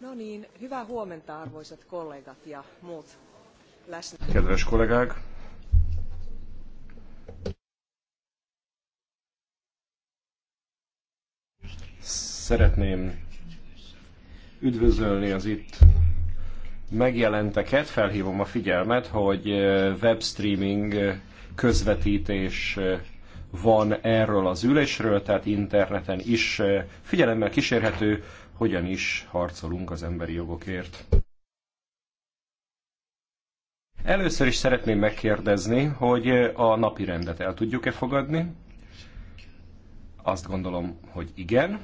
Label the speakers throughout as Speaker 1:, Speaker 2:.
Speaker 1: No niin, hyvää huomenta arvoisat kollegat ja muut läsnä. Kedves kollégák!
Speaker 2: Szeretném üdvözölni az itt megjelenteket. Felhívom a figyelmet, hogy webstreaming közvetítés van erről az ülésről, tehát interneten is figyelemmel kísérhető hogyan is harcolunk az emberi jogokért. Először is szeretném megkérdezni, hogy a napi rendet el tudjuk-e fogadni? Azt gondolom, hogy igen.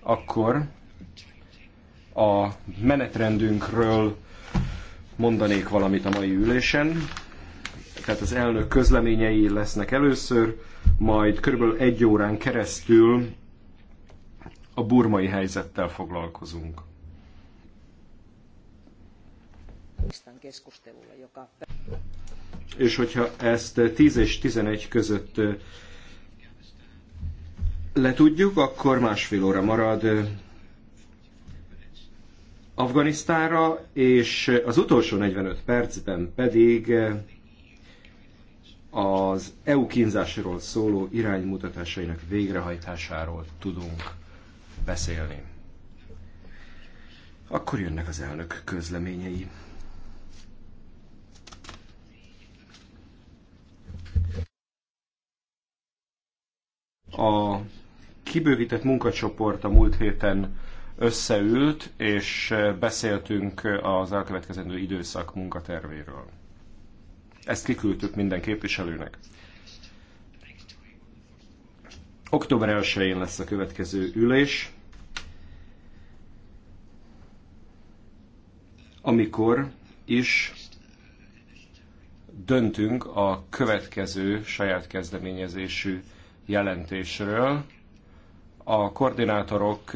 Speaker 2: Akkor a menetrendünkről mondanék valamit a mai ülésen. Tehát az elnök közleményei lesznek először, majd körülbelül egy órán keresztül a burmai helyzettel foglalkozunk. És hogyha ezt 10 és 11 között letudjuk, akkor másfél óra marad Afganisztánra, és az utolsó 45 percben pedig az EU kínzásról szóló iránymutatásainak végrehajtásáról tudunk beszélni. Akkor jönnek az elnök közleményei. A kibővített munkacsoport a múlt héten összeült, és beszéltünk az elkövetkezendő időszak munkatervéről. Ezt kiküldtük minden képviselőnek. Október 1-én lesz a következő ülés, amikor is döntünk a következő saját kezdeményezésű jelentésről. A koordinátorok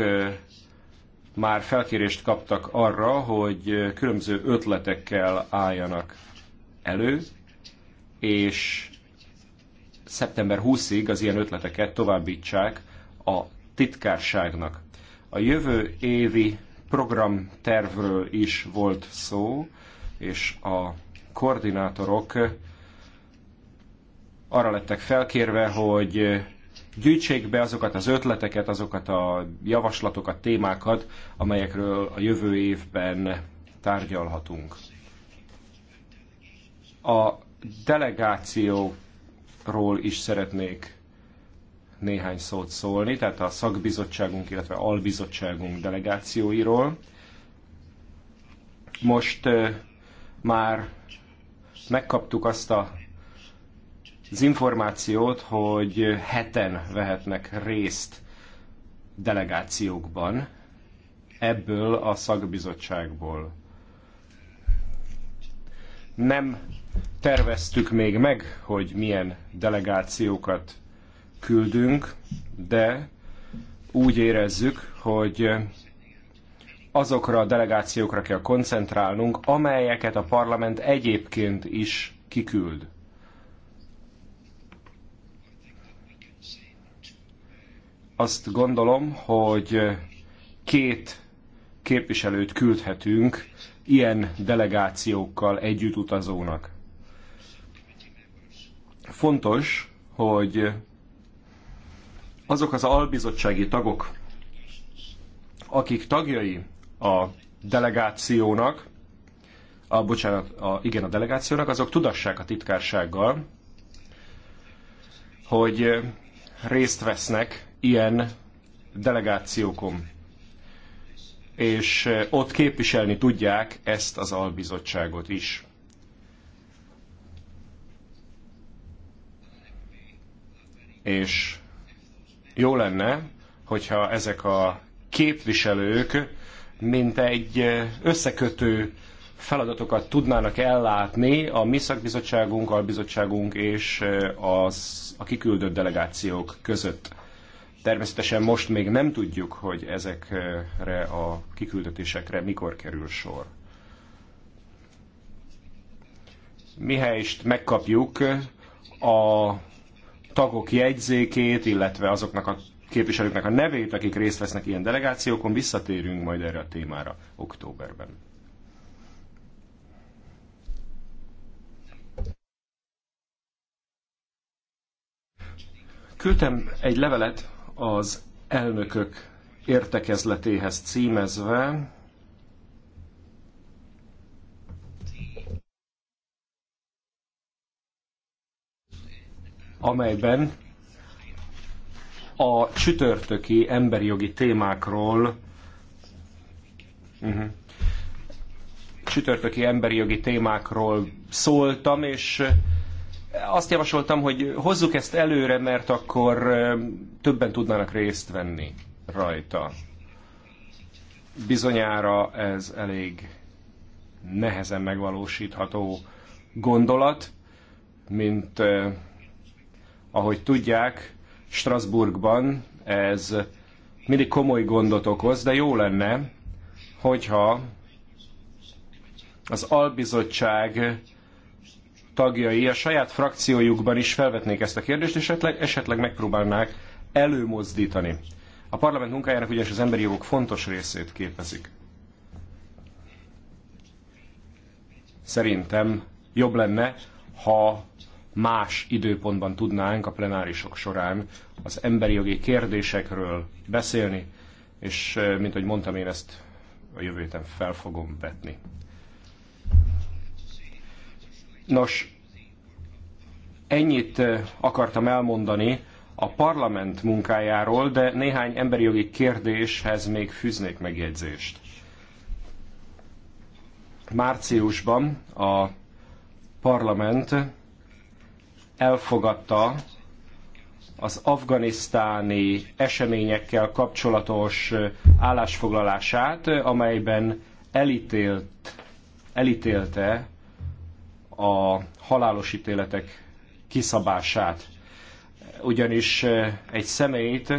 Speaker 2: már felkérést kaptak arra, hogy különböző ötletekkel álljanak elő, és szeptember 20-ig az ilyen ötleteket továbbítsák a titkárságnak. A jövő évi programtervről is volt szó, és a koordinátorok arra lettek felkérve, hogy gyűjtsék be azokat az ötleteket, azokat a javaslatokat, témákat, amelyekről a jövő évben tárgyalhatunk. A delegációk ról is szeretnék néhány szót szólni, tehát a szakbizottságunk, illetve albizottságunk delegációiról. Most már megkaptuk azt a, az információt, hogy heten vehetnek részt delegációkban ebből a szakbizottságból. Nem terveztük még meg, hogy milyen delegációkat küldünk, de úgy érezzük, hogy azokra a delegációkra kell koncentrálnunk, amelyeket a parlament egyébként is kiküld. Azt gondolom, hogy két képviselőt küldhetünk ilyen delegációkkal együtt utazónak fontos, hogy azok az albizottsági tagok, akik tagjai a delegációnak, a, bocsánat, a, igen, a delegációnak, azok tudassák a titkársággal, hogy részt vesznek ilyen delegációkon, és ott képviselni tudják ezt az albizottságot is. és jó lenne, hogyha ezek a képviselők, mint egy összekötő feladatokat tudnának ellátni a mi szakbizottságunk, albizottságunk és az, a kiküldött delegációk között. Természetesen most még nem tudjuk, hogy ezekre a kiküldetésekre mikor kerül sor. Mihelyst megkapjuk a tagok jegyzékét, illetve azoknak a képviselőknek a nevét, akik részt vesznek ilyen delegációkon, visszatérünk majd erre a témára októberben. Küldtem egy levelet az elnökök értekezletéhez címezve, amelyben a csütörtöki emberi jogi témákról uh-huh, csütörtöki emberi jogi témákról szóltam, és azt javasoltam, hogy hozzuk ezt előre, mert akkor többen tudnának részt venni rajta. Bizonyára ez elég nehezen megvalósítható gondolat, mint ahogy tudják, Strasbourgban ez mindig komoly gondot okoz, de jó lenne, hogyha az albizottság tagjai a saját frakciójukban is felvetnék ezt a kérdést, és esetleg, esetleg megpróbálnák előmozdítani. A parlament munkájának ugyanis az emberi jogok fontos részét képezik. Szerintem jobb lenne, ha más időpontban tudnánk a plenárisok során az emberi jogi kérdésekről beszélni, és mint ahogy mondtam, én ezt a jövő héten fel fogom vetni. Nos, ennyit akartam elmondani a parlament munkájáról, de néhány emberi jogi kérdéshez még fűznék megjegyzést. Márciusban a parlament elfogadta az afganisztáni eseményekkel kapcsolatos állásfoglalását, amelyben elítélt, elítélte a halálos ítéletek kiszabását. Ugyanis eh, egy személyt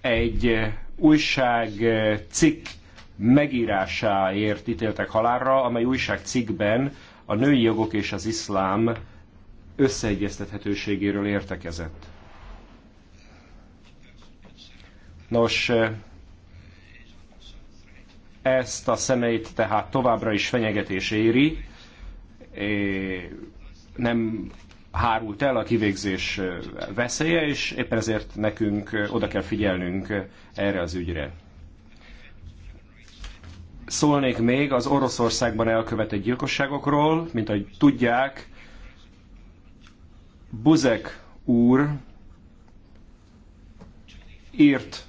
Speaker 2: egy eh, újság eh, cikk megírásáért ítéltek halálra, amely újság cikkben a női jogok és az iszlám összeegyeztethetőségéről értekezett. Nos, eh, ezt a szemeit tehát továbbra is fenyegetés éri, eh, nem hárult el a kivégzés eh, veszélye, és éppen ezért nekünk oda kell figyelnünk erre az ügyre. Szólnék még az Oroszországban elkövetett gyilkosságokról, mint ahogy tudják, Buzek úr írt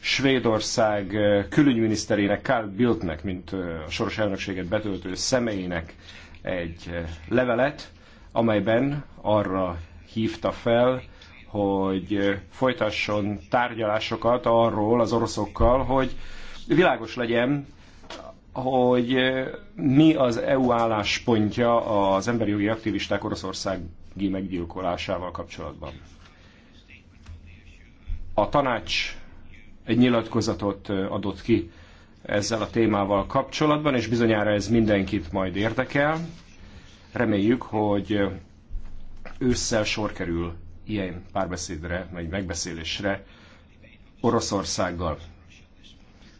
Speaker 2: Svédország eh, külügyminiszterének, Carl Bildtnek, mint eh, a soros elnökséget betöltő személynek egy eh, levelet, amelyben arra hívta fel, hogy folytasson tárgyalásokat arról az oroszokkal, hogy világos legyen, hogy mi az EU álláspontja az emberi jogi aktivisták Oroszország Gi meggyilkolásával kapcsolatban. A tanács egy nyilatkozatot adott ki ezzel a témával kapcsolatban, és bizonyára ez mindenkit majd érdekel. Reméljük, hogy ősszel sor kerül ilyen párbeszédre, vagy megbeszélésre Oroszországgal.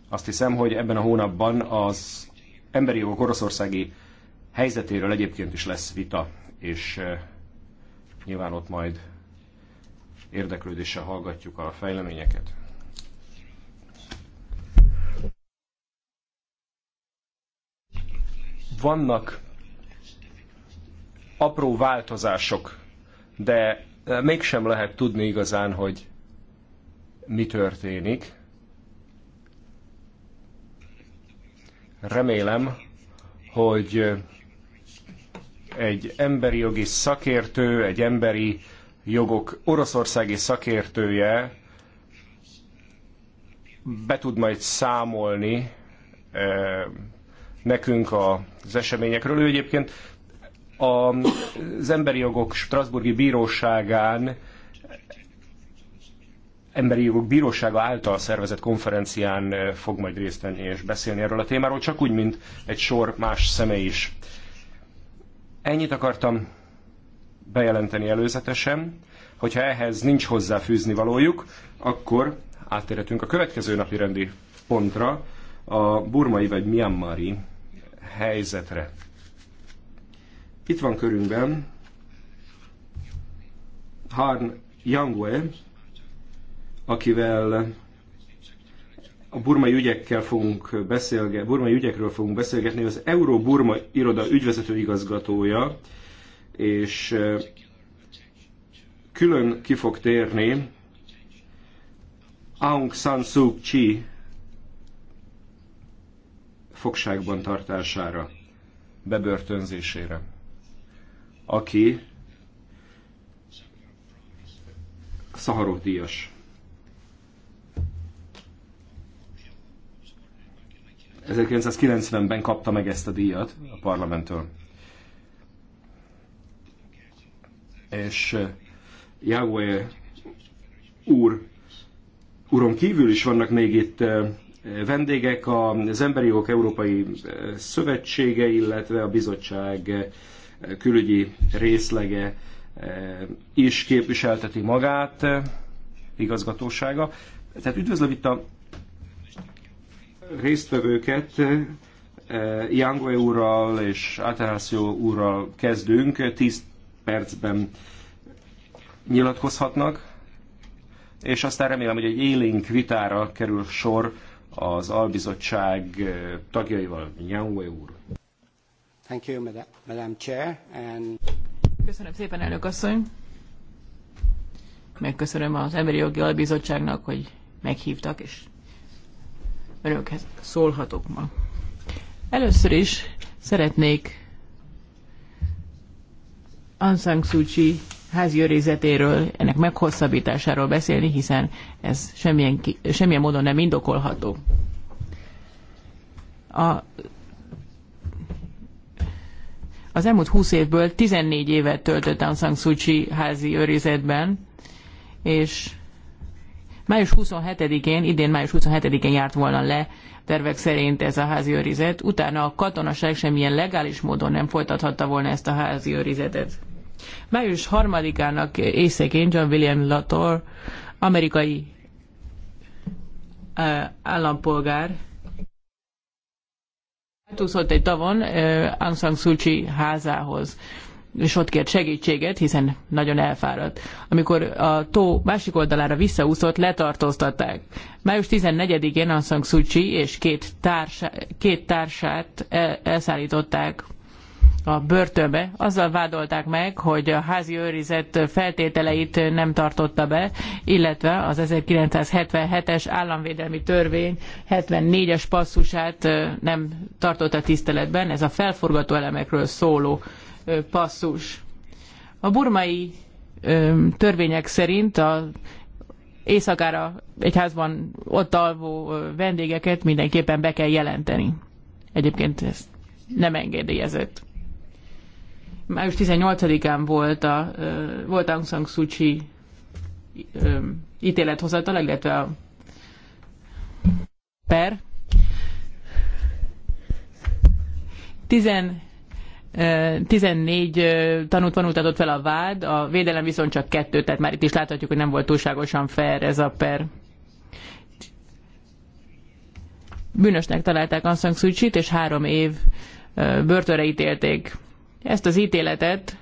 Speaker 2: Azt hiszem, hogy ebben a hónapban az emberi jogok oroszországi helyzetéről egyébként is lesz vita, és Nyilván ott majd érdeklődéssel hallgatjuk a fejleményeket. Vannak apró változások, de mégsem lehet tudni igazán, hogy mi történik. Remélem, hogy egy emberi jogi szakértő, egy emberi jogok oroszországi szakértője be tud majd számolni eh, nekünk az eseményekről. Ő egyébként az Emberi Jogok Strasburgi Bíróságán Emberi Jogok Bírósága által szervezett konferencián eh, fog majd részt venni és beszélni erről a témáról, csak úgy, mint egy sor más személy is. Ennyit akartam bejelenteni előzetesen, hogyha ehhez nincs hozzáfűzni valójuk, akkor áttérhetünk a következő napi rendi pontra, a burmai vagy miammari helyzetre. Itt van körünkben Harn Yangwe, akivel a burmai ügyekkel fogunk beszélgetni, burmai ügyekről fogunk beszélgetni, az Euró-Burma iroda ügyvezető igazgatója, és külön ki fog térni Aung San Suu Kyi fogságban tartására, bebörtönzésére, aki Szaharov díjas. 1990-ben kapta meg ezt a díjat a parlamenttől. És eh, Yahweh úr, uron kívül is vannak még itt eh, vendégek, az Emberi Jogok Európai eh, Szövetsége, illetve a bizottság külügyi részlege is képviselteti magát, igazgatósága. Tehát üdvözlöm itt a résztvevőket eh, Yangue úrral és Atanasio úrral kezdünk, 10 percben nyilatkozhatnak, és aztán remélem, hogy egy élénk vitára kerül sor az albizottság eh, tagjaival. Yangue úr.
Speaker 3: Thank you, Madam Chair. And... Köszönöm szépen, elnök asszony. Megköszönöm az Emberi Jogi Albizottságnak, hogy meghívtak, és önökhez szólhatok ma. Először is szeretnék Aung San Suu Kyi házi őrizetéről, ennek meghosszabbításáról beszélni, hiszen ez semmilyen, semmilyen módon nem indokolható. A, az elmúlt 20 évből 14 évet töltött Aung San Suu Kyi házi őrizetben, és Május 27-én, idén május 27-én járt volna le tervek szerint ez a házi őrizet, utána a katonaság semmilyen legális módon nem folytathatta volna ezt a házi őrizetet. Május 3-ának éjszakén John William Lator, amerikai állampolgár, átúszott egy tavon Aung San Suu Kyi házához és ott kért segítséget, hiszen nagyon elfáradt. Amikor a tó másik oldalára visszaúszott, letartóztatták. Május 14-én a San Suu Kyi és két, társa, két társát el, elszállították a börtönbe. Azzal vádolták meg, hogy a házi őrizet feltételeit nem tartotta be, illetve az 1977-es államvédelmi törvény 74-es passzusát nem tartotta tiszteletben. Ez a felforgató elemekről szóló passzus. A burmai törvények szerint a éjszakára egyházban ott alvó vendégeket mindenképpen be kell jelenteni. Egyébként ez nem engedélyezett. Május 18-án volt a, volt Aung San Suu Kyi ítélethozatal, illetve a per. 14 tanút vonultatott fel a vád, a védelem viszont csak kettő, tehát már itt is láthatjuk, hogy nem volt túlságosan fair ez a per. Bűnösnek találták Aung San Suu Kyi-t, és három év börtönre ítélték. Ezt az ítéletet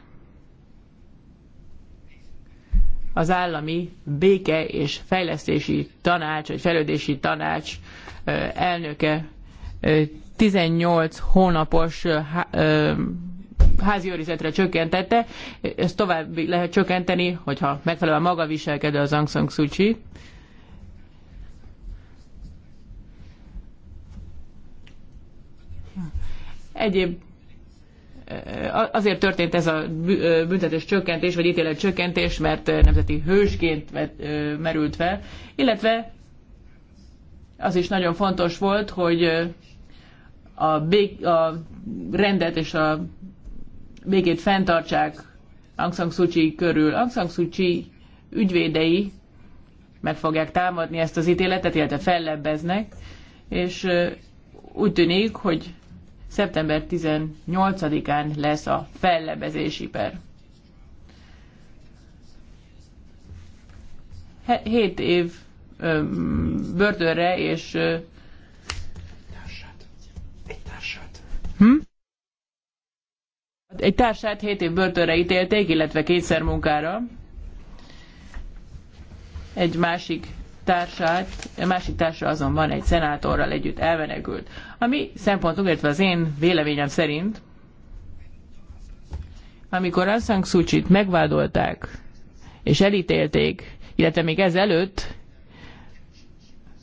Speaker 3: az állami béke és fejlesztési tanács, vagy fejlődési tanács elnöke 18 hónapos házi őrizetre csökkentette, ezt tovább lehet csökkenteni, hogyha megfelelően maga viselkedő az Aung San Suu Kyi. Egyéb azért történt ez a büntetés csökkentés, vagy ítélet csökkentés, mert nemzeti hősként merült fel, illetve az is nagyon fontos volt, hogy a, bég, a rendet és a végét fenntartsák Aung San Suu Kyi körül. Aung San Suu Kyi ügyvédei meg fogják támadni ezt az ítéletet, illetve fellebbeznek, és úgy tűnik, hogy szeptember 18-án lesz a fellebezési per. Hét év börtönre és Hm? Egy társát 7 év börtönre ítélték, illetve kétszer munkára. Egy másik társát, a másik társa azonban egy szenátorral együtt elmenekült. ami szempontunk, illetve az én véleményem szerint, amikor Aung San megvádolták és elítélték, illetve még ezelőtt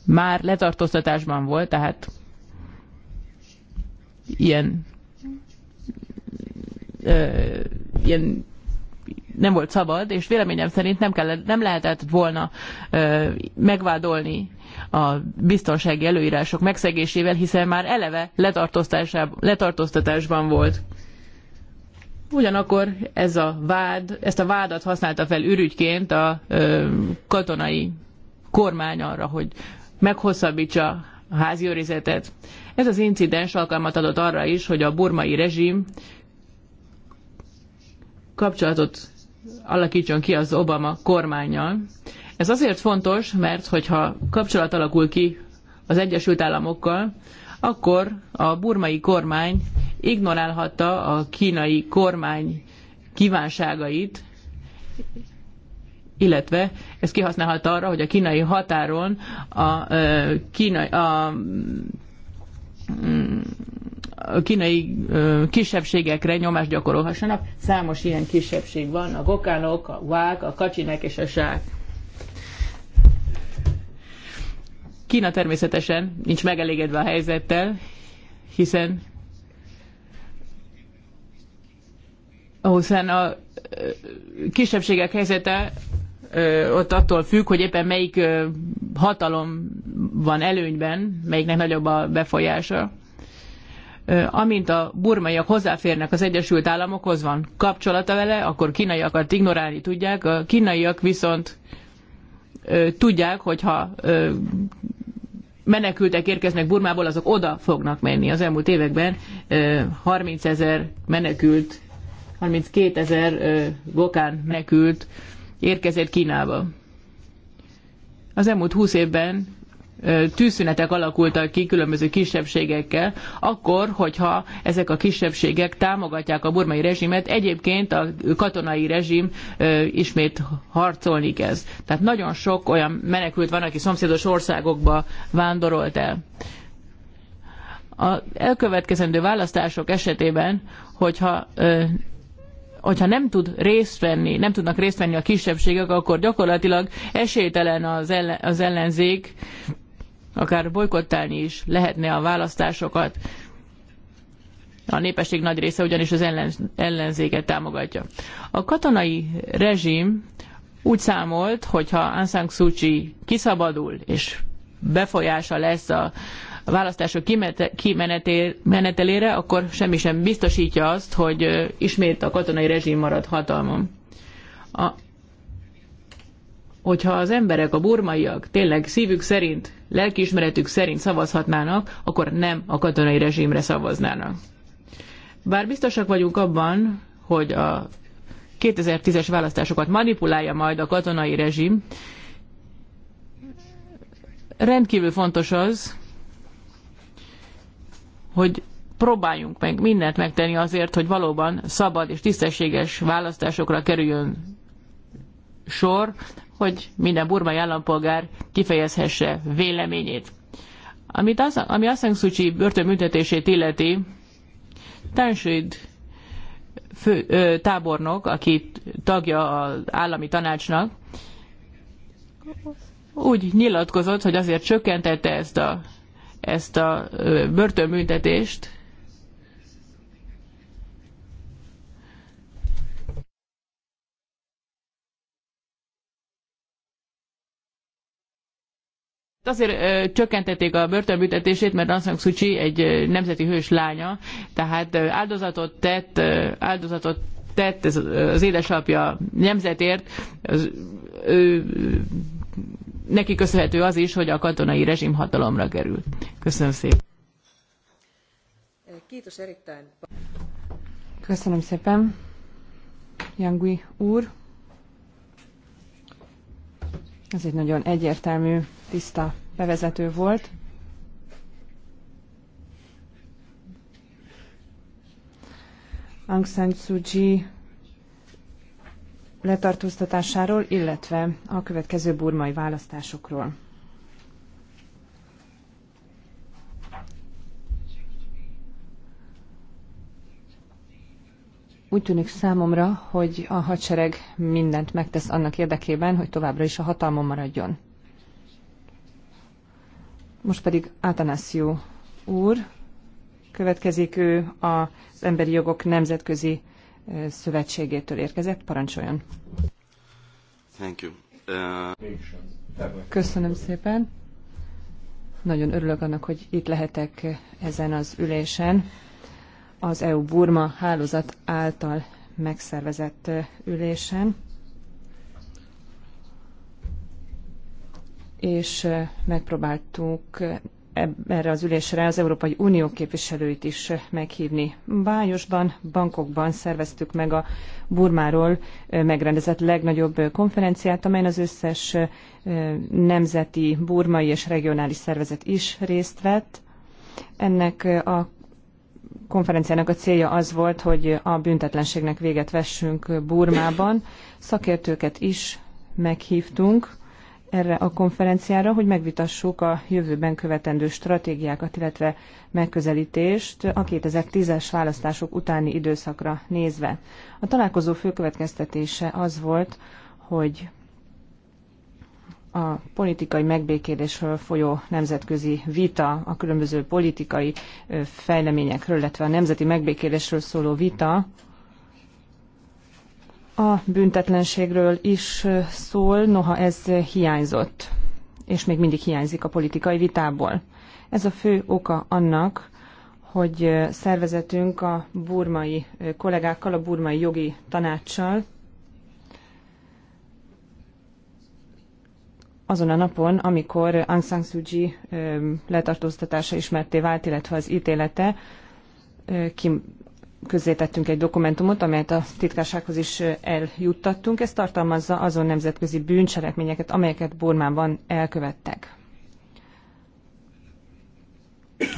Speaker 3: már letartóztatásban volt, tehát ilyen, ilyen nem volt szabad, és véleményem szerint nem, kellett, nem lehetett volna ö, megvádolni a biztonsági előírások megszegésével, hiszen már eleve letartóztatásban volt. Ugyanakkor ez a vád, ezt a vádat használta fel ürügyként a ö, katonai kormány arra, hogy meghosszabbítsa a házi őrizetet. Ez az incidens alkalmat adott arra is, hogy a burmai rezsim kapcsolatot alakítson ki az Obama kormányjal. Ez azért fontos, mert hogyha kapcsolat alakul ki az Egyesült Államokkal, akkor a burmai kormány ignorálhatta a kínai kormány kívánságait, illetve ez kihasználhatta arra, hogy a kínai határon a, kínai, a a kínai kisebbségekre nyomást gyakorolhassanak. Számos ilyen kisebbség van, a gokánok, a vák, a kacsinek és a sák. Kína természetesen nincs megelégedve a helyzettel, hiszen hiszen a kisebbségek helyzete ott attól függ, hogy éppen melyik hatalom van előnyben, melyiknek nagyobb a befolyása. Amint a burmaiak hozzáférnek az Egyesült Államokhoz, van kapcsolata vele, akkor kínaiakat ignorálni tudják, a kínaiak viszont tudják, hogyha menekültek érkeznek Burmából, azok oda fognak menni. Az elmúlt években 30 ezer menekült, 32 ezer gokán menekült érkezett Kínába. Az elmúlt húsz évben tűzszünetek alakultak ki különböző kisebbségekkel, akkor, hogyha ezek a kisebbségek támogatják a burmai rezsimet, egyébként a katonai rezsim ismét harcolni kezd. Tehát nagyon sok olyan menekült van, aki szomszédos országokba vándorolt el. A elkövetkezendő választások esetében, hogyha hogyha nem tud részt venni, nem tudnak részt venni a kisebbségek, akkor gyakorlatilag esélytelen az, ellen, az ellenzék, akár bolykottálni is lehetne a választásokat. A népesség nagy része ugyanis az ellen, ellenzéket támogatja. A katonai rezsim úgy számolt, hogyha Aung San Suu Kyi kiszabadul, és befolyása lesz a, a választások kimenetelére, akkor semmi sem biztosítja azt, hogy ismét a katonai rezsim marad hatalmon. A, hogyha az emberek, a burmaiak tényleg szívük szerint, lelkiismeretük szerint szavazhatnának, akkor nem a katonai rezsimre szavaznának. Bár biztosak vagyunk abban, hogy a 2010-es választásokat manipulálja majd a katonai rezsim, rendkívül fontos az, hogy próbáljunk meg mindent megtenni azért, hogy valóban szabad és tisztességes választásokra kerüljön sor, hogy minden burmai állampolgár kifejezhesse véleményét. Amit az, ami Aung Suu Kyi börtönbüntetését illeti, Tansid fő, ö, tábornok, aki tagja az állami tanácsnak, úgy nyilatkozott, hogy azért csökkentette ezt a ezt a börtönbüntetést. Azért ö, csökkentették a börtönbüntetését, mert Aung San Suu Kyi egy nemzeti hős lánya, tehát ö, áldozatot tett, ö, áldozatot tett ez az édesapja nemzetért, az, ö, neki köszönhető az is, hogy a katonai rezsim hatalomra került. Köszönöm szépen.
Speaker 4: Köszönöm szépen, Jangui úr. Ez egy nagyon egyértelmű, tiszta bevezető volt. Aung San Suu Kyi letartóztatásáról, illetve a következő burmai választásokról. Úgy tűnik számomra, hogy a hadsereg mindent megtesz annak érdekében, hogy továbbra is a hatalmon maradjon. Most pedig Atanasio úr, következik ő az Emberi Jogok Nemzetközi Szövetségétől érkezett. Parancsoljon!
Speaker 2: Thank you. Uh...
Speaker 4: Köszönöm szépen! Nagyon örülök annak, hogy itt lehetek ezen az ülésen. Az EU-Burma hálózat által megszervezett ülésen. És megpróbáltuk erre az ülésre az Európai Unió képviselőit is meghívni. Bájosban, bankokban szerveztük meg a Burmáról megrendezett legnagyobb konferenciát, amelyen az összes nemzeti, burmai és regionális szervezet is részt vett. Ennek a konferenciának a célja az volt, hogy a büntetlenségnek véget vessünk Burmában. Szakértőket is meghívtunk erre a konferenciára, hogy megvitassuk a jövőben követendő stratégiákat, illetve megközelítést a 2010-es választások utáni időszakra nézve. A találkozó főkövetkeztetése az volt, hogy a politikai megbékélésről folyó nemzetközi vita, a különböző politikai fejleményekről, illetve a nemzeti megbékélésről szóló vita a büntetlenségről is szól, noha ez hiányzott, és még mindig hiányzik a politikai vitából. Ez a fő oka annak, hogy szervezetünk a burmai kollégákkal, a burmai jogi tanácssal azon a napon, amikor Aung San Suu Kyi letartóztatása ismerté vált, illetve az ítélete, közzétettünk egy dokumentumot, amelyet a titkársághoz is eljuttattunk. Ez tartalmazza azon nemzetközi bűncselekményeket, amelyeket Burmában elkövettek.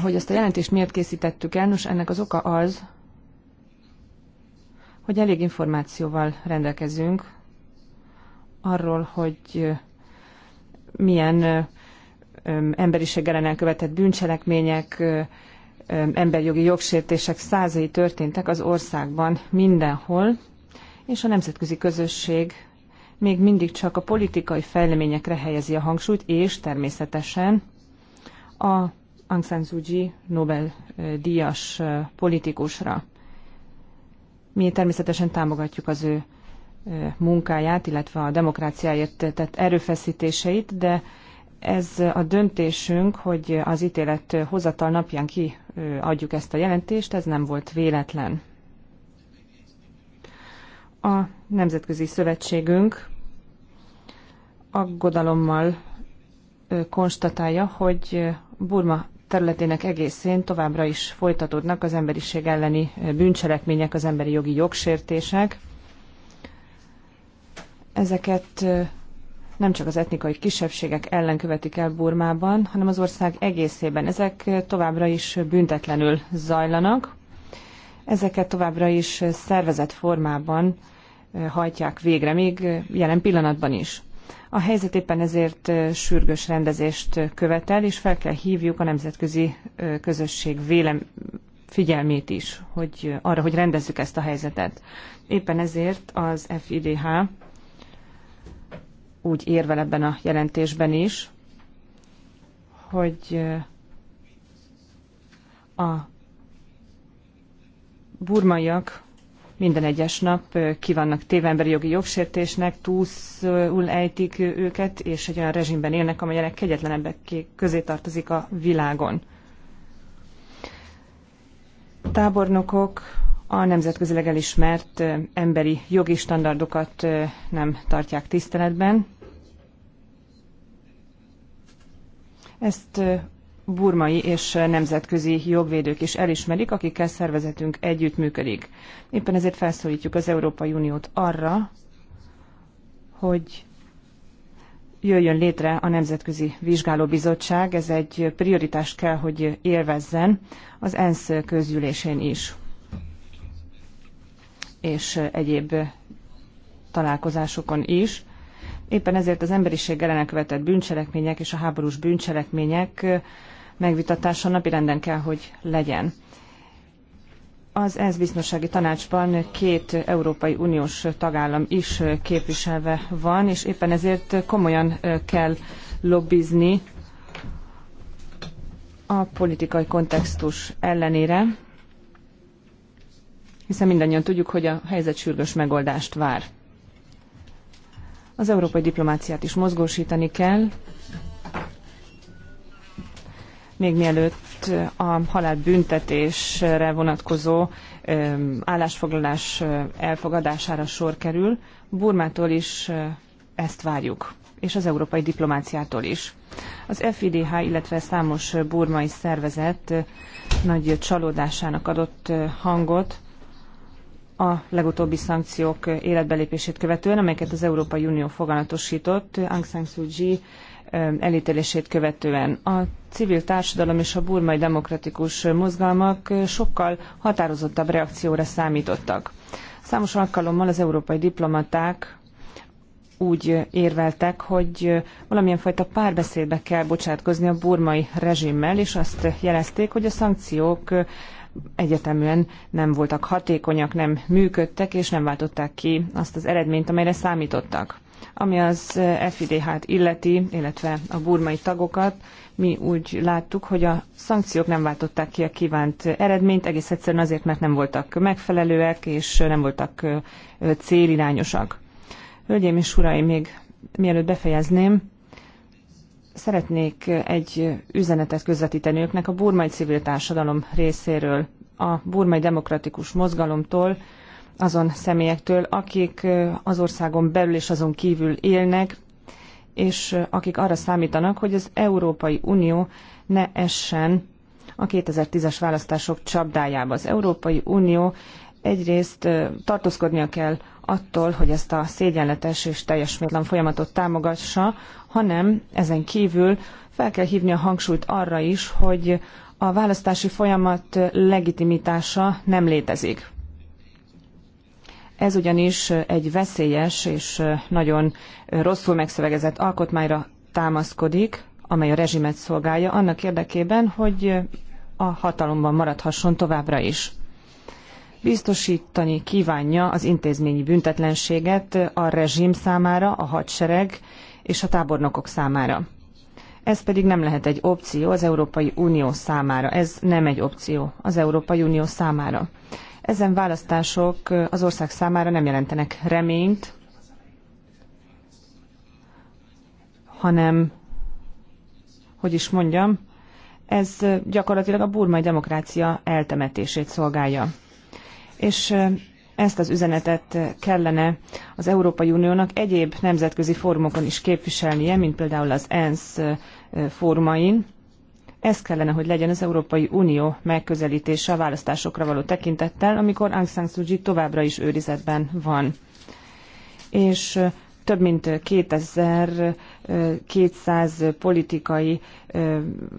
Speaker 4: Hogy ezt a jelentést miért készítettük el, nos ennek az oka az, hogy elég információval rendelkezünk arról, hogy milyen emberiséggel elkövetett bűncselekmények, emberjogi jogsértések százai történtek az országban mindenhol, és a nemzetközi közösség még mindig csak a politikai fejleményekre helyezi a hangsúlyt, és természetesen a Aung San Suu Kyi Nobel-díjas politikusra. Mi természetesen támogatjuk az ő munkáját, illetve a demokráciáért tett erőfeszítéseit, de ez a döntésünk, hogy az ítélet hozatal napján ki adjuk ezt a jelentést, ez nem volt véletlen. A Nemzetközi Szövetségünk aggodalommal konstatálja, hogy Burma területének egészén továbbra is folytatódnak az emberiség elleni bűncselekmények, az emberi jogi jogsértések. Ezeket nem csak az etnikai kisebbségek ellen követik el Burmában, hanem az ország egészében. Ezek továbbra is büntetlenül zajlanak, ezeket továbbra is szervezett formában hajtják végre, még jelen pillanatban is. A helyzet éppen ezért sürgős rendezést követel, és fel kell hívjuk a nemzetközi közösség vélem figyelmét is, hogy arra, hogy rendezzük ezt a helyzetet. Éppen ezért az FIDH úgy érvel ebben a jelentésben is, hogy a burmaiak minden egyes nap kivannak tévemberi téve emberi jogi jogsértésnek, túlszul ejtik őket, és egy olyan rezsimben élnek, amelyek kegyetlenebbek közé tartozik a világon. Tábornokok, a nemzetközileg elismert emberi jogi standardokat nem tartják tiszteletben. Ezt burmai és nemzetközi jogvédők is elismerik, akikkel szervezetünk együttműködik. Éppen ezért felszólítjuk az Európai Uniót arra, hogy jöjjön létre a Nemzetközi Vizsgálóbizottság. Ez egy prioritást kell, hogy élvezzen az ENSZ közgyűlésén is és egyéb találkozásokon is. Éppen ezért az emberiség ellenek vetett bűncselekmények és a háborús bűncselekmények megvitatása napirenden kell, hogy legyen. Az ENSZ biztonsági tanácsban két Európai Uniós tagállam is képviselve van, és éppen ezért komolyan kell lobbizni a politikai kontextus ellenére, hiszen mindannyian tudjuk, hogy a helyzet sürgős megoldást vár. Az európai diplomáciát is mozgósítani kell, még mielőtt a halálbüntetésre vonatkozó állásfoglalás elfogadására sor kerül, Burmától is ezt várjuk, és az európai diplomáciától is. Az FIDH, illetve számos burmai szervezet nagy csalódásának adott hangot a legutóbbi szankciók életbelépését követően, amelyeket az Európai Unió foganatosított Aung San Suu Kyi elítélését követően. A civil társadalom és a burmai demokratikus mozgalmak sokkal határozottabb reakcióra számítottak. Számos alkalommal az európai diplomaták úgy érveltek, hogy valamilyen fajta párbeszédbe kell bocsátkozni a burmai rezsimmel, és azt jelezték, hogy a szankciók egyeteműen nem voltak hatékonyak, nem működtek, és nem váltották ki azt az eredményt, amelyre számítottak. Ami az FIDH-t illeti, illetve a burmai tagokat, mi úgy láttuk, hogy a szankciók nem váltották ki a kívánt eredményt, egész egyszerűen azért, mert nem voltak megfelelőek, és nem voltak célirányosak. Hölgyeim és uraim, még mielőtt befejezném, Szeretnék egy üzenetet közvetíteni őknek a burmai civil társadalom részéről, a burmai demokratikus mozgalomtól, azon személyektől, akik az országon belül és azon kívül élnek, és akik arra számítanak, hogy az Európai Unió ne essen a 2010-es választások csapdájába. Az Európai Unió egyrészt tartózkodnia kell attól, hogy ezt a szégyenletes és teljes mértékben folyamatot támogassa, hanem ezen kívül fel kell hívni a hangsúlyt arra is, hogy a választási folyamat legitimitása nem létezik. Ez ugyanis egy veszélyes és nagyon rosszul megszövegezett alkotmányra támaszkodik, amely a rezsimet szolgálja, annak érdekében, hogy a hatalomban maradhasson továbbra is biztosítani kívánja az intézményi büntetlenséget a rezsim számára, a hadsereg és a tábornokok számára. Ez pedig nem lehet egy opció az Európai Unió számára. Ez nem egy opció az Európai Unió számára. Ezen választások az ország számára nem jelentenek reményt, hanem, hogy is mondjam, ez gyakorlatilag a burmai demokrácia eltemetését szolgálja és ezt az üzenetet kellene az Európai Uniónak egyéb nemzetközi fórumokon is képviselnie, mint például az ENSZ fórumain. Ez kellene, hogy legyen az Európai Unió megközelítése a választásokra való tekintettel, amikor Aung San Suu Kyi továbbra is őrizetben van. És több mint 2200 politikai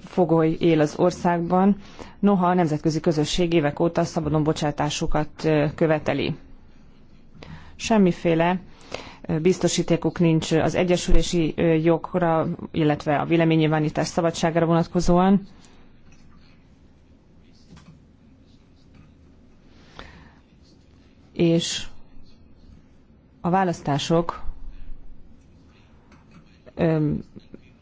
Speaker 4: fogoly él az országban, noha a nemzetközi közösség évek óta szabadon bocsátásukat követeli. Semmiféle biztosítékuk nincs az egyesülési jogra, illetve a véleménynyilvánítás szabadságára vonatkozóan. És a választások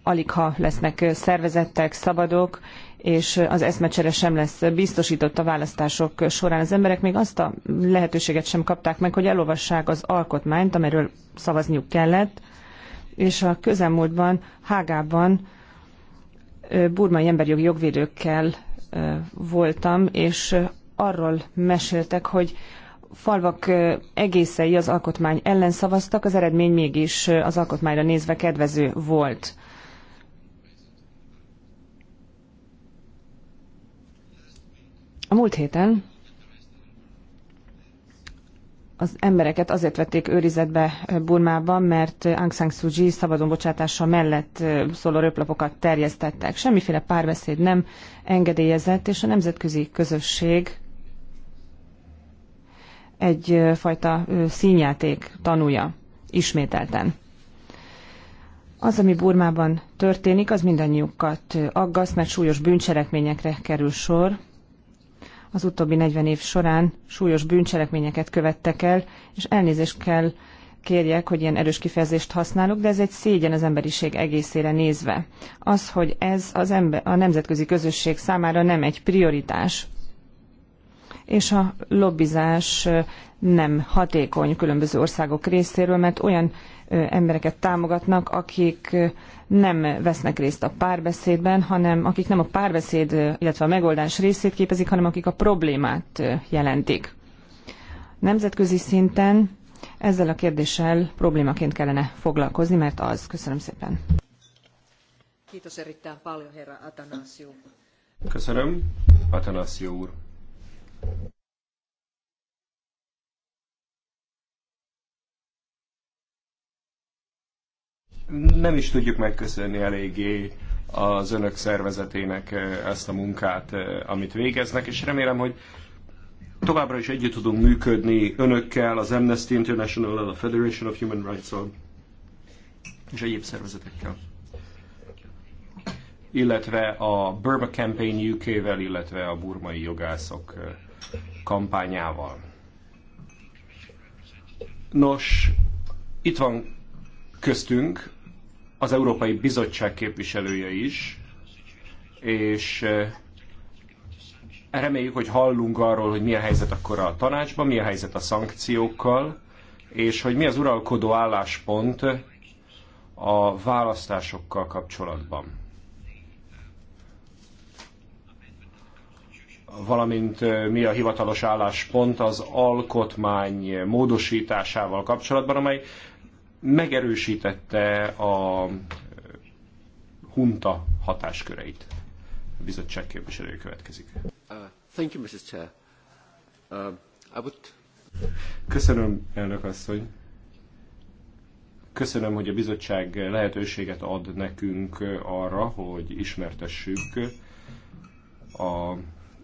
Speaker 4: aligha lesznek szervezettek, szabadok, és az eszmecsere sem lesz biztosított a választások során. Az emberek még azt a lehetőséget sem kapták meg, hogy elolvassák az alkotmányt, amiről szavazniuk kellett, és a közelmúltban Hágában burmai emberjogi jogvédőkkel voltam, és arról meséltek, hogy falvak egészei az alkotmány ellen szavaztak, az eredmény mégis az alkotmányra nézve kedvező volt. A múlt héten az embereket azért vették őrizetbe Burmában, mert Aung San Suu Kyi szabadon bocsátása mellett szóló röplapokat terjesztettek. Semmiféle párbeszéd nem engedélyezett, és a nemzetközi közösség egyfajta színjáték tanúja ismételten. Az, ami Burmában történik, az mindannyiukat aggaszt, mert súlyos bűncselekményekre kerül sor. Az utóbbi 40 év során súlyos bűncselekményeket követtek el, és elnézést kell kérjek, hogy ilyen erős kifejezést használok, de ez egy szégyen az emberiség egészére nézve. Az, hogy ez az ember, a nemzetközi közösség számára nem egy prioritás, és a lobbizás nem hatékony különböző országok részéről, mert olyan embereket támogatnak, akik nem vesznek részt a párbeszédben, hanem akik nem a párbeszéd, illetve a megoldás részét képezik, hanem akik a problémát jelentik. Nemzetközi szinten ezzel a kérdéssel problémaként kellene foglalkozni, mert az. Köszönöm szépen.
Speaker 2: Köszönöm, Atanasio úr. Nem is tudjuk megköszönni eléggé az önök szervezetének eh, ezt a munkát, eh, amit végeznek, és remélem, hogy továbbra is együtt tudunk működni önökkel, az Amnesty international a Federation of Human Rights-al és egyéb szervezetekkel. Illetve a Burma Campaign UK-vel, illetve a burmai jogászok eh, kampányával. Nos, itt van köztünk az Európai Bizottság képviselője is, és eh, reméljük, hogy hallunk arról, hogy mi a helyzet akkor a tanácsban, mi a helyzet a szankciókkal, és hogy mi az uralkodó álláspont a választásokkal kapcsolatban. valamint mi a hivatalos álláspont az alkotmány módosításával kapcsolatban, amely megerősítette a hunta hatásköreit. A bizottság képviselője következik. Uh, thank you, Mrs. Chair. Uh, I would... Köszönöm, elnök asszony. Köszönöm, hogy a bizottság lehetőséget ad nekünk arra, hogy ismertessük a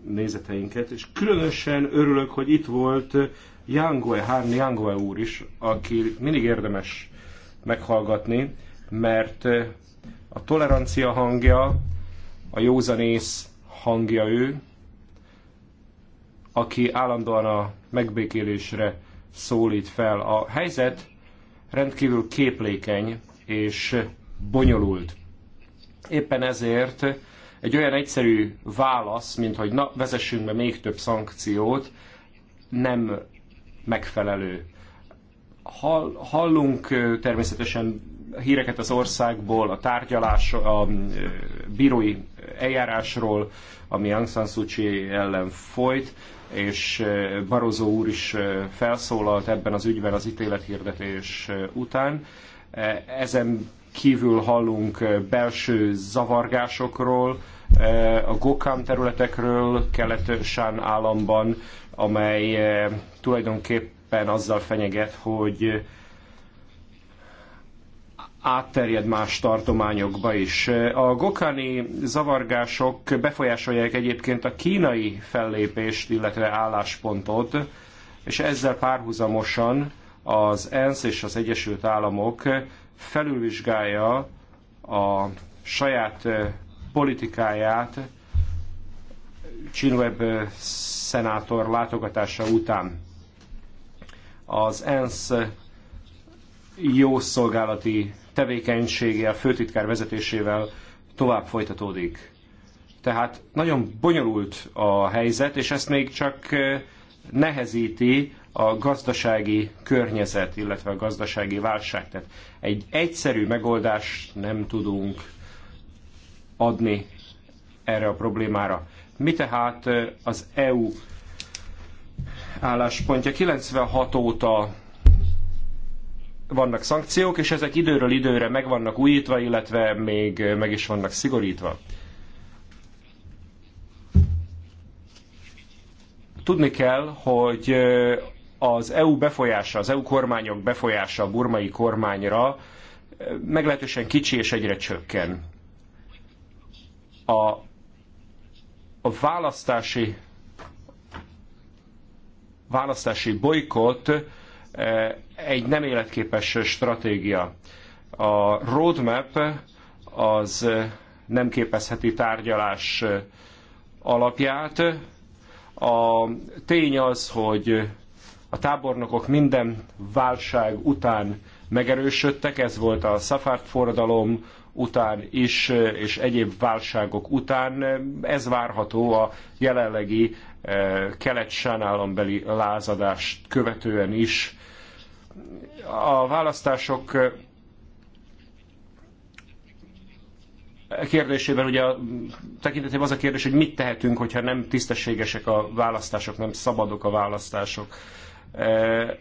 Speaker 2: nézeteinket, és különösen örülök, hogy itt volt Yangwe, Hán Yangwe úr is, aki mindig érdemes meghallgatni, mert eh, a tolerancia hangja, a józanész hangja ő, aki állandóan a megbékélésre szólít fel. A helyzet rendkívül képlékeny és bonyolult. Éppen ezért egy olyan egyszerű válasz, mint hogy na, vezessünk be még több szankciót, nem megfelelő. Hall, hallunk természetesen híreket az országból, a tárgyalás, a bírói eljárásról, ami Aung San Suu Kyi ellen folyt, és Barozó úr is felszólalt ebben az ügyben az ítélethirdetés után. Ezen kívül hallunk eh, belső zavargásokról, eh, a Gokán területekről, kelet-sán államban, amely eh, tulajdonképpen azzal fenyeget, hogy átterjed más tartományokba is. A gokáni zavargások befolyásolják egyébként a kínai fellépést, illetve álláspontot, és ezzel párhuzamosan az ENSZ és az Egyesült Államok felülvizsgálja a saját eh, politikáját Csinweb eh, szenátor látogatása után. Az ENSZ eh, jó szolgálati tevékenysége a főtitkár vezetésével tovább folytatódik. Tehát nagyon bonyolult a helyzet, és ezt még csak nehezíti a gazdasági környezet, illetve a gazdasági válság. Tehát egy egyszerű megoldást nem tudunk adni erre a problémára. Mi tehát az EU álláspontja 96 óta vannak szankciók, és ezek időről időre meg vannak újítva, illetve még meg is vannak szigorítva. Tudni kell, hogy az EU befolyása, az EU kormányok befolyása a burmai kormányra eh, meglehetősen kicsi és egyre csökken. A, a választási választási bolykott eh, egy nem életképes stratégia. A roadmap az eh, nem képezheti tárgyalás alapját. A tény az, hogy a tábornokok minden válság után megerősödtek, ez volt a szafárt forradalom után is, és egyéb válságok után. Ez várható a jelenlegi eh, kelet állambeli lázadást követően is. A választások eh, kérdésében ugye tekintetében az a kérdés, hogy mit tehetünk, hogyha nem tisztességesek a választások, nem szabadok a választások. Eh,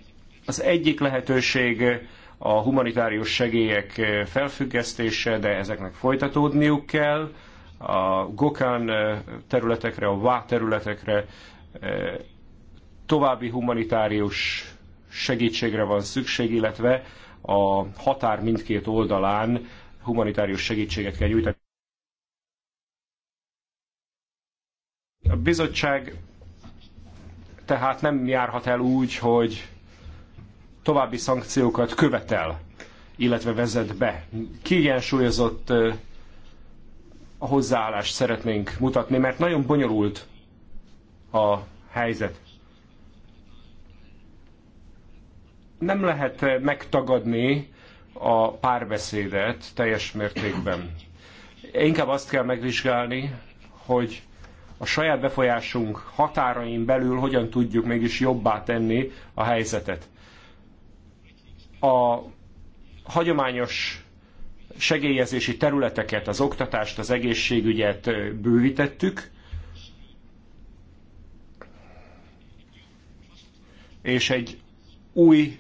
Speaker 2: az egyik lehetőség a humanitárius segélyek felfüggesztése, de ezeknek folytatódniuk kell. A Gokán eh, területekre, a Vá területekre eh, további humanitárius segítségre van szükség, illetve a határ mindkét oldalán humanitárius segítséget kell nyújtani. A bizottság tehát nem járhat el úgy, hogy további szankciókat követel, illetve vezet be. Kiegyensúlyozott a hozzáállást szeretnénk mutatni, mert nagyon bonyolult a helyzet. Nem lehet megtagadni a párbeszédet teljes mértékben. Inkább azt kell megvizsgálni, hogy a saját befolyásunk határain belül hogyan tudjuk mégis jobbá tenni a helyzetet. A hagyományos segélyezési területeket, az oktatást, az egészségügyet bővítettük, és egy új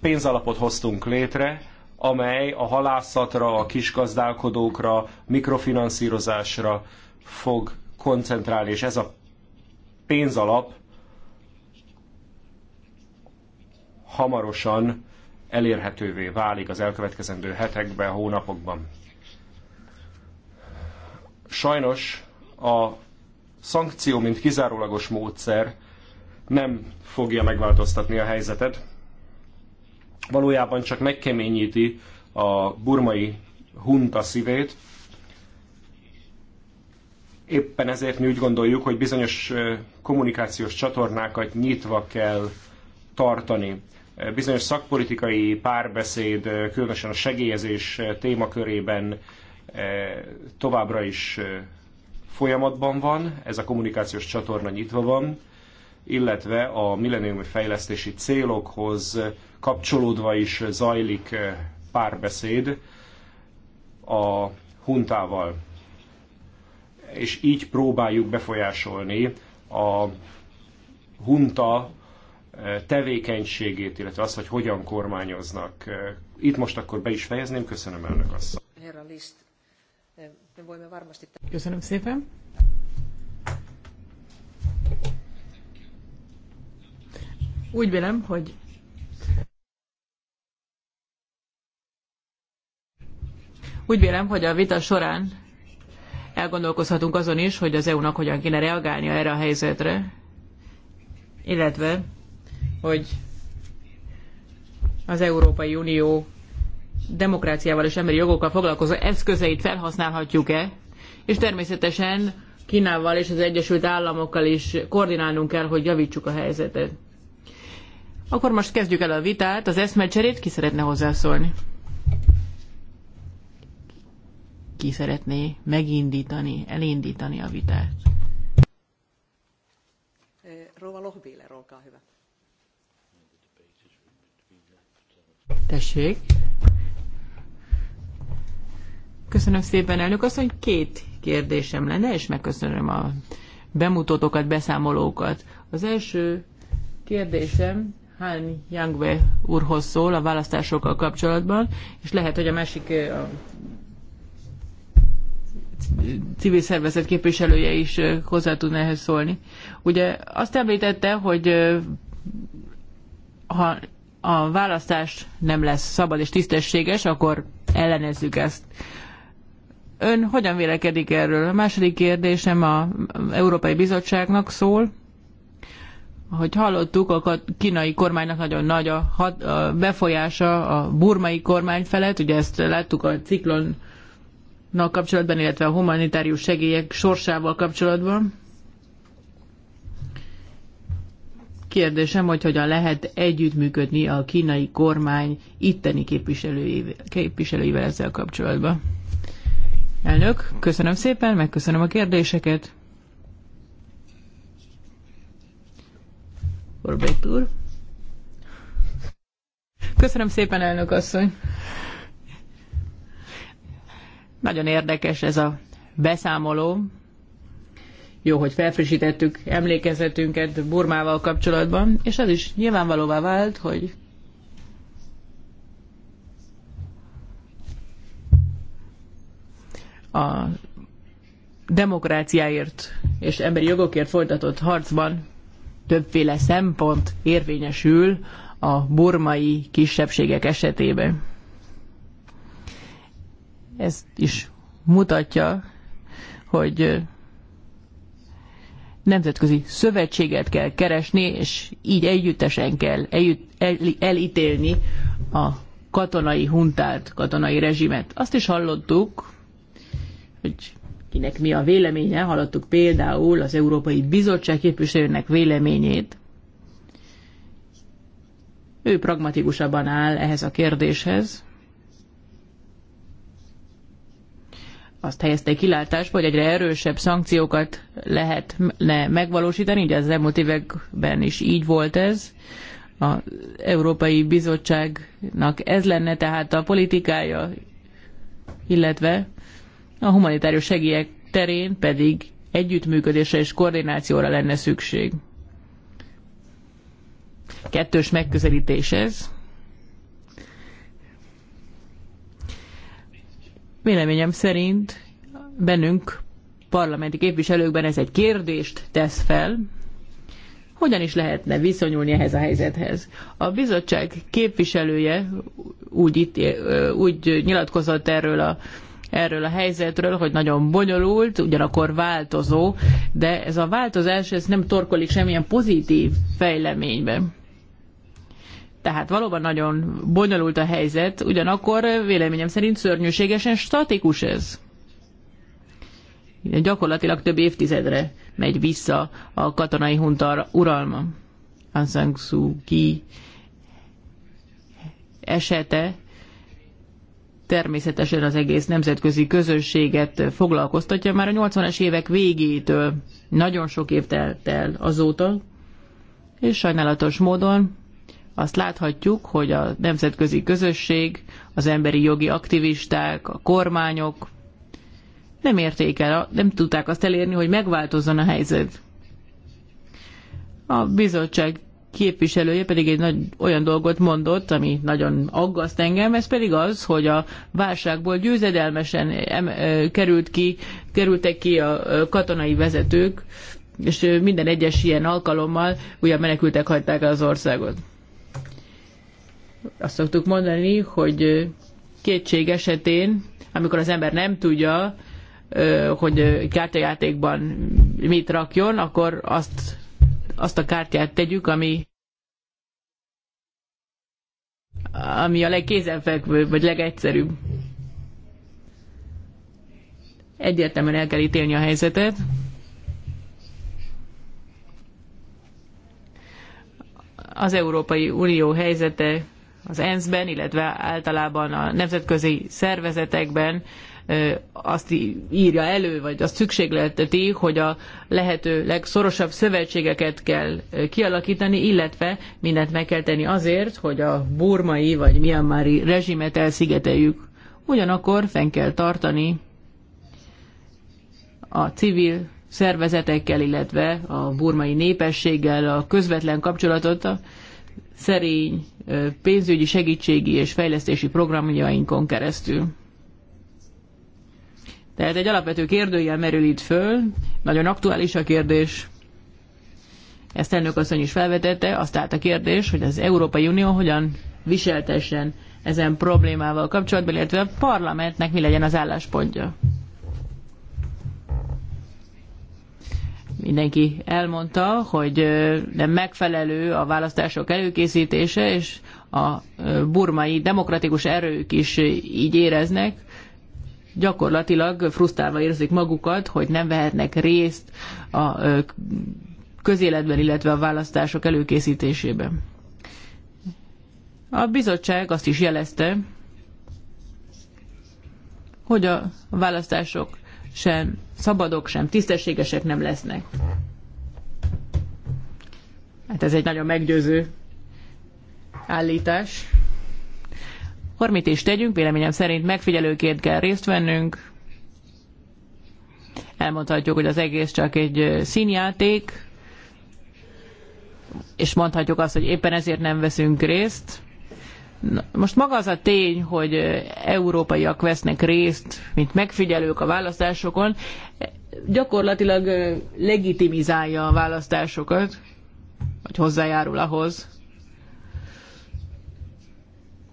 Speaker 2: pénzalapot hoztunk létre, amely a halászatra, a kisgazdálkodókra, mikrofinanszírozásra fog koncentrál, és ez a pénzalap hamarosan elérhetővé válik az elkövetkezendő hetekben, hónapokban. Sajnos a szankció, mint kizárólagos módszer nem fogja megváltoztatni a helyzetet. Valójában csak megkeményíti a burmai hunta szívét, Éppen ezért mi úgy gondoljuk, hogy bizonyos kommunikációs csatornákat nyitva kell tartani. Bizonyos szakpolitikai párbeszéd, különösen a segélyezés témakörében továbbra is folyamatban van, ez a kommunikációs csatorna nyitva van, illetve a milleniumi fejlesztési célokhoz kapcsolódva is zajlik párbeszéd a huntával és így próbáljuk befolyásolni a hunta eh, tevékenységét, illetve azt, hogy hogyan kormányoznak. Eh, itt most akkor be is fejezném, köszönöm elnök asszony.
Speaker 1: Eh,
Speaker 3: köszönöm szépen. Úgy vélem, hogy úgy vélem, hogy a vita során elgondolkozhatunk azon is, hogy az EU-nak hogyan kéne reagálnia erre a helyzetre, illetve, hogy az Európai Unió demokráciával és emberi jogokkal foglalkozó eszközeit felhasználhatjuk-e, és természetesen Kínával és az Egyesült Államokkal is koordinálnunk kell, hogy javítsuk a helyzetet. Akkor most kezdjük el a vitát, az eszmecserét, ki szeretne hozzászólni? ki szeretné megindítani, elindítani a vitát.
Speaker 1: Róva Lohbéler, olkaa hyvä.
Speaker 3: Tessék. Köszönöm szépen, elnök asszony. Két kérdésem lenne, és megköszönöm a bemutatókat, beszámolókat. Az első kérdésem Han Yangwe úrhoz szól a választásokkal kapcsolatban, és lehet, hogy a másik a civil szervezet képviselője is hozzá tudna ehhez szólni. Ugye azt említette, hogy ha a választás nem lesz szabad és tisztességes, akkor ellenezzük ezt. Ön hogyan vélekedik erről? A második kérdésem a Európai Bizottságnak szól. Hogy hallottuk, a kínai kormánynak nagyon nagy a, a befolyása a burmai kormány felett, ugye ezt láttuk a ciklon kapcsolatban, illetve a humanitárius segélyek sorsával kapcsolatban. Kérdésem, hogy hogyan lehet együttműködni a kínai kormány itteni képviselőivel, képviselőivel ezzel kapcsolatban. Elnök, köszönöm szépen, megköszönöm a kérdéseket. Orbett úr. Köszönöm szépen, elnök asszony. Nagyon érdekes ez a beszámoló. Jó, hogy felfrissítettük emlékezetünket Burmával kapcsolatban, és az is nyilvánvalóvá vált, hogy a demokráciáért és emberi jogokért folytatott harcban többféle szempont érvényesül a burmai kisebbségek esetében. Ez is mutatja, hogy nemzetközi szövetséget kell keresni, és így együttesen kell eljut, el, elítélni a katonai huntát, katonai rezsimet. Azt is hallottuk, hogy kinek mi a véleménye, hallottuk például az Európai Bizottság képviselőnek véleményét. Ő pragmatikusabban áll ehhez a kérdéshez, azt helyezték kilátásba, hogy egyre erősebb szankciókat lehetne megvalósítani, ugye az elmúlt években is így volt ez, az Európai Bizottságnak ez lenne tehát a politikája, illetve a humanitárius segélyek terén pedig együttműködésre és koordinációra lenne szükség. Kettős megközelítés ez. Véleményem szerint bennünk parlamenti képviselőkben ez egy kérdést tesz fel, hogyan is lehetne viszonyulni ehhez a helyzethez. A bizottság képviselője úgy, itt, úgy nyilatkozott erről a, erről a helyzetről, hogy nagyon bonyolult, ugyanakkor változó, de ez a változás ez nem torkolik semmilyen pozitív fejleményben tehát valóban nagyon bonyolult a helyzet, ugyanakkor véleményem szerint szörnyűségesen statikus ez. Gyakorlatilag több évtizedre megy vissza a katonai hunta uralma. Aung San Suu Kyi esete természetesen az egész nemzetközi közösséget foglalkoztatja. Már a 80 es évek végétől nagyon sok év telt el azóta, és sajnálatos módon azt láthatjuk, hogy a nemzetközi közösség, az emberi jogi aktivisták, a kormányok nem érték el, nem tudták azt elérni, hogy megváltozzon a helyzet. A bizottság képviselője pedig egy nagy, olyan dolgot mondott, ami nagyon aggaszt engem, ez pedig az, hogy a válságból győzedelmesen em, került ki, kerültek ki a katonai vezetők, és minden egyes ilyen alkalommal ugye menekültek hagyták az országot. Azt szoktuk mondani, hogy kétség esetén, amikor az ember nem tudja, hogy kártyajátékban mit rakjon, akkor azt, azt a kártyát tegyük, ami ami a legkézenfekvőbb, vagy legegyszerűbb. Egyértelműen el kell ítélni a helyzetet. Az Európai Unió helyzete az ENSZ-ben, illetve általában a nemzetközi szervezetekben azt írja elő, vagy azt szükséglelteti, hogy a lehető legszorosabb szövetségeket kell kialakítani, illetve mindent meg kell tenni azért, hogy a burmai vagy miamári rezsimet elszigeteljük. Ugyanakkor fenn kell tartani a civil szervezetekkel, illetve a burmai népességgel a közvetlen kapcsolatot a szerény pénzügyi segítségi és fejlesztési programjainkon keresztül. Tehát egy alapvető kérdőjel merül itt föl, nagyon aktuális a kérdés, ezt elnök asszony is felvetette, azt állt a kérdés, hogy az Európai Unió hogyan viseltessen ezen problémával kapcsolatban, illetve a parlamentnek mi legyen az álláspontja. mindenki elmondta, hogy nem megfelelő a választások előkészítése, és a burmai demokratikus erők is így éreznek, gyakorlatilag frusztrálva érzik magukat, hogy nem vehetnek részt a közéletben, illetve a választások előkészítésében. A bizottság azt is jelezte, hogy a választások sem szabadok, sem tisztességesek nem lesznek. Hát ez egy nagyon meggyőző állítás. Hormit is tegyünk, véleményem szerint megfigyelőként kell részt vennünk. Elmondhatjuk, hogy az egész csak egy színjáték, és mondhatjuk azt, hogy éppen ezért nem veszünk részt. Most maga az a tény, hogy európaiak vesznek részt, mint megfigyelők a választásokon, gyakorlatilag legitimizálja a választásokat, vagy hozzájárul ahhoz.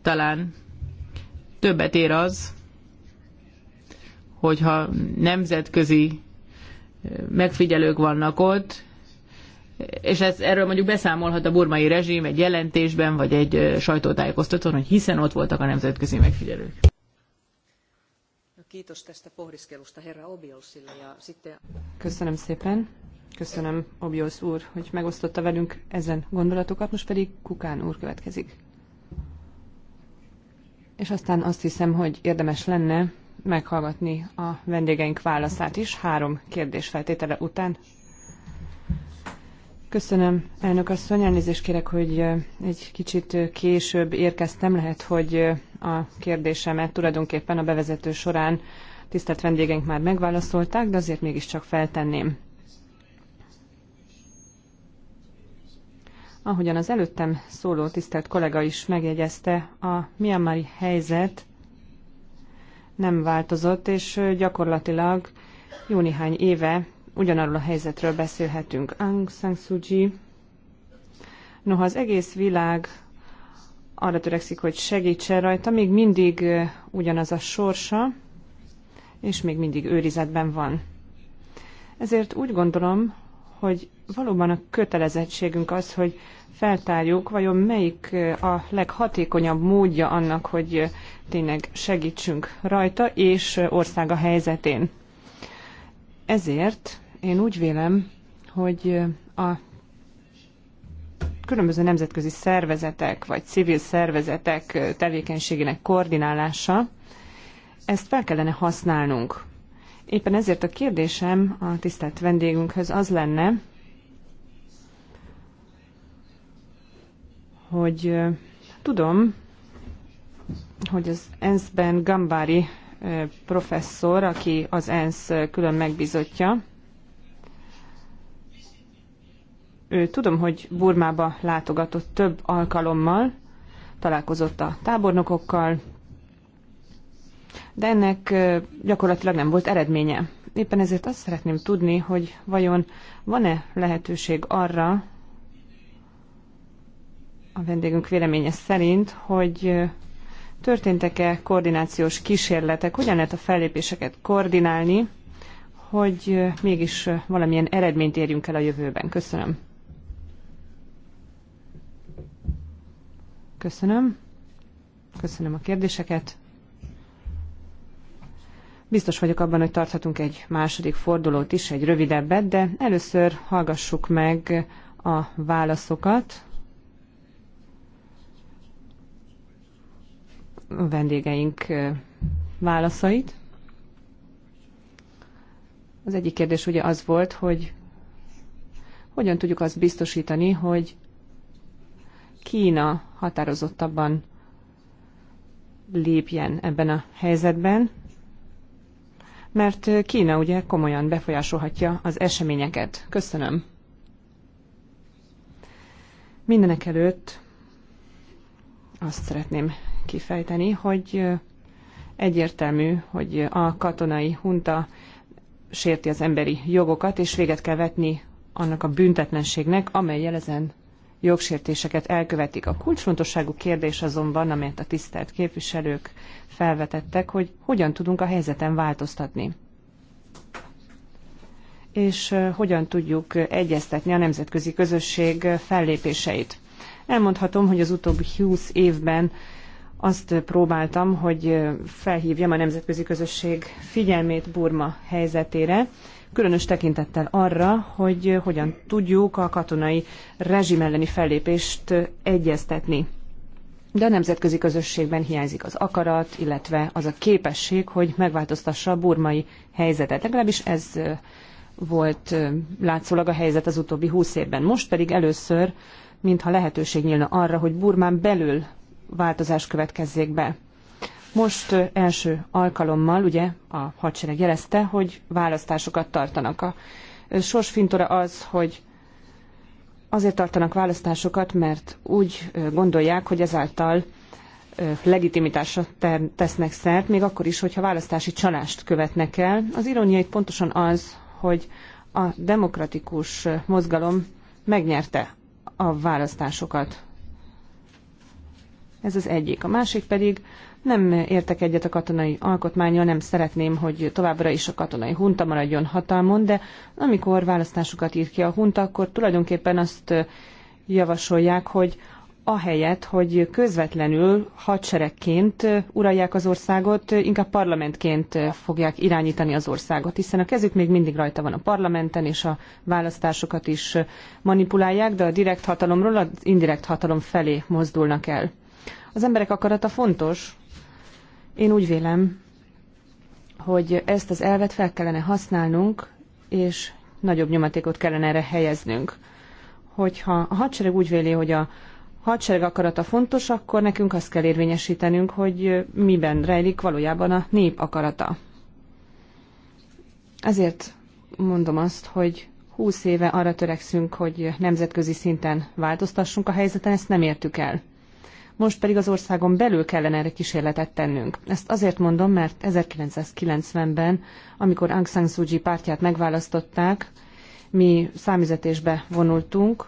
Speaker 3: Talán többet ér az, hogyha nemzetközi megfigyelők vannak ott, és ez, erről mondjuk beszámolhat a burmai rezsim egy jelentésben, vagy egy sajtótájékoztatón, hogy hiszen ott voltak a nemzetközi megfigyelők.
Speaker 4: Köszönöm szépen. Köszönöm, Obiosz úr, hogy megosztotta velünk ezen gondolatokat, most pedig Kukán úr következik. És aztán azt hiszem, hogy érdemes lenne meghallgatni a vendégeink válaszát is három kérdés feltétele után. Köszönöm, elnök asszony. Elnézést kérek, hogy egy kicsit később érkeztem. Lehet, hogy a kérdésemet tulajdonképpen a bevezető során tisztelt vendégeink már megválaszolták, de azért mégiscsak feltenném. Ahogyan az előttem szóló tisztelt kollega is megjegyezte, a Myanmari helyzet nem változott, és gyakorlatilag jó néhány éve ugyanarról a helyzetről beszélhetünk. Aung San Suu Kyi, noha az egész világ arra törekszik, hogy segítsen rajta, még mindig ugyanaz a sorsa, és még mindig őrizetben van. Ezért úgy gondolom, hogy valóban a kötelezettségünk az, hogy feltárjuk, vajon melyik a leghatékonyabb módja annak, hogy tényleg segítsünk rajta és országa helyzetén. Ezért én úgy vélem, hogy a különböző nemzetközi szervezetek vagy civil szervezetek tevékenységének koordinálása, ezt fel kellene használnunk. Éppen ezért a kérdésem a tisztelt vendégünkhöz az lenne, hogy tudom, hogy az ENSZ-ben Gambári professzor, aki az ENSZ külön megbizotja, Tudom, hogy Burmába látogatott több alkalommal, találkozott a tábornokokkal, de ennek gyakorlatilag nem volt eredménye. Éppen ezért azt szeretném tudni, hogy vajon van-e lehetőség arra, a vendégünk véleménye szerint, hogy történtek-e koordinációs kísérletek, hogyan lehet a fellépéseket koordinálni, hogy mégis valamilyen eredményt érjünk el a jövőben. Köszönöm. Köszönöm. Köszönöm a kérdéseket. Biztos vagyok abban, hogy tarthatunk egy második fordulót is, egy rövidebbet, de először hallgassuk meg a válaszokat a vendégeink válaszait. Az egyik kérdés ugye az volt, hogy hogyan tudjuk azt biztosítani, hogy Kína határozottabban lépjen ebben a helyzetben, mert Kína ugye komolyan befolyásolhatja az eseményeket. Köszönöm. Mindenek előtt azt szeretném kifejteni, hogy egyértelmű, hogy a katonai hunta sérti az emberi jogokat, és véget kell vetni annak a büntetlenségnek, amely ezen jogsértéseket elkövetik. A kulcsfontosságú kérdés azonban, amelyet a tisztelt képviselők felvetettek, hogy hogyan tudunk a helyzeten változtatni és hogyan tudjuk egyeztetni a nemzetközi közösség fellépéseit. Elmondhatom, hogy az utóbbi 20 évben azt próbáltam, hogy felhívjam a nemzetközi közösség figyelmét Burma helyzetére, különös tekintettel arra, hogy hogyan tudjuk a katonai rezsim elleni fellépést egyeztetni. De a nemzetközi közösségben hiányzik az akarat, illetve az a képesség, hogy megváltoztassa a burmai helyzetet. Legalábbis ez volt látszólag a helyzet az utóbbi húsz évben. Most pedig először, mintha lehetőség nyílna arra, hogy Burmán belül változás következzék be. Most első alkalommal ugye a hadsereg jelezte, hogy választásokat tartanak. A sorsfintora az, hogy azért tartanak választásokat, mert úgy gondolják, hogy ezáltal legitimitásra tesznek szert, még akkor is, hogyha választási csalást követnek el. Az irónia itt pontosan az, hogy a demokratikus mozgalom megnyerte a választásokat. Ez az egyik. A másik pedig nem értek egyet a katonai alkotmányjal, nem szeretném, hogy továbbra is a katonai hunta maradjon hatalmon, de amikor választásokat ír ki a hunta, akkor tulajdonképpen azt javasolják, hogy ahelyett, hogy közvetlenül hadseregként uralják az országot, inkább parlamentként fogják irányítani az országot, hiszen a kezük még mindig rajta van a parlamenten, és a választásokat is manipulálják, de a direkt hatalomról az indirekt hatalom felé mozdulnak el. Az emberek akarata fontos, én úgy vélem, hogy ezt az elvet fel kellene használnunk, és nagyobb nyomatékot kellene erre helyeznünk. Hogyha a hadsereg úgy véli, hogy a hadsereg akarata fontos, akkor nekünk azt kell érvényesítenünk, hogy miben rejlik valójában a nép akarata. Ezért mondom azt, hogy húsz éve arra törekszünk, hogy nemzetközi szinten változtassunk a helyzeten, ezt nem értük el most pedig az országon belül kellene erre kísérletet tennünk. Ezt azért mondom, mert 1990-ben, amikor Aung San Suu Kyi pártját megválasztották, mi számüzetésbe vonultunk,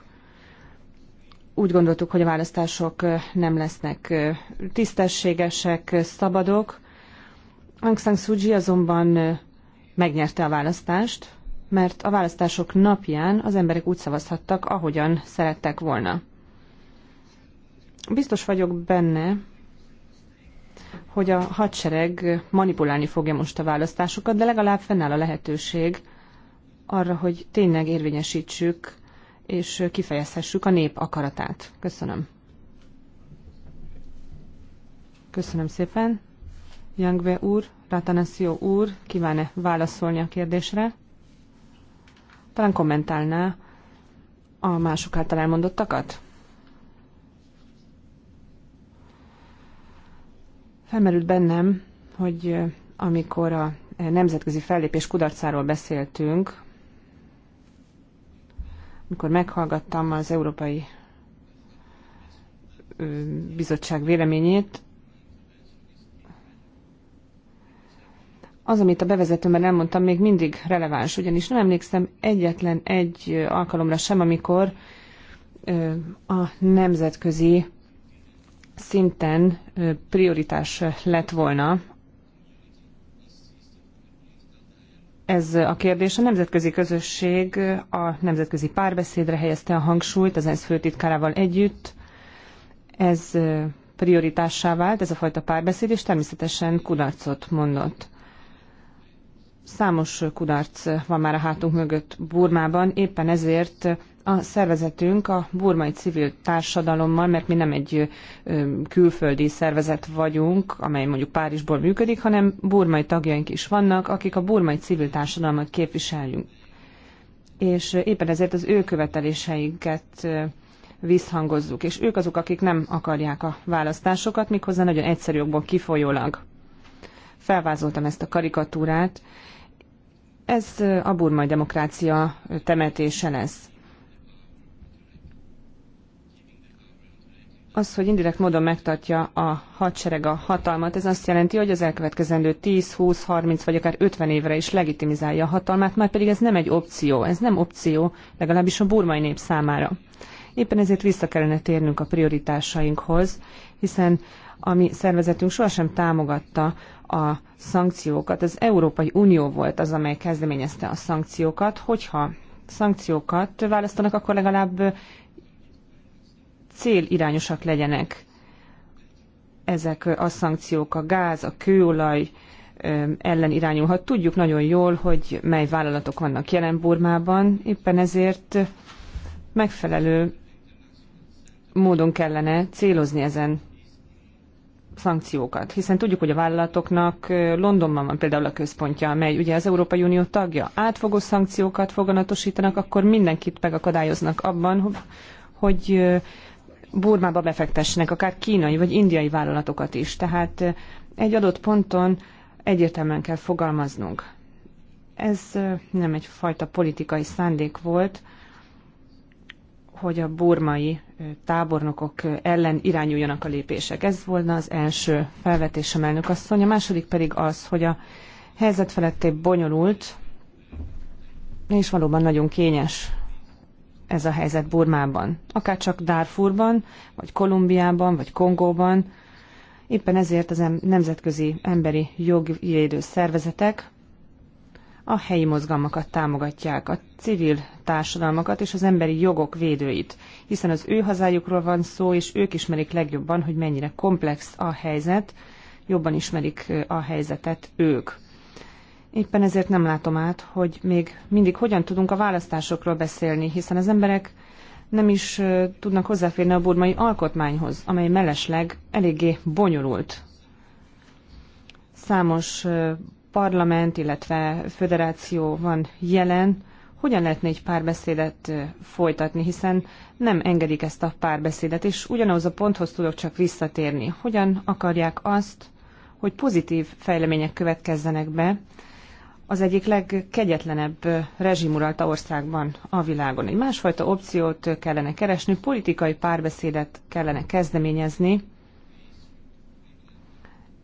Speaker 4: úgy gondoltuk, hogy a választások nem lesznek tisztességesek, szabadok. Aung San Suu Kyi azonban megnyerte a választást, mert a választások napján az emberek úgy szavazhattak, ahogyan szerettek volna. Biztos vagyok benne, hogy a hadsereg manipulálni fogja most a választásokat, de legalább fennáll a lehetőség arra, hogy tényleg érvényesítsük és kifejezhessük a nép akaratát. Köszönöm. Köszönöm szépen. Jangve úr, Ratanasio úr, kíván-e válaszolni a kérdésre? Talán kommentálná a mások által elmondottakat? Felmerült bennem, hogy amikor a nemzetközi fellépés kudarcáról beszéltünk, amikor meghallgattam az Európai Bizottság véleményét, az, amit a bevezetőben elmondtam, még mindig releváns, ugyanis nem emlékszem egyetlen egy alkalomra sem, amikor a nemzetközi szinten prioritás lett volna ez a kérdés. A nemzetközi közösség a nemzetközi párbeszédre helyezte a hangsúlyt az ENSZ főtitkárával együtt. Ez prioritássá vált, ez a fajta párbeszéd, és természetesen kudarcot mondott. Számos kudarc van már a hátunk mögött Burmában, éppen ezért a szervezetünk a burmai civil társadalommal, mert mi nem egy külföldi szervezet vagyunk, amely mondjuk Párizsból működik, hanem burmai tagjaink is vannak, akik a burmai civil társadalmat képviseljük. És éppen ezért az ő követeléseinket visszhangozzuk, és ők azok, akik nem akarják a választásokat, méghozzá nagyon egyszerű okból kifolyólag. Felvázoltam ezt a karikatúrát, ez a burmai demokrácia temetése lesz. az, hogy indirekt módon megtartja a hadsereg a hatalmat, ez azt jelenti, hogy az elkövetkezendő 10, 20, 30 vagy akár 50 évre is legitimizálja a hatalmát, már pedig ez nem egy opció, ez nem opció, legalábbis a burmai nép számára. Éppen ezért vissza kellene térnünk a prioritásainkhoz, hiszen a mi szervezetünk sohasem támogatta a szankciókat. Az Európai Unió volt az, amely kezdeményezte a szankciókat, hogyha szankciókat választanak, akkor legalább célirányosak legyenek ezek a szankciók, a gáz, a kőolaj ellen irányulhat. Tudjuk nagyon jól, hogy mely vállalatok vannak jelen Burmában, éppen ezért megfelelő módon kellene célozni ezen szankciókat, hiszen tudjuk, hogy a vállalatoknak Londonban van például a központja, amely ugye az Európai Unió tagja. Átfogó szankciókat foganatosítanak, akkor mindenkit megakadályoznak abban, hogy Burmába befektessenek, akár kínai vagy indiai vállalatokat is. Tehát eh, egy adott ponton egyértelműen kell fogalmaznunk. Ez eh, nem egyfajta politikai szándék volt, hogy a burmai eh, tábornokok ellen irányuljanak a lépések. Ez volna az első felvetésem elnök asszony. A második pedig az, hogy a helyzet feletté bonyolult, és valóban nagyon kényes ez a helyzet Burmában, akár csak Darfurban, vagy Kolumbiában, vagy Kongóban. Éppen ezért az nemzetközi emberi jogvédő szervezetek a helyi mozgalmakat támogatják, a civil társadalmakat és az emberi jogok védőit, hiszen az ő hazájukról van szó, és ők ismerik legjobban, hogy mennyire komplex a helyzet, jobban ismerik a helyzetet ők. Éppen ezért nem látom át, hogy még mindig hogyan tudunk a választásokról beszélni, hiszen az emberek nem is tudnak hozzáférni a burmai alkotmányhoz, amely mellesleg eléggé bonyolult. Számos parlament, illetve föderáció van jelen, hogyan lehetne egy párbeszédet folytatni, hiszen nem engedik ezt a párbeszédet, és ugyanaz a ponthoz tudok csak visszatérni. Hogyan akarják azt, hogy pozitív fejlemények következzenek be, az egyik legkegyetlenebb rezsimuralta országban a világon. Egy másfajta opciót kellene keresni, politikai párbeszédet kellene kezdeményezni,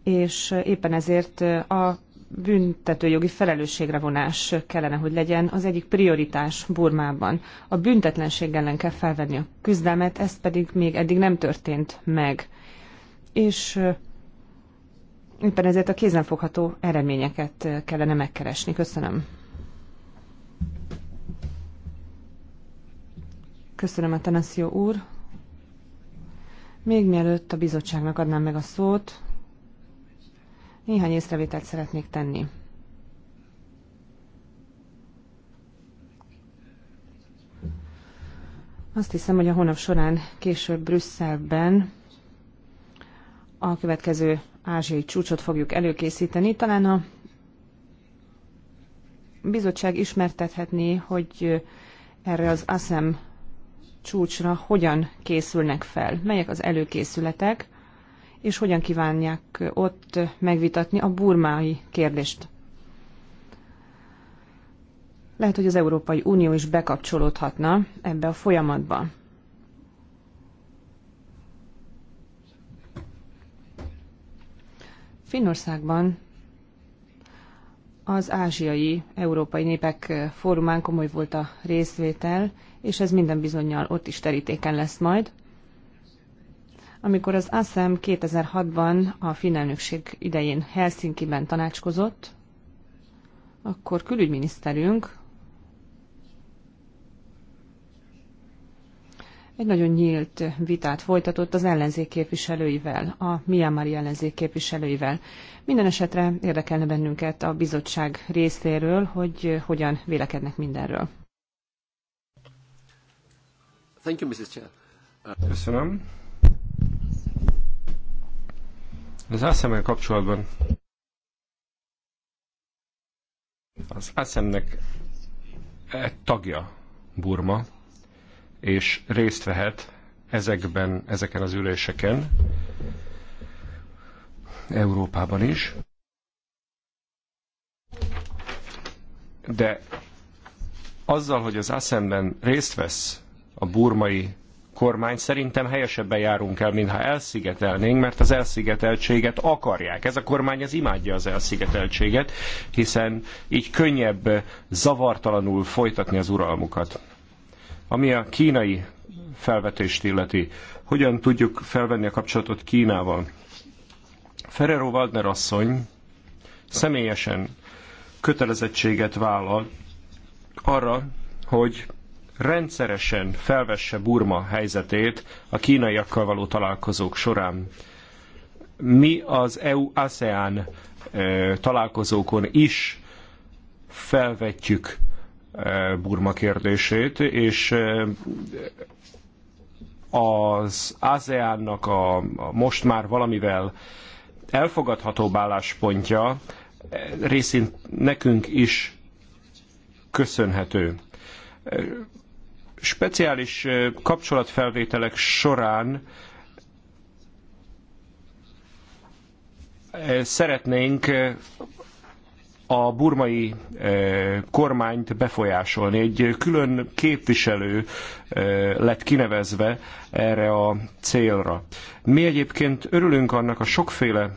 Speaker 4: és éppen ezért a büntetőjogi felelősségre vonás kellene, hogy legyen az egyik prioritás Burmában. A büntetlenség ellen kell felvenni a küzdelmet, ez pedig még eddig nem történt meg. És Éppen ezért a kézenfogható eredményeket eh, kellene megkeresni. Köszönöm. Köszönöm, Atanasio úr. Még mielőtt a bizottságnak adnám meg a szót, néhány észrevételt szeretnék tenni. Azt hiszem, hogy a hónap során később Brüsszelben a következő ázsiai csúcsot fogjuk előkészíteni. Talán a bizottság ismertethetné, hogy erre az ASEM csúcsra hogyan készülnek fel, melyek az előkészületek, és hogyan kívánják ott megvitatni a burmai kérdést. Lehet, hogy az Európai Unió is bekapcsolódhatna ebbe a folyamatba. Finnországban az ázsiai európai népek eh, fórumán komoly volt a részvétel, és ez minden bizonyal ott is terítéken lesz majd. Amikor az ASEM 2006-ban a finn elnökség idején Helsinki-ben tanácskozott, akkor külügyminiszterünk egy nagyon nyílt vitát folytatott az ellenzék képviselőivel, a Miamari ellenzék képviselőivel. Minden esetre érdekelne bennünket a bizottság részéről, hogy hogyan vélekednek mindenről.
Speaker 2: Thank you, Mrs. Chair. Köszönöm. Az asem kapcsolatban az ASEM-nek tagja Burma, és részt vehet ezekben, ezeken az üléseken, Európában is. De azzal, hogy az ASEM-ben részt vesz a burmai kormány, szerintem helyesebben járunk el, mintha elszigetelnénk, mert az elszigeteltséget akarják. Ez a kormány az imádja az elszigeteltséget, hiszen így könnyebb zavartalanul folytatni az uralmukat. Ami a kínai felvetést illeti, hogyan tudjuk felvenni a kapcsolatot Kínával? Ferrero Waldner asszony személyesen kötelezettséget vállal arra, hogy rendszeresen felvesse Burma helyzetét a kínaiakkal való találkozók során. Mi az EU-ASEAN eh, találkozókon is felvetjük Eh, Burma kérdését, és eh, az ASEAN-nak a, most már valamivel elfogadható álláspontja eh, részint nekünk is köszönhető. Speciális kapcsolatfelvételek során szeretnénk a burmai e, kormányt befolyásolni. Egy külön képviselő e, lett kinevezve erre a célra. Mi egyébként örülünk annak a sokféle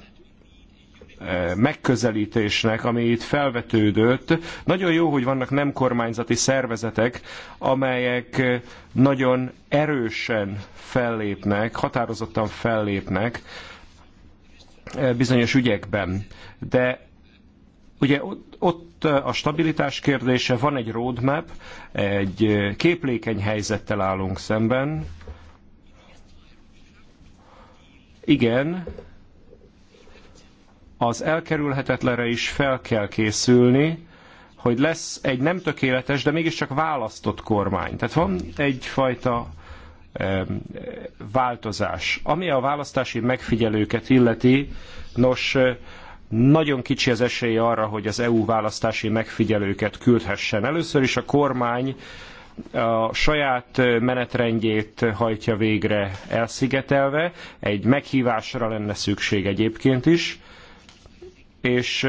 Speaker 2: e, megközelítésnek, ami itt felvetődött. Nagyon jó, hogy vannak nem kormányzati szervezetek, amelyek nagyon erősen fellépnek, határozottan fellépnek bizonyos ügyekben. De Ugye ott, ott a stabilitás kérdése, van egy roadmap, egy képlékeny helyzettel állunk szemben. Igen, az elkerülhetetlenre is fel kell készülni, hogy lesz egy nem tökéletes, de mégiscsak választott kormány. Tehát van egyfajta változás. Ami a választási megfigyelőket illeti, nos, nagyon kicsi az esélye arra, hogy az EU választási megfigyelőket küldhessen. Először is a kormány a saját menetrendjét hajtja végre elszigetelve, egy meghívásra lenne szükség egyébként is, és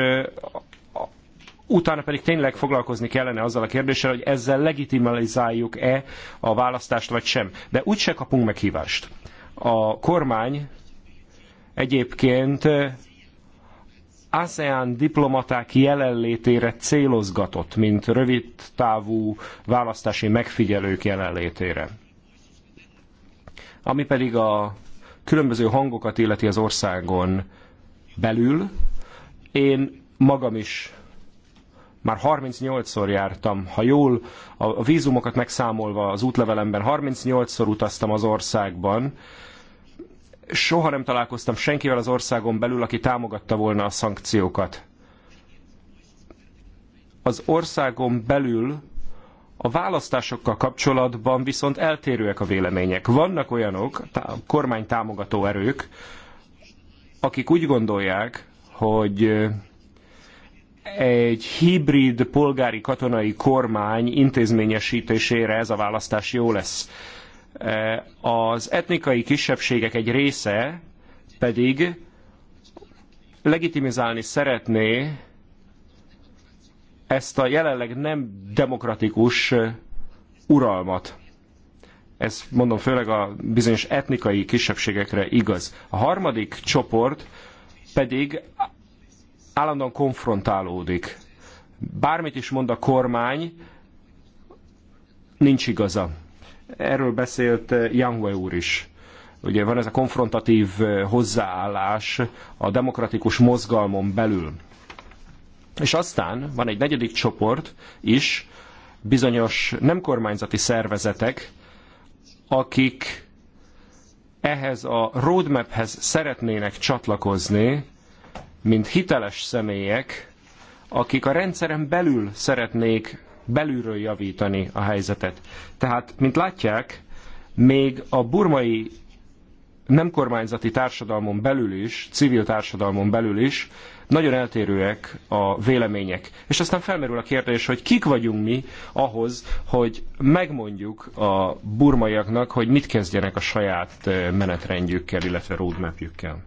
Speaker 2: utána pedig tényleg foglalkozni kellene azzal a kérdéssel, hogy ezzel legitimalizáljuk-e a választást vagy sem. De úgyse kapunk meghívást. A kormány egyébként ASEAN diplomaták jelenlétére célozgatott, mint rövid távú választási megfigyelők jelenlétére. Ami pedig a különböző hangokat illeti az országon belül, én magam is már 38-szor jártam, ha jól, a vízumokat megszámolva az útlevelemben 38-szor utaztam az országban, soha nem találkoztam senkivel az országon belül, aki támogatta volna a szankciókat. Az országon belül a választásokkal kapcsolatban viszont eltérőek a vélemények. Vannak olyanok, kormánytámogató kormány támogató erők, akik úgy gondolják, hogy egy hibrid polgári katonai kormány intézményesítésére ez a választás jó lesz Eh, az etnikai kisebbségek egy része pedig legitimizálni szeretné ezt a jelenleg nem demokratikus eh, uralmat. Ez mondom főleg a bizonyos etnikai kisebbségekre igaz. A harmadik csoport pedig állandóan konfrontálódik. Bármit is mond a kormány, nincs igaza. Erről beszélt eh, Yangwe úr is. Ugye van ez a konfrontatív eh, hozzáállás a demokratikus mozgalmon belül. És aztán van egy negyedik csoport is, bizonyos nem kormányzati szervezetek, akik ehhez a roadmaphez szeretnének csatlakozni, mint hiteles személyek, akik a rendszeren belül szeretnék belülről javítani a helyzetet. Tehát, mint látják, még a burmai nem kormányzati társadalmon belül is, civil társadalmon belül is nagyon eltérőek a vélemények. És aztán felmerül a kérdés, hogy kik vagyunk mi ahhoz, hogy megmondjuk a burmaiaknak, hogy mit kezdjenek a saját menetrendjükkel, illetve roadmapjükkel.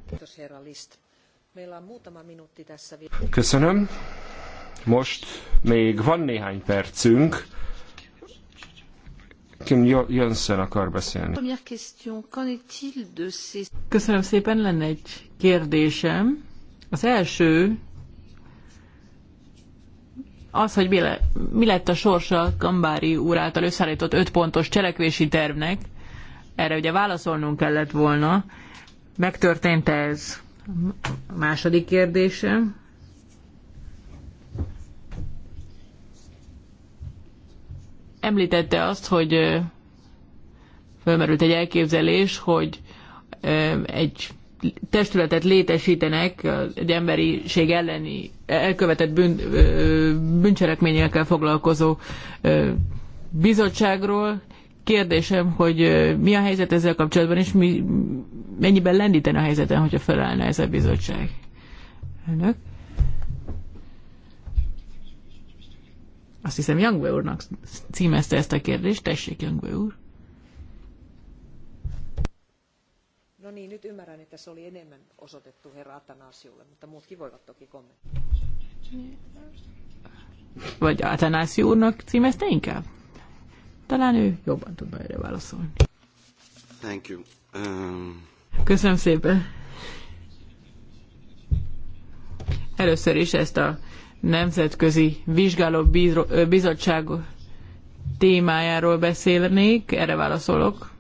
Speaker 2: Köszönöm. Most még van néhány percünk. Kim Jönszen akar beszélni.
Speaker 3: Köszönöm szépen, lenne egy kérdésem. Az első az, hogy mi, le, mi lett a sorsa Gambári úr által összeállított öt pontos cselekvési tervnek, erre ugye válaszolnunk kellett volna. Megtörtént ez? A második kérdésem. Említette azt, hogy fölmerült egy elképzelés, hogy egy testületet létesítenek egy emberiség elleni elkövetett bűn, bűncselekményekkel foglalkozó bizottságról. Kérdésem, hogy mi a helyzet ezzel kapcsolatban, és mi, mennyiben lendítene a helyzeten, hogyha felállna ez a bizottság? Önök? Azt hiszem Youngway úrnak címezte ezt a kérdést. Tessék, Youngway úr.
Speaker 1: No niin, nyt ymmärrän, että se oli enemmän osoitettu herra Atanasiulle, mutta muutkin voivat toki kommentoida.
Speaker 3: Vagy Atanasi úrnak címezte inkább? Talán ő jobban tudna erre válaszolni.
Speaker 1: Thank you. Um...
Speaker 3: Köszönöm szépen. Először is ezt a Nemzetközi Vizsgáló Bizottság témájáról beszélnék, erre válaszolok.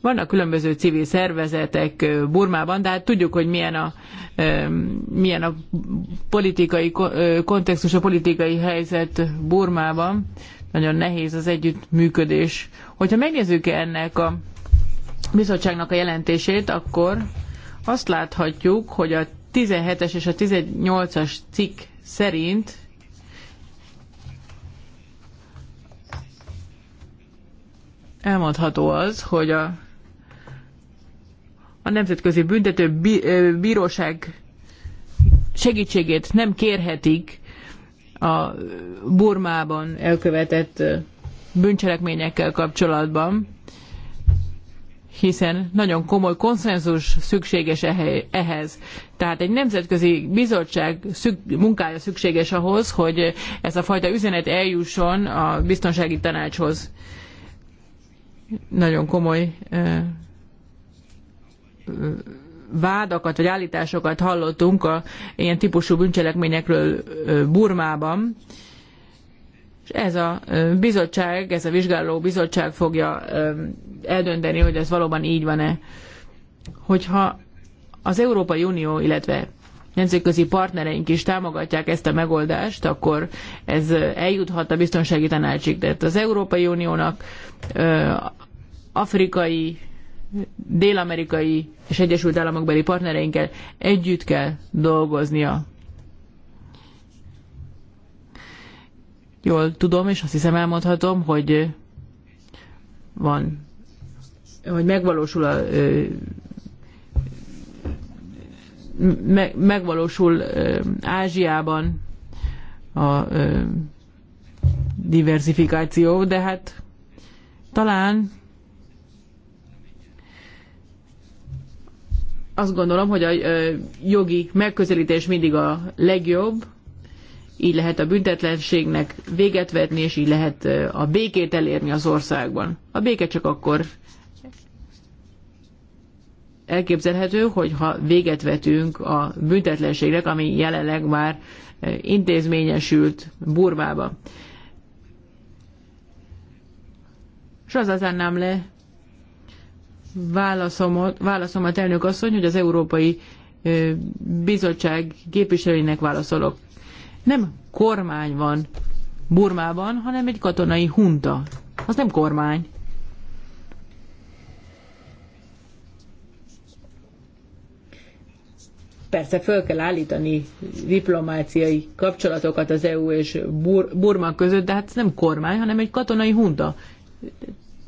Speaker 3: Vannak különböző civil szervezetek Burmában, de hát tudjuk, hogy milyen a, milyen a politikai kontextus, a politikai helyzet Burmában. Nagyon nehéz az együttműködés. Hogyha megnézzük -e ennek a bizottságnak a jelentését, akkor azt láthatjuk, hogy a 17-es és a 18-as cikk szerint elmondható az, hogy a, a Nemzetközi Büntető Bíróság segítségét nem kérhetik a Burmában elkövetett bűncselekményekkel kapcsolatban hiszen nagyon komoly konszenzus szükséges ehhez. Tehát egy nemzetközi bizottság szük, munkája szükséges ahhoz, hogy ez a fajta üzenet eljusson a biztonsági tanácshoz. Nagyon komoly vádakat vagy állításokat hallottunk a ilyen típusú bűncselekményekről Burmában és ez a bizottság, ez a vizsgáló bizottság fogja eldönteni, hogy ez valóban így van-e. Hogyha az Európai Unió, illetve nemzetközi partnereink is támogatják ezt a megoldást, akkor ez eljuthat a biztonsági tanácsig. de hát az Európai Uniónak afrikai, dél-amerikai és Egyesült Államokbeli partnereinkkel együtt kell dolgoznia. jól tudom, és azt hiszem elmondhatom, hogy van, hogy megvalósul a me, megvalósul Ázsiában a diversifikáció, de hát talán azt gondolom, hogy a jogi megközelítés mindig a legjobb, így lehet a büntetlenségnek véget vetni, és így lehet a békét elérni az országban. A béke csak akkor elképzelhető, hogyha véget vetünk a büntetlenségnek, ami jelenleg már intézményesült burvába. És az nem le válaszomat, válaszomat elnök asszony, hogy az Európai Bizottság képviselőinek válaszolok nem kormány van Burmában, hanem egy katonai hunta. Az nem kormány. Persze föl kell állítani diplomáciai kapcsolatokat az EU és Bur- Burma között, de hát ez nem kormány, hanem egy katonai hunta.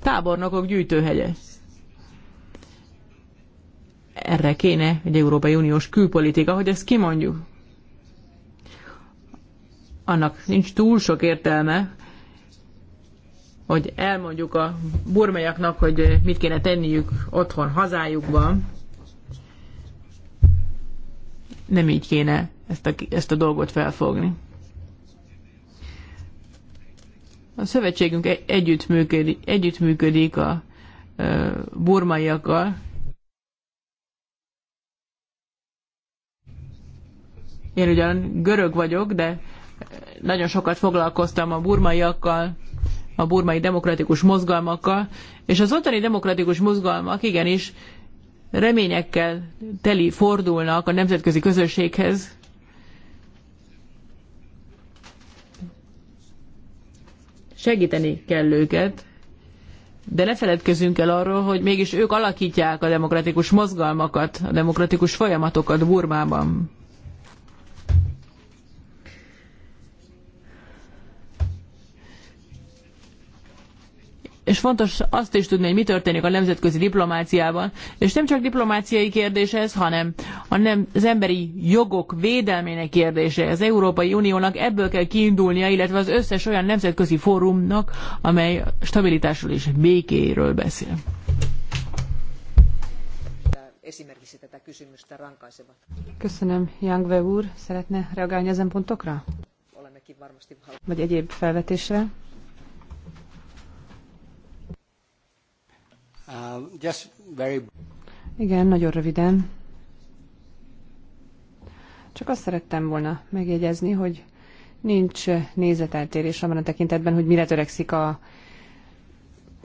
Speaker 3: Tábornokok gyűjtőhegye. Erre kéne egy Európai Uniós külpolitika, hogy ezt kimondjuk annak nincs túl sok értelme, hogy elmondjuk a burmelyaknak, hogy mit kéne tenniük otthon, hazájukban. Nem így kéne ezt a, ezt a dolgot felfogni. A szövetségünk e- együttműködik, együttműködik a burmaiakkal. Én ugyan görög vagyok, de nagyon sokat foglalkoztam a burmaiakkal, a burmai demokratikus mozgalmakkal, és az ottani demokratikus mozgalmak igenis reményekkel teli fordulnak a nemzetközi közösséghez, segíteni kell őket, de ne feledkezzünk el arról, hogy mégis ők alakítják a demokratikus mozgalmakat, a demokratikus folyamatokat Burmában. és fontos azt is tudni, hogy mi történik a nemzetközi diplomáciában. És nem csak diplomáciai kérdés ez, hanem a az emberi jogok védelmének kérdése. Az Európai Uniónak ebből kell kiindulnia, illetve az összes olyan nemzetközi fórumnak, amely stabilitásról
Speaker 4: és békéről beszél. Köszönöm, Jangve úr. Szeretne reagálni ezen pontokra? Vagy egyéb felvetésre? Um, Igen, nagyon röviden. Csak azt szerettem volna megjegyezni, hogy nincs nézeteltérés abban a tekintetben, hogy mire törekszik a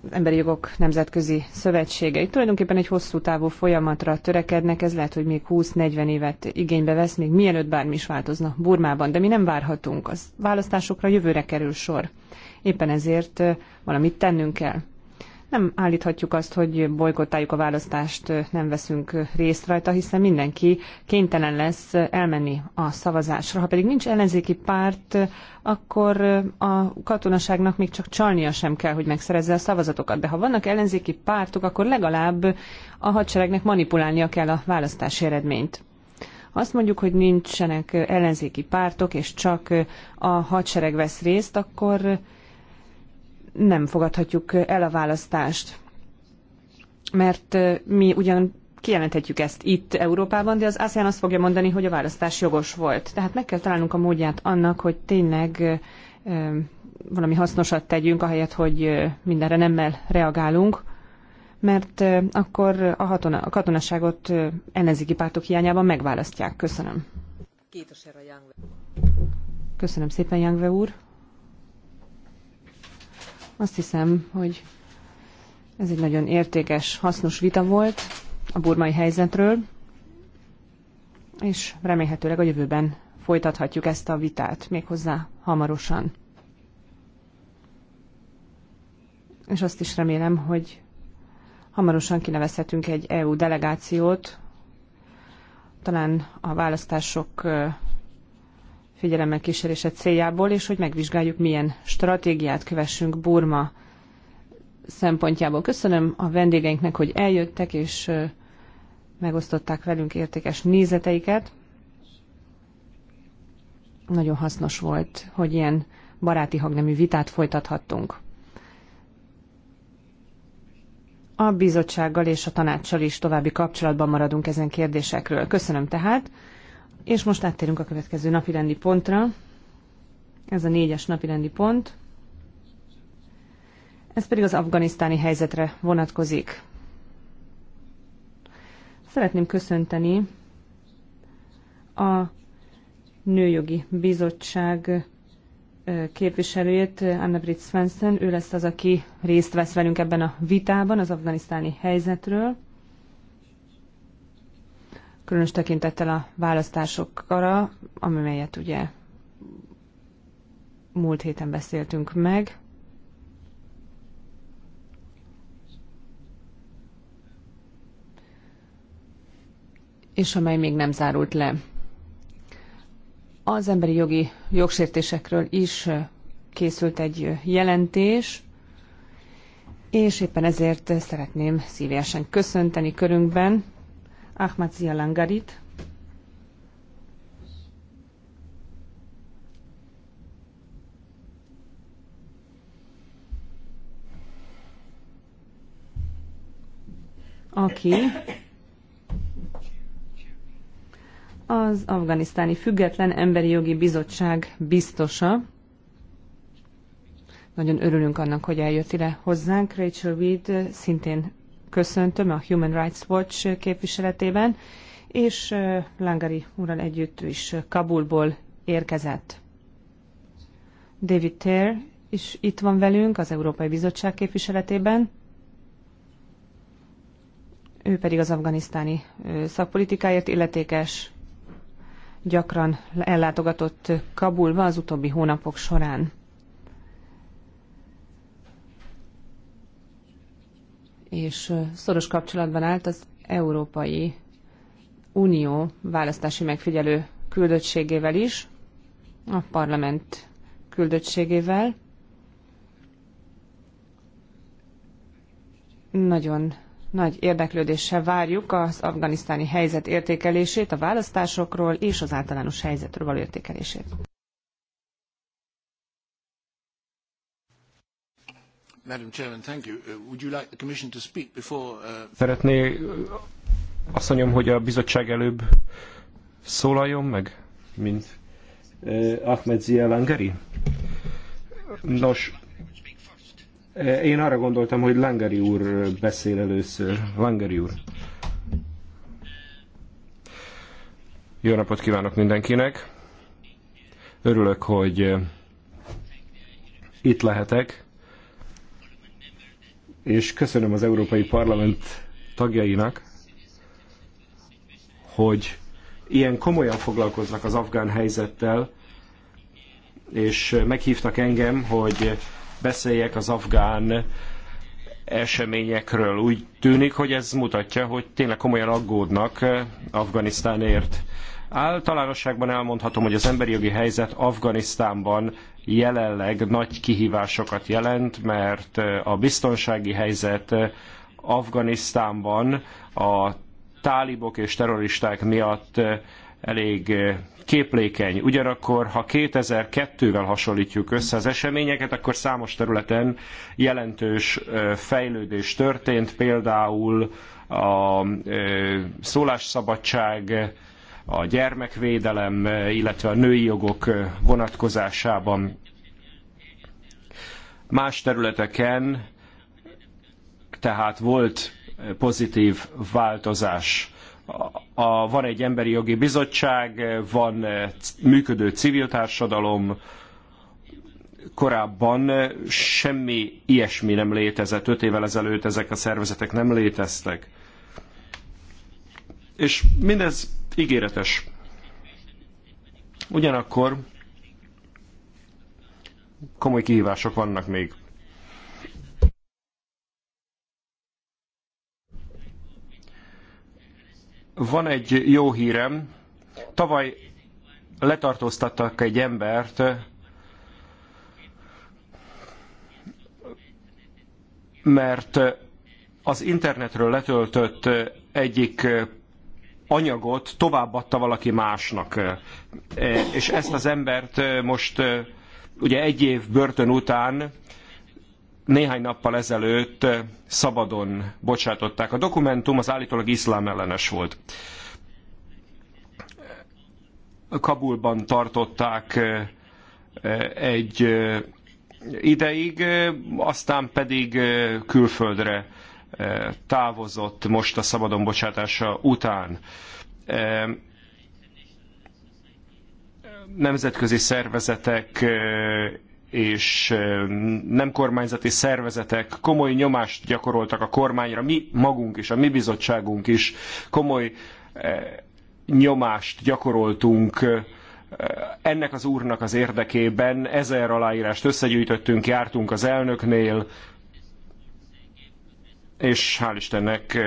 Speaker 4: Emberi Jogok Nemzetközi Szövetsége. tulajdonképpen egy hosszú távú folyamatra törekednek, ez lehet, hogy még 20-40 évet igénybe vesz, még mielőtt bármi is változna Burmában, de mi nem várhatunk. Az választásokra jövőre kerül sor. Éppen ezért valamit tennünk kell. Nem állíthatjuk azt, hogy bolygottáljuk a választást, nem veszünk részt rajta, hiszen mindenki kénytelen lesz elmenni a szavazásra. Ha pedig nincs ellenzéki párt, akkor a katonaságnak még csak csalnia sem kell, hogy megszerezze a szavazatokat. De ha vannak ellenzéki pártok, akkor legalább a hadseregnek manipulálnia kell a választási eredményt. Azt mondjuk, hogy nincsenek ellenzéki pártok, és csak a hadsereg vesz részt, akkor nem fogadhatjuk el a választást. Mert mi ugyan kijelenthetjük ezt itt Európában, de az ASEAN azt fogja mondani, hogy a választás jogos volt. Tehát meg kell találnunk a módját annak, hogy tényleg valami hasznosat tegyünk, ahelyett, hogy mindenre nemmel reagálunk, mert akkor a, hatona, a katonaságot ellenzéki pártok hiányában megválasztják. Köszönöm. Köszönöm szépen, Jangve úr. Azt hiszem, hogy ez egy nagyon értékes, hasznos vita volt a burmai helyzetről, és remélhetőleg a jövőben folytathatjuk ezt a vitát, méghozzá hamarosan. És azt is remélem, hogy hamarosan kinevezhetünk egy EU delegációt, talán a választások figyelemmel kísérése céljából, és hogy megvizsgáljuk, milyen stratégiát kövessünk Burma szempontjából. Köszönöm a vendégeinknek, hogy eljöttek, és megosztották velünk értékes nézeteiket. Nagyon hasznos volt, hogy ilyen baráti hangnemű vitát folytathattunk. A bizottsággal és a tanácssal is további kapcsolatban maradunk ezen kérdésekről. Köszönöm tehát. És most áttérünk a következő napirendi pontra. Ez a négyes napirendi pont. Ez pedig az afganisztáni helyzetre vonatkozik. Szeretném köszönteni a Nőjogi Bizottság képviselőjét, Anna Britt Svensson. Ő lesz az, aki részt vesz velünk ebben a vitában az afganisztáni helyzetről különös tekintettel a választásokra, amelyet ugye múlt héten beszéltünk meg. és amely még nem zárult le. Az emberi jogi jogsértésekről is készült egy jelentés, és éppen ezért szeretném szívesen köszönteni körünkben Ahmad Zia Langarit. aki az afganisztáni független emberi jogi bizottság biztosa. Nagyon örülünk annak, hogy eljött ide hozzánk. Rachel Weed szintén köszöntöm a Human Rights Watch képviseletében, és Langari úrral együtt is Kabulból érkezett. David Ter is itt van velünk az Európai Bizottság képviseletében. Ő pedig az afganisztáni szakpolitikáért illetékes, gyakran ellátogatott Kabulba az utóbbi hónapok során. és szoros kapcsolatban állt az Európai Unió választási megfigyelő küldöttségével is, a parlament küldöttségével. Nagyon nagy érdeklődéssel várjuk az afganisztáni helyzet értékelését, a választásokról és az általános helyzetről való értékelését. Szeretné
Speaker 2: azt mondjam, hogy a bizottság előbb szólaljon meg, mint uh, Ahmed Zia Langeri? Nos, uh, én arra gondoltam, hogy Langeri úr uh, beszél először. Langeri úr. Jó napot kívánok mindenkinek! Örülök, hogy uh, itt lehetek és köszönöm az Európai Parlament tagjainak, hogy ilyen komolyan foglalkoznak az afgán helyzettel, és meghívtak engem, hogy beszéljek az afgán eseményekről. Úgy tűnik, hogy ez mutatja, hogy tényleg komolyan aggódnak Afganisztánért. Általánosságban elmondhatom, hogy az emberi jogi helyzet Afganisztánban jelenleg nagy kihívásokat jelent, mert a biztonsági helyzet Afganisztánban a tálibok és terroristák miatt elég képlékeny. Ugyanakkor, ha 2002-vel hasonlítjuk össze az eseményeket, akkor számos területen jelentős fejlődés történt, például a szólásszabadság, a gyermekvédelem, illetve a női jogok vonatkozásában. Más területeken tehát volt pozitív változás. A, a, van egy emberi jogi bizottság, van működő civil társadalom, korábban semmi ilyesmi nem létezett, öt évvel ezelőtt ezek a szervezetek nem léteztek. És mindez ígéretes. Ugyanakkor komoly kihívások vannak még. Van egy jó hírem. Tavaly letartóztattak egy embert, mert az internetről letöltött egyik anyagot továbbadta valaki másnak. És ezt az embert most ugye egy év börtön után néhány nappal ezelőtt szabadon bocsátották. A dokumentum az állítólag iszlám ellenes volt. Kabulban tartották egy ideig, aztán pedig külföldre távozott most a szabadon bocsátása után. Nemzetközi szervezetek és nem kormányzati szervezetek komoly nyomást gyakoroltak a kormányra, mi magunk is, a mi bizottságunk is komoly nyomást gyakoroltunk ennek az úrnak az érdekében. Ezer aláírást összegyűjtöttünk, jártunk az elnöknél, és hál' Istennek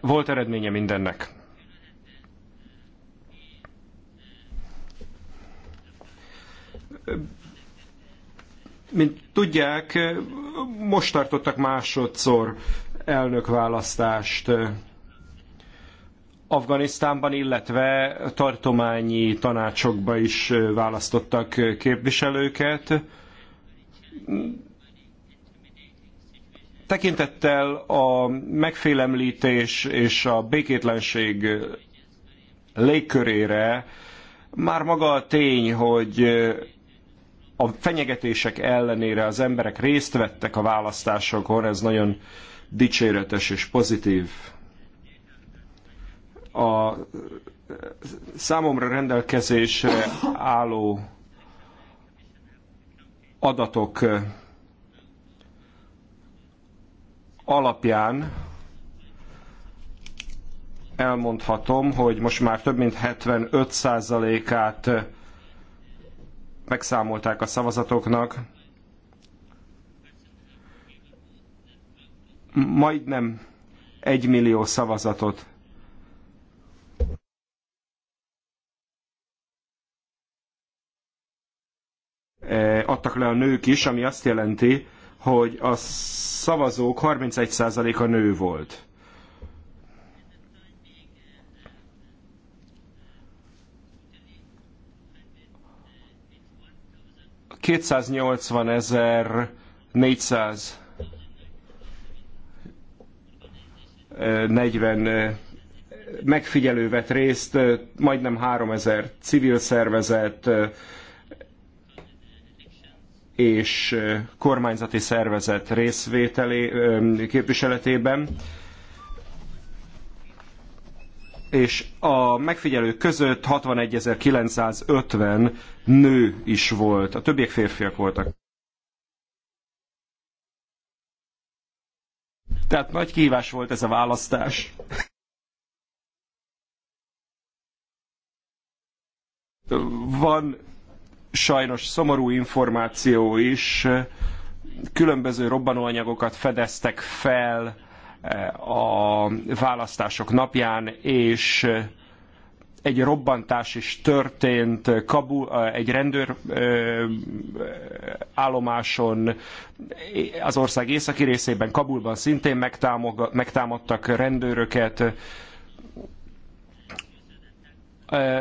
Speaker 2: volt eredménye mindennek. Mint tudják, most tartottak másodszor elnökválasztást Afganisztánban, illetve tartományi tanácsokba is választottak képviselőket Tekintettel a megfélemlítés és a békétlenség légkörére már maga a tény, hogy a fenyegetések ellenére az emberek részt vettek a választásokon, ez nagyon dicséretes és pozitív. A számomra rendelkezésre álló adatok alapján elmondhatom, hogy most már több mint 75%-át megszámolták a szavazatoknak. Majdnem egy millió szavazatot eh, adtak le a nők is, ami azt jelenti, hogy a szavazók 31%-a nő volt. Kétszáznyolcvan ezer négyszáz negyven megfigyelő vett részt, majdnem 3000 civil szervezet, és kormányzati szervezet részvételé képviseletében. És a megfigyelők között 61.950 nő is volt, a többiek férfiak voltak. Tehát nagy kihívás volt ez a választás. Van sajnos szomorú információ is, eh, különböző robbanóanyagokat fedeztek fel eh, a választások napján, és eh, egy robbantás is történt Kabul, egy rendőr állomáson az ország északi részében, Kabulban szintén megtámadtak rendőröket.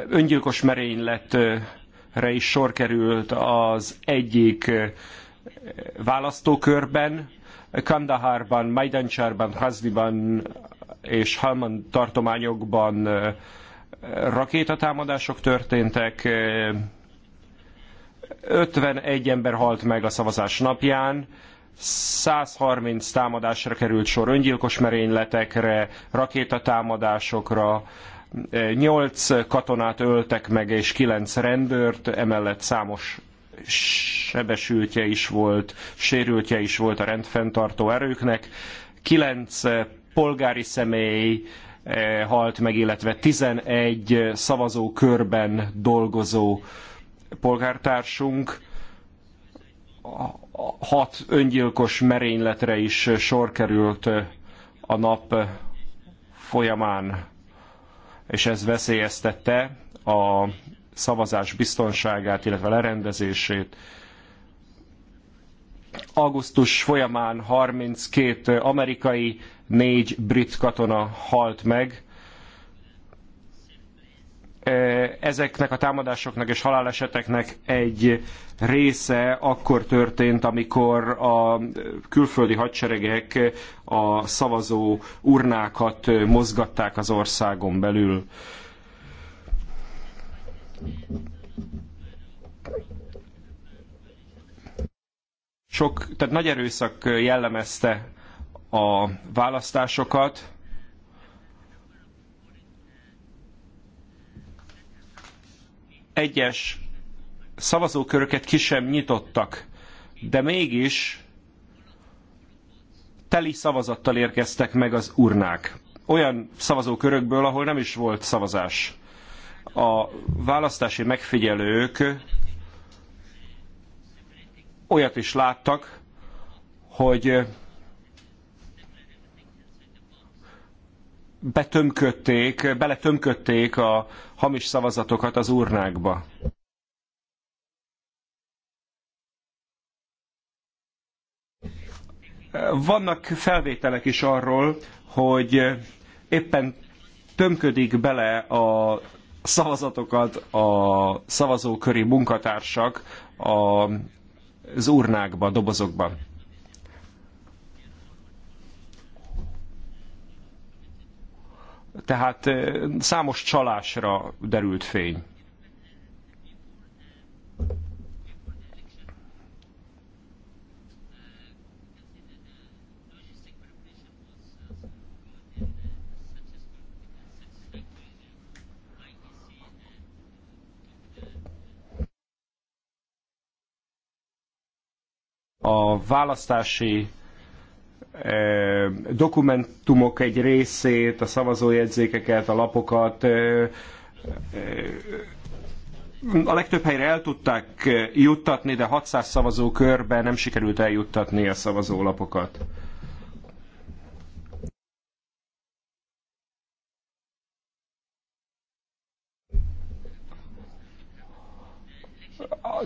Speaker 2: Öngyilkos merénylet re is sor került az egyik eh, választókörben, Kandahárban, Majdancsárban, Hazdiban és Halman tartományokban eh, rakétatámadások történtek, 51 eh, ember halt meg a szavazás napján, 130 támadásra került sor öngyilkos merényletekre, rakétatámadásokra, Nyolc katonát öltek meg, és kilenc rendőrt, emellett számos sebesültje is volt, sérültje is volt a rendfenntartó erőknek. Kilenc eh, polgári személy eh, halt meg, illetve 11 szavazókörben dolgozó polgártársunk hat öngyilkos merényletre is sor került eh, a nap folyamán és ez veszélyeztette a szavazás biztonságát, illetve lerendezését. Augusztus folyamán 32 amerikai, 4 brit katona halt meg. Ezeknek a támadásoknak és haláleseteknek egy része akkor történt, amikor a külföldi hadseregek a szavazó urnákat mozgatták az országon belül. Sok, tehát nagy erőszak jellemezte a választásokat, egyes szavazóköröket ki sem nyitottak, de mégis teli szavazattal érkeztek meg az urnák. Olyan szavazókörökből, ahol nem is volt szavazás. A választási megfigyelők olyat is láttak, hogy betömködték, beletömködték a hamis szavazatokat az urnákba. Vannak felvételek is arról, hogy éppen tömködik bele a szavazatokat a szavazóköri munkatársak az urnákba, dobozokba. Tehát számos csalásra derült fény. a választási e, dokumentumok egy részét, a szavazójegyzékeket, a lapokat e, e, a legtöbb helyre el tudták juttatni, de 600 körben nem sikerült eljuttatni a szavazólapokat.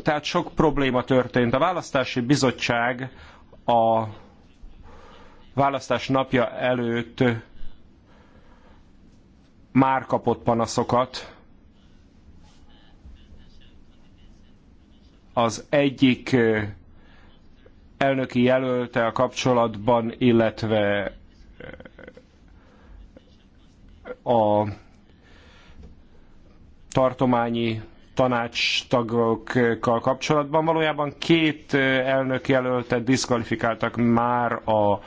Speaker 2: tehát sok probléma történt. A választási bizottság a választás napja előtt már kapott panaszokat. Az egyik elnöki jelölte a kapcsolatban, illetve a tartományi tanácstagokkal kapcsolatban. Valójában két elnök jelöltet diszkvalifikáltak már a,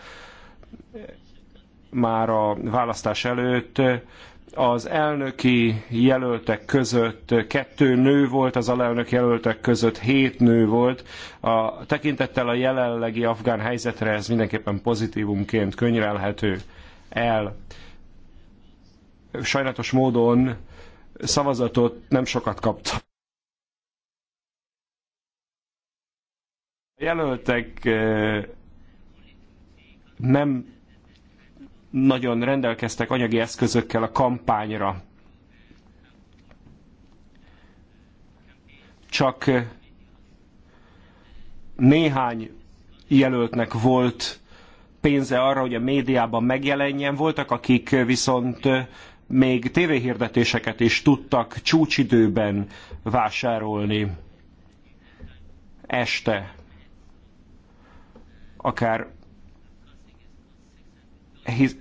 Speaker 2: már a választás előtt. Az elnöki jelöltek között kettő nő volt, az alelnök jelöltek között hét nő volt. A tekintettel a jelenlegi afgán helyzetre ez mindenképpen pozitívumként könyvelhető el. Sajnálatos módon szavazatot nem sokat kapta. A jelöltek nem nagyon rendelkeztek anyagi eszközökkel a kampányra. Csak néhány jelöltnek volt pénze arra, hogy a médiában megjelenjen. Voltak, akik viszont még tévéhirdetéseket is tudtak csúcsidőben vásárolni este, akár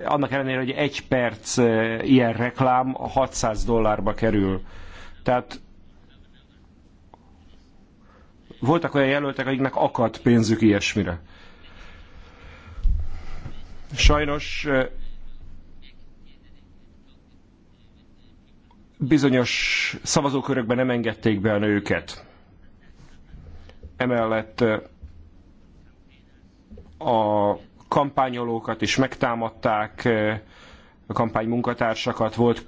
Speaker 2: annak ellenére, hogy egy perc eh, ilyen reklám 600 dollárba kerül. Tehát voltak olyan jelöltek, akiknek akadt pénzük ilyesmire. Sajnos eh, bizonyos szavazókörökben nem engedték be a nőket. Emellett a kampányolókat is megtámadták, a kampánymunkatársakat, volt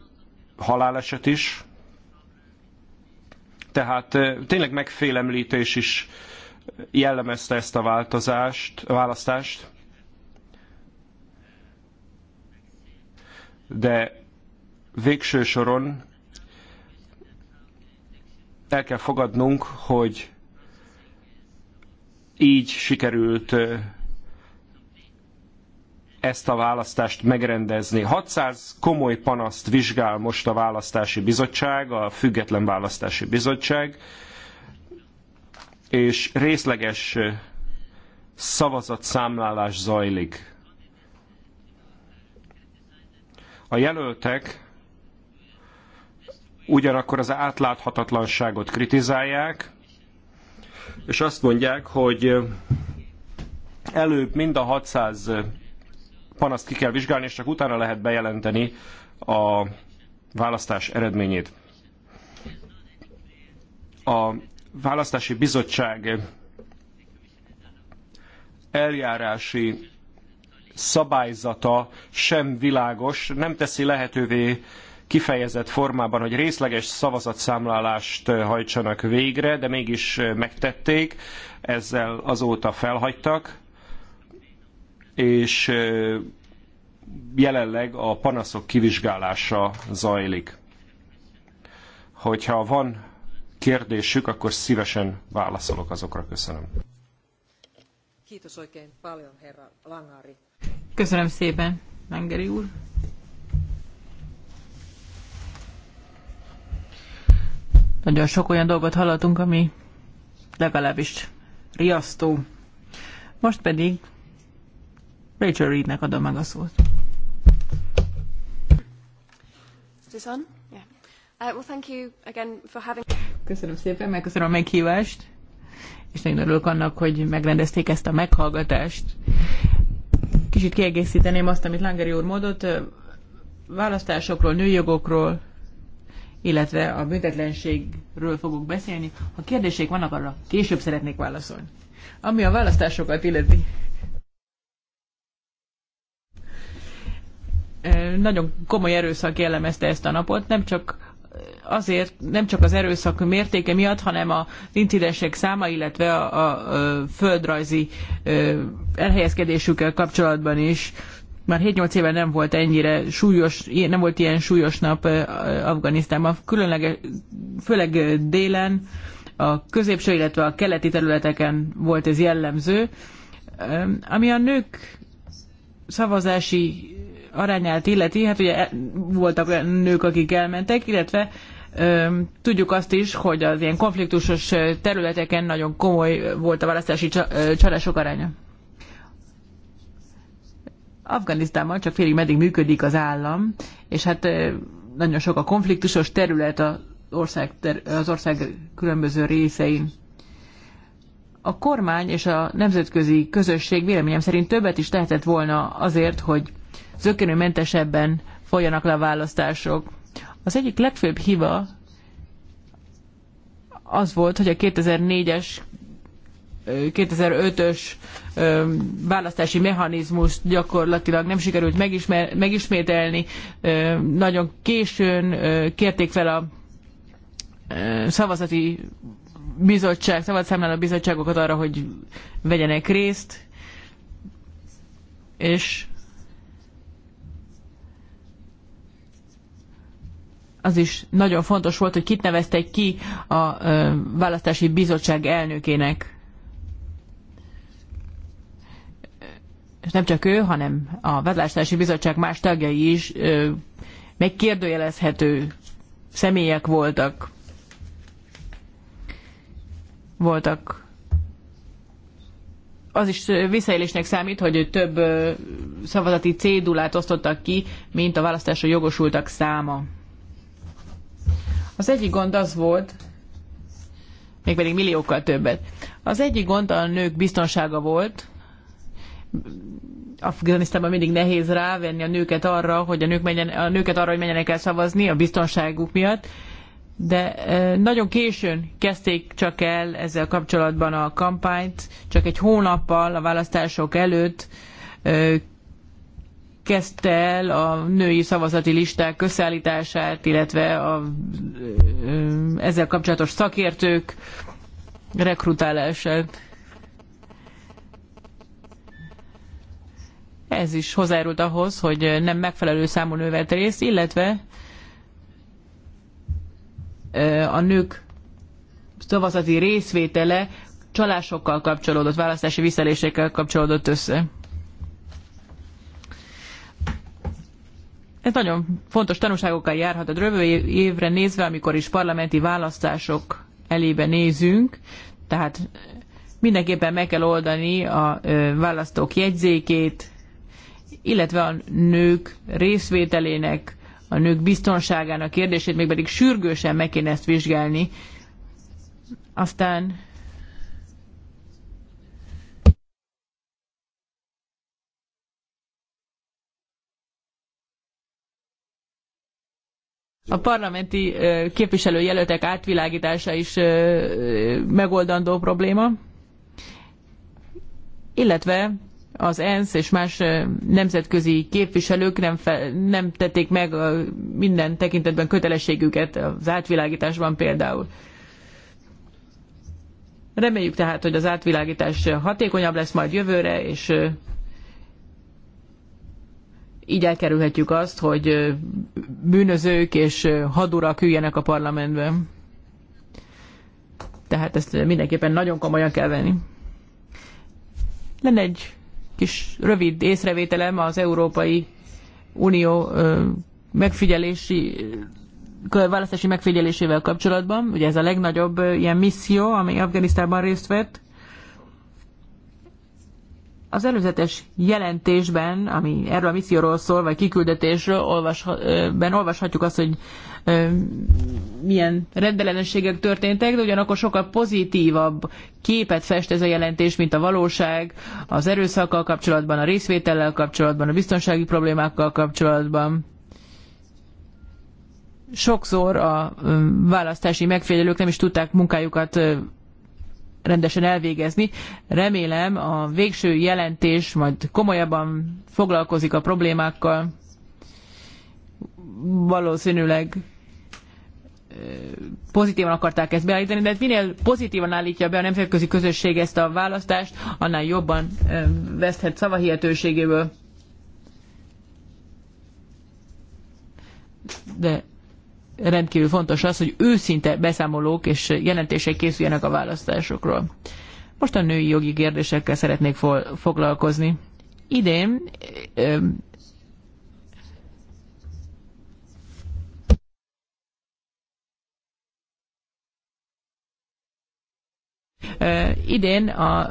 Speaker 2: haláleset is. Tehát tényleg megfélemlítés is jellemezte ezt a változást, a választást. De végső soron el kell fogadnunk, hogy így sikerült ezt a választást megrendezni. 600 komoly panaszt vizsgál most a választási bizottság, a független választási bizottság, és részleges szavazatszámlálás zajlik. A jelöltek ugyanakkor az átláthatatlanságot kritizálják, és azt mondják, hogy előbb mind a 600 panaszt ki kell vizsgálni, és csak utána lehet bejelenteni a választás eredményét. A választási bizottság eljárási szabályzata sem világos, nem teszi lehetővé kifejezett formában, hogy részleges szavazatszámlálást hajtsanak végre, de mégis megtették, ezzel azóta felhagytak, és jelenleg a panaszok kivizsgálása zajlik. Hogyha van kérdésük, akkor szívesen válaszolok azokra. Köszönöm.
Speaker 3: Köszönöm szépen, Mengeri úr. Nagyon sok olyan dolgot hallottunk, ami legalábbis riasztó. Most pedig Rachel Reednek adom meg a szót. Uh, Köszönöm szépen, megköszönöm a meghívást, és nagyon örülök annak, hogy megrendezték ezt a meghallgatást. Kicsit kiegészíteném azt, amit Langeri úr mondott, választásokról, nőjogokról, illetve a büntetlenségről fogok beszélni. Ha kérdéseik vannak, arra később szeretnék válaszolni. Ami a választásokat illeti. Nagyon komoly erőszak jellemezte ezt a napot, nem csak azért nem csak az erőszak mértéke miatt, hanem az incidensek száma, illetve a, a, a földrajzi elhelyezkedésükkel kapcsolatban is már 7-8 éve nem volt ennyire súlyos, nem volt ilyen súlyos nap Afganisztánban, különleges, főleg délen, a középső, illetve a keleti területeken volt ez jellemző. Ami a nők szavazási arányát illeti, hát ugye e, voltak olyan nők, akik elmentek, illetve Tudjuk azt is, hogy az ilyen konfliktusos területeken nagyon komoly volt a választási csalások aránya. Afganisztánban csak félig meddig működik az állam, és hát nagyon sok a konfliktusos terület az ország, az ország különböző részein. A kormány és a nemzetközi közösség véleményem szerint többet is tehetett volna azért, hogy zökkenőmentesebben folyanak le a választások. Az egyik legfőbb hiba az volt, hogy a 2004-es 2005-ös választási mechanizmust gyakorlatilag nem sikerült megismer, megismételni. Nagyon későn kérték fel a szavazati bizottság, szavazatszámláló bizottságokat arra, hogy vegyenek részt, és az is nagyon fontos volt, hogy kit neveztek ki a választási bizottság elnökének. és nem csak ő, hanem a Vedlástási Bizottság más tagjai is ö, megkérdőjelezhető személyek voltak. Voltak az is visszaélésnek számít, hogy több szavazati cédulát osztottak ki, mint a választásra jogosultak száma. Az egyik gond az volt, mégpedig milliókkal többet. Az egyik gond a nők biztonsága volt, Afganisztánban mindig nehéz rávenni a nőket arra, hogy a, nők menjen, a nőket arra, hogy menjenek el szavazni a biztonságuk miatt, de nagyon későn kezdték csak el ezzel kapcsolatban a kampányt, csak egy hónappal a választások előtt kezdte el a női szavazati listák összeállítását, illetve a, ezzel kapcsolatos szakértők rekrutálását. Ez is hozzájárult ahhoz, hogy nem megfelelő számú nő vett részt, illetve a nők szavazati részvétele csalásokkal kapcsolódott, választási visszalésekkel kapcsolódott össze. Ez nagyon fontos tanulságokkal járhat a jövő évre nézve, amikor is parlamenti választások elébe nézünk, tehát mindenképpen meg kell oldani a választók jegyzékét, illetve a nők részvételének, a nők biztonságának kérdését még pedig sürgősen meg kéne ezt vizsgálni. Aztán a parlamenti képviselőjelöltek átvilágítása is megoldandó probléma, illetve az ENSZ és más nemzetközi képviselők nem, fe, nem tették meg minden tekintetben kötelességüket az átvilágításban például. Reméljük tehát, hogy az átvilágítás hatékonyabb lesz majd jövőre, és így elkerülhetjük azt, hogy bűnözők és hadurak üljenek a parlamentben. Tehát ezt mindenképpen nagyon komolyan kell venni. Lenne egy kis rövid észrevételem az Európai Unió megfigyelési választási megfigyelésével kapcsolatban. Ugye ez a legnagyobb ilyen misszió, ami Afganisztánban részt vett. Az előzetes jelentésben, ami erről a misszióról szól, vagy kiküldetésről, ben olvashatjuk azt, hogy milyen rendellenességek történtek, de ugyanakkor sokkal pozitívabb képet fest ez a jelentés, mint a valóság az erőszakkal kapcsolatban, a részvétellel kapcsolatban, a biztonsági problémákkal kapcsolatban. Sokszor a választási megfigyelők nem is tudták munkájukat rendesen elvégezni. Remélem a végső jelentés majd komolyabban foglalkozik a problémákkal. Valószínűleg pozitívan akarták ezt beállítani, de hát minél pozitívan állítja be a nemzetközi közösség ezt a választást, annál jobban veszthet szavahihetőségéből. De rendkívül fontos az, hogy őszinte beszámolók és jelentések készüljenek a választásokról. Most a női jogi kérdésekkel szeretnék foglalkozni. Idén Idén a,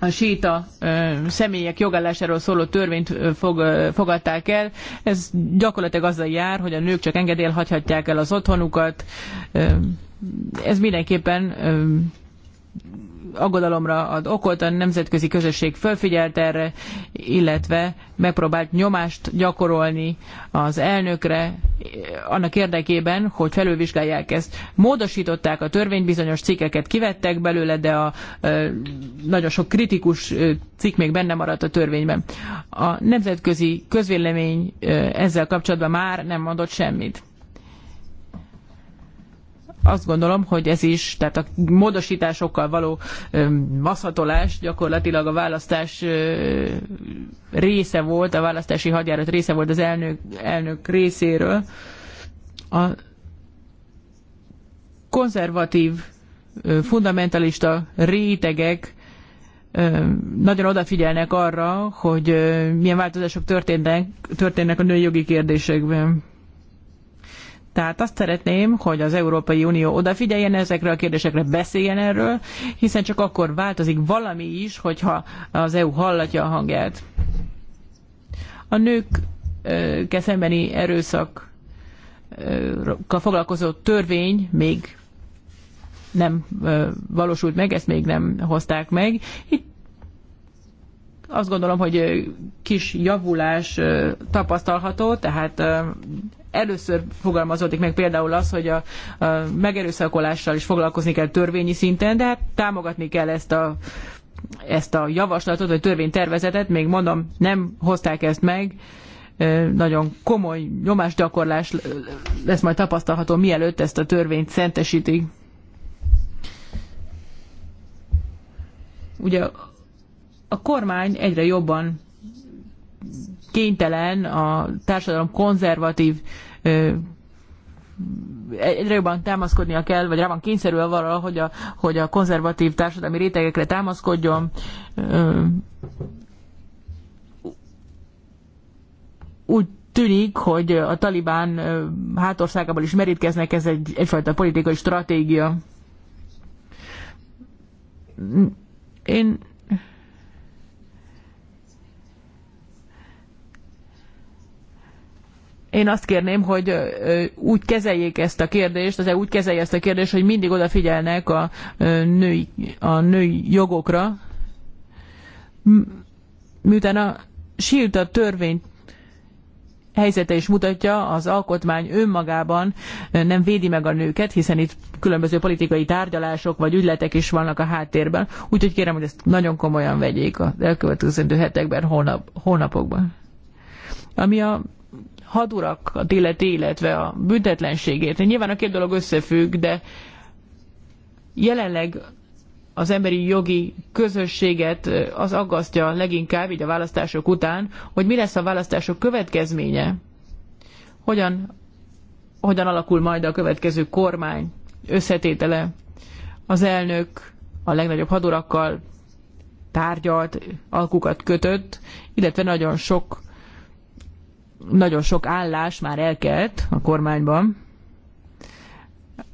Speaker 3: a síta személyek jogállásáról szóló törvényt fog, fogadták el. Ez gyakorlatilag azzal jár, hogy a nők csak engedél hagyhatják el az otthonukat. Ez mindenképpen aggodalomra ad okot, a nemzetközi közösség fölfigyelt erre, illetve megpróbált nyomást gyakorolni az elnökre eh, annak érdekében, hogy felülvizsgálják ezt. Módosították a törvény, bizonyos cikkeket kivettek belőle, de a, eh, nagyon sok kritikus eh, cikk még benne maradt a törvényben. A nemzetközi közvélemény ezzel kapcsolatban már nem mondott semmit azt gondolom, hogy ez is, tehát a módosításokkal való maszatolás gyakorlatilag a választás része volt, a választási hadjárat része volt az elnök, elnök részéről. A konzervatív, fundamentalista rétegek nagyon odafigyelnek arra, hogy milyen változások történnek, történnek a női jogi kérdésekben. Tehát azt szeretném, hogy az Európai Unió odafigyeljen ezekre a kérdésekre, beszéljen erről, hiszen csak akkor változik valami is, hogyha az EU hallatja a hangját. A nők szembeni erőszakkal foglalkozó törvény még nem valósult meg, ezt még nem hozták meg. Itt azt gondolom, hogy kis javulás tapasztalható, tehát először fogalmazódik meg például az, hogy a, a megerőszakolással is foglalkozni kell törvényi szinten, de hát támogatni kell ezt a ezt a javaslatot, vagy törvénytervezetet, még mondom, nem hozták ezt meg, nagyon komoly nyomásgyakorlás lesz majd tapasztalható, mielőtt ezt a törvényt szentesítik. Ugye a kormány egyre jobban kénytelen a társadalom konzervatív egyre jobban támaszkodnia kell, vagy rá van kényszerülve arra, hogy a, hogy a konzervatív társadalmi rétegekre támaszkodjon. Úgy tűnik, hogy a talibán hátországából is merítkeznek, ez egy, egyfajta politikai stratégia. Én Én azt kérném, hogy úgy kezeljék ezt a kérdést, az e úgy kezelje ezt a kérdést, hogy mindig odafigyelnek a női, a női jogokra. Miután a sírta törvény helyzete is mutatja, az alkotmány önmagában nem védi meg a nőket, hiszen itt különböző politikai tárgyalások vagy ügyletek is vannak a háttérben. Úgyhogy kérem, hogy ezt nagyon komolyan vegyék az elkövetkezendő hetekben, hónap, hónapokban. Ami a hadurakat illeti, illetve a büntetlenségét. Nyilván a két dolog összefügg, de jelenleg az emberi jogi közösséget eh, az aggasztja leginkább, így a választások után, hogy mi lesz a választások következménye, hogyan, hogyan alakul majd a következő kormány összetétele. Az elnök a legnagyobb hadurakkal tárgyalt, alkukat kötött, illetve nagyon sok nagyon sok állás már elkelt a kormányban.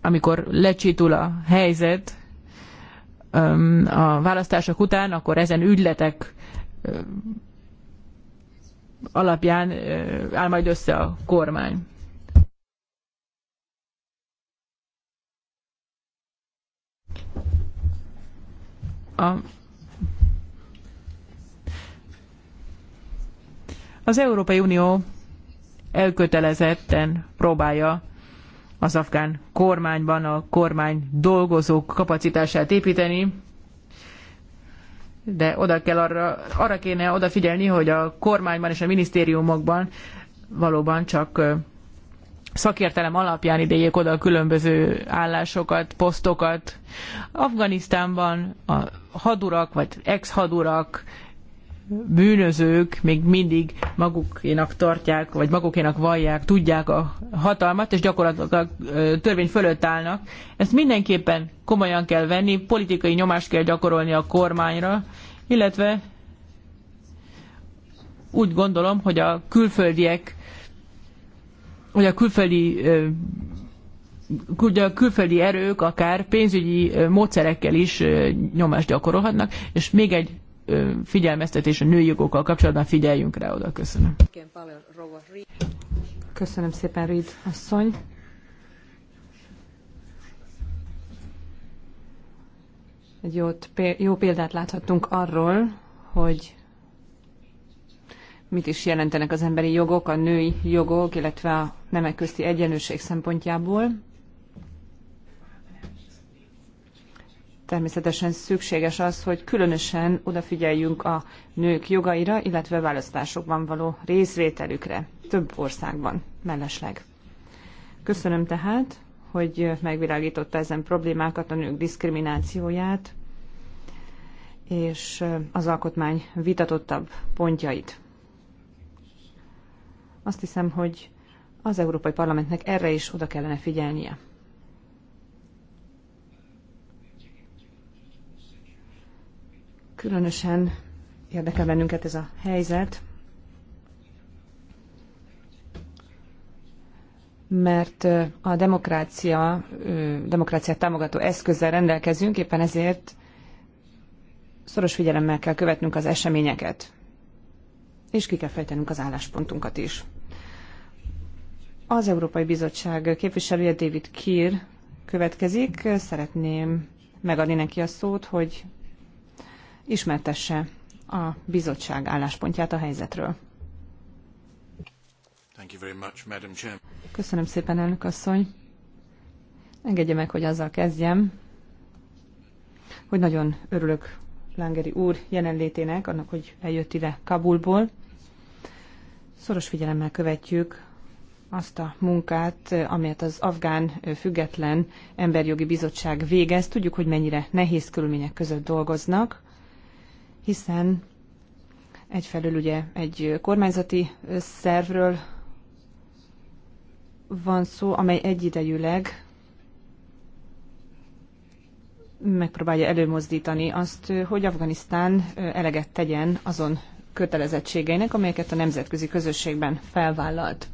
Speaker 3: Amikor lecsitul a helyzet a választások után, akkor ezen ügyletek alapján áll majd össze a kormány. A Az Európai Unió elkötelezetten próbálja az afgán kormányban a kormány dolgozók kapacitását építeni, de oda kell arra, arra kéne odafigyelni, hogy a kormányban és a minisztériumokban valóban csak szakértelem alapján idejék oda a különböző állásokat, posztokat. Afganisztánban a hadurak vagy ex-hadurak bűnözők még mindig magukénak tartják, vagy magukénak vallják, tudják a hatalmat, és gyakorlatilag a törvény fölött állnak. Ezt mindenképpen komolyan kell venni, politikai nyomást kell gyakorolni a kormányra, illetve úgy gondolom, hogy a külföldiek, hogy a külföldi hogy a külföldi erők akár pénzügyi módszerekkel is nyomást gyakorolhatnak, és még egy figyelmeztetés a nőjogokkal kapcsolatban figyeljünk rá oda.
Speaker 4: Köszönöm. Köszönöm szépen, Reid asszony. Egy jót, jó példát láthattunk arról, hogy mit is jelentenek az emberi jogok, a női jogok, illetve a nemek közti egyenlőség szempontjából. természetesen szükséges az, hogy különösen odafigyeljünk a nők jogaira, illetve választásokban való részvételükre több országban mellesleg. Köszönöm tehát, hogy megvilágította ezen problémákat, a nők diszkriminációját, és az alkotmány vitatottabb pontjait. Azt hiszem, hogy az Európai Parlamentnek erre is oda kellene figyelnie. Különösen érdekel bennünket ez a helyzet, mert a demokrácia, demokráciát támogató eszközzel rendelkezünk, éppen ezért szoros figyelemmel kell követnünk az eseményeket, és ki kell fejtenünk az álláspontunkat is. Az Európai Bizottság képviselője David Kier következik. Szeretném megadni neki a szót, hogy ismertesse a bizottság álláspontját a helyzetről. Köszönöm szépen, elnök asszony. Engedje meg, hogy azzal kezdjem, hogy nagyon örülök Langeri úr jelenlétének, annak, hogy eljött ide Kabulból. Szoros figyelemmel követjük azt a munkát, amelyet az Afgán Független Emberjogi Bizottság végez. Tudjuk, hogy mennyire nehéz körülmények között dolgoznak, hiszen egyfelől ugye egy kormányzati szervről van szó, amely egyidejűleg megpróbálja előmozdítani azt, hogy Afganisztán eleget tegyen azon kötelezettségeinek, amelyeket a nemzetközi közösségben felvállalt.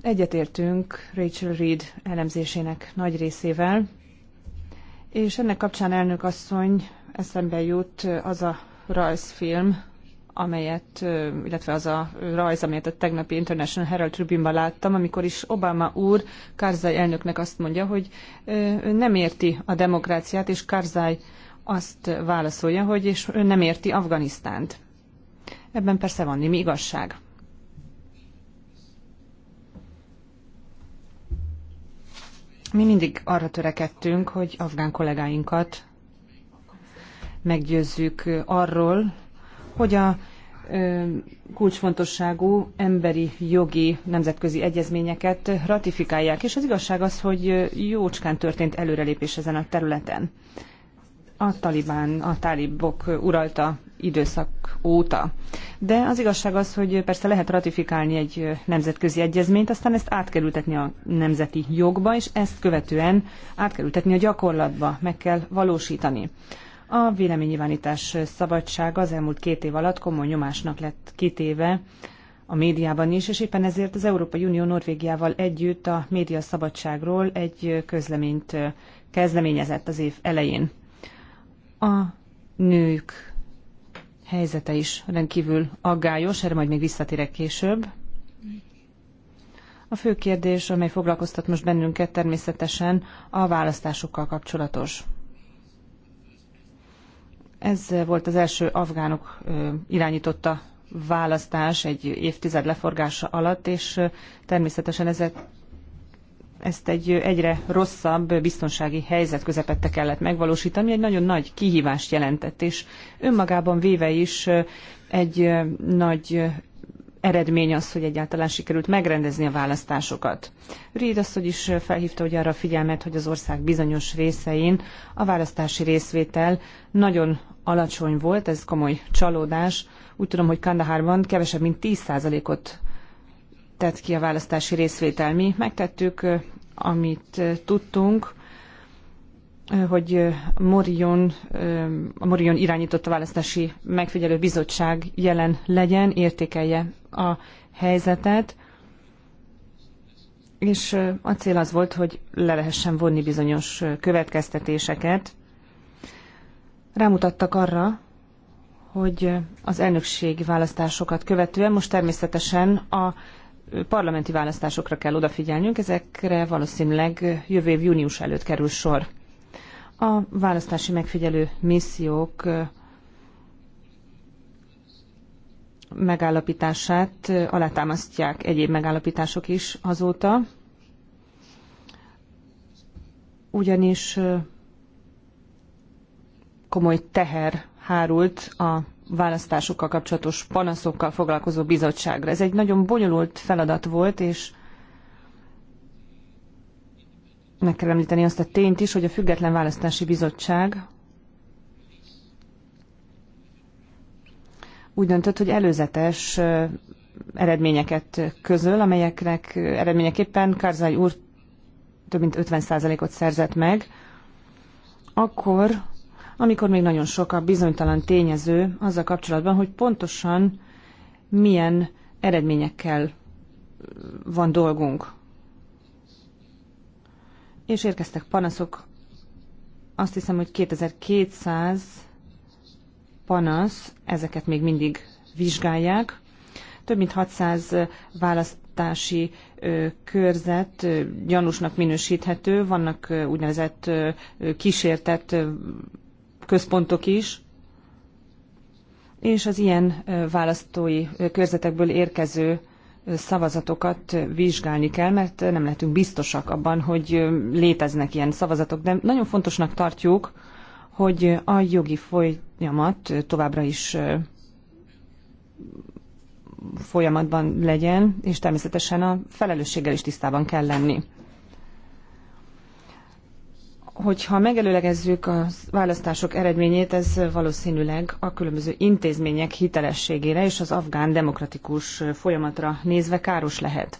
Speaker 4: Egyetértünk Rachel Reed elemzésének nagy részével, és ennek kapcsán elnök asszony eszembe jut az a rajzfilm, amelyet, illetve az a rajz, amelyet a tegnapi International Herald Tribune-ban láttam, amikor is Obama úr Karzai elnöknek azt mondja, hogy nem érti a demokráciát, és Karzai azt válaszolja, hogy és nem érti Afganisztánt. Ebben persze van némi igazság. Mi mindig arra törekedtünk, hogy afgán kollégáinkat meggyőzzük arról, hogy a kulcsfontosságú emberi jogi nemzetközi egyezményeket ratifikálják, és az igazság az, hogy jócskán történt előrelépés ezen a területen a talibán, a tálibok uralta időszak óta. De az igazság az, hogy persze lehet ratifikálni egy nemzetközi egyezményt, aztán ezt átkerültetni a nemzeti jogba, és ezt követően átkerültetni a gyakorlatba, meg kell valósítani. A véleménynyilvánítás szabadsága az elmúlt két év alatt komoly nyomásnak lett kitéve a médiában is, és éppen ezért az Európai Unió Norvégiával együtt a média szabadságról egy közleményt kezdeményezett az év elején. A nők helyzete is rendkívül aggályos, erre majd még visszatérek később. A fő kérdés, amely foglalkoztat most bennünket természetesen a választásokkal kapcsolatos. Ez volt az első afgánok irányította választás egy évtized leforgása alatt, és természetesen ezek ezt egy egyre rosszabb biztonsági helyzet közepette kellett megvalósítani, egy nagyon nagy kihívást jelentett, és önmagában véve is egy nagy eredmény az, hogy egyáltalán sikerült megrendezni a választásokat. Reid hogy is felhívta hogy arra a figyelmet, hogy az ország bizonyos részein a választási részvétel nagyon alacsony volt, ez komoly csalódás. Úgy tudom, hogy Kandahárban kevesebb, mint 10%-ot tett ki a választási részvétel. Mi megtettük, amit tudtunk, hogy Morion, a Morion irányított a választási megfigyelő bizottság jelen legyen, értékelje a helyzetet, és a cél az volt, hogy le lehessen vonni bizonyos következtetéseket. Rámutattak arra, hogy az elnökségi választásokat követően most természetesen a parlamenti választásokra kell odafigyelnünk, ezekre valószínűleg jövő év június előtt kerül sor. A választási megfigyelő missziók megállapítását alátámasztják egyéb megállapítások is azóta, ugyanis komoly teher hárult a választásokkal kapcsolatos panaszokkal foglalkozó bizottságra. Ez egy nagyon bonyolult feladat volt, és meg kell említeni azt a tényt is, hogy a Független Választási Bizottság úgy döntött, hogy előzetes eredményeket közöl, amelyeknek eredményeképpen Karzai úr több mint 50%-ot szerzett meg, akkor amikor még nagyon sok a bizonytalan tényező azzal kapcsolatban, hogy pontosan milyen eredményekkel van dolgunk. És érkeztek panaszok, azt hiszem, hogy 2200 panasz, ezeket még mindig vizsgálják. Több mint 600 választási körzet gyanúsnak minősíthető, vannak úgynevezett kísértett központok is, és az ilyen választói körzetekből érkező szavazatokat vizsgálni kell, mert nem lehetünk biztosak abban, hogy léteznek ilyen szavazatok, de nagyon fontosnak tartjuk, hogy a jogi folyamat továbbra is folyamatban legyen, és természetesen a felelősséggel is tisztában kell lenni hogyha megelőlegezzük a választások eredményét, ez valószínűleg a különböző intézmények hitelességére és az afgán demokratikus folyamatra nézve káros lehet.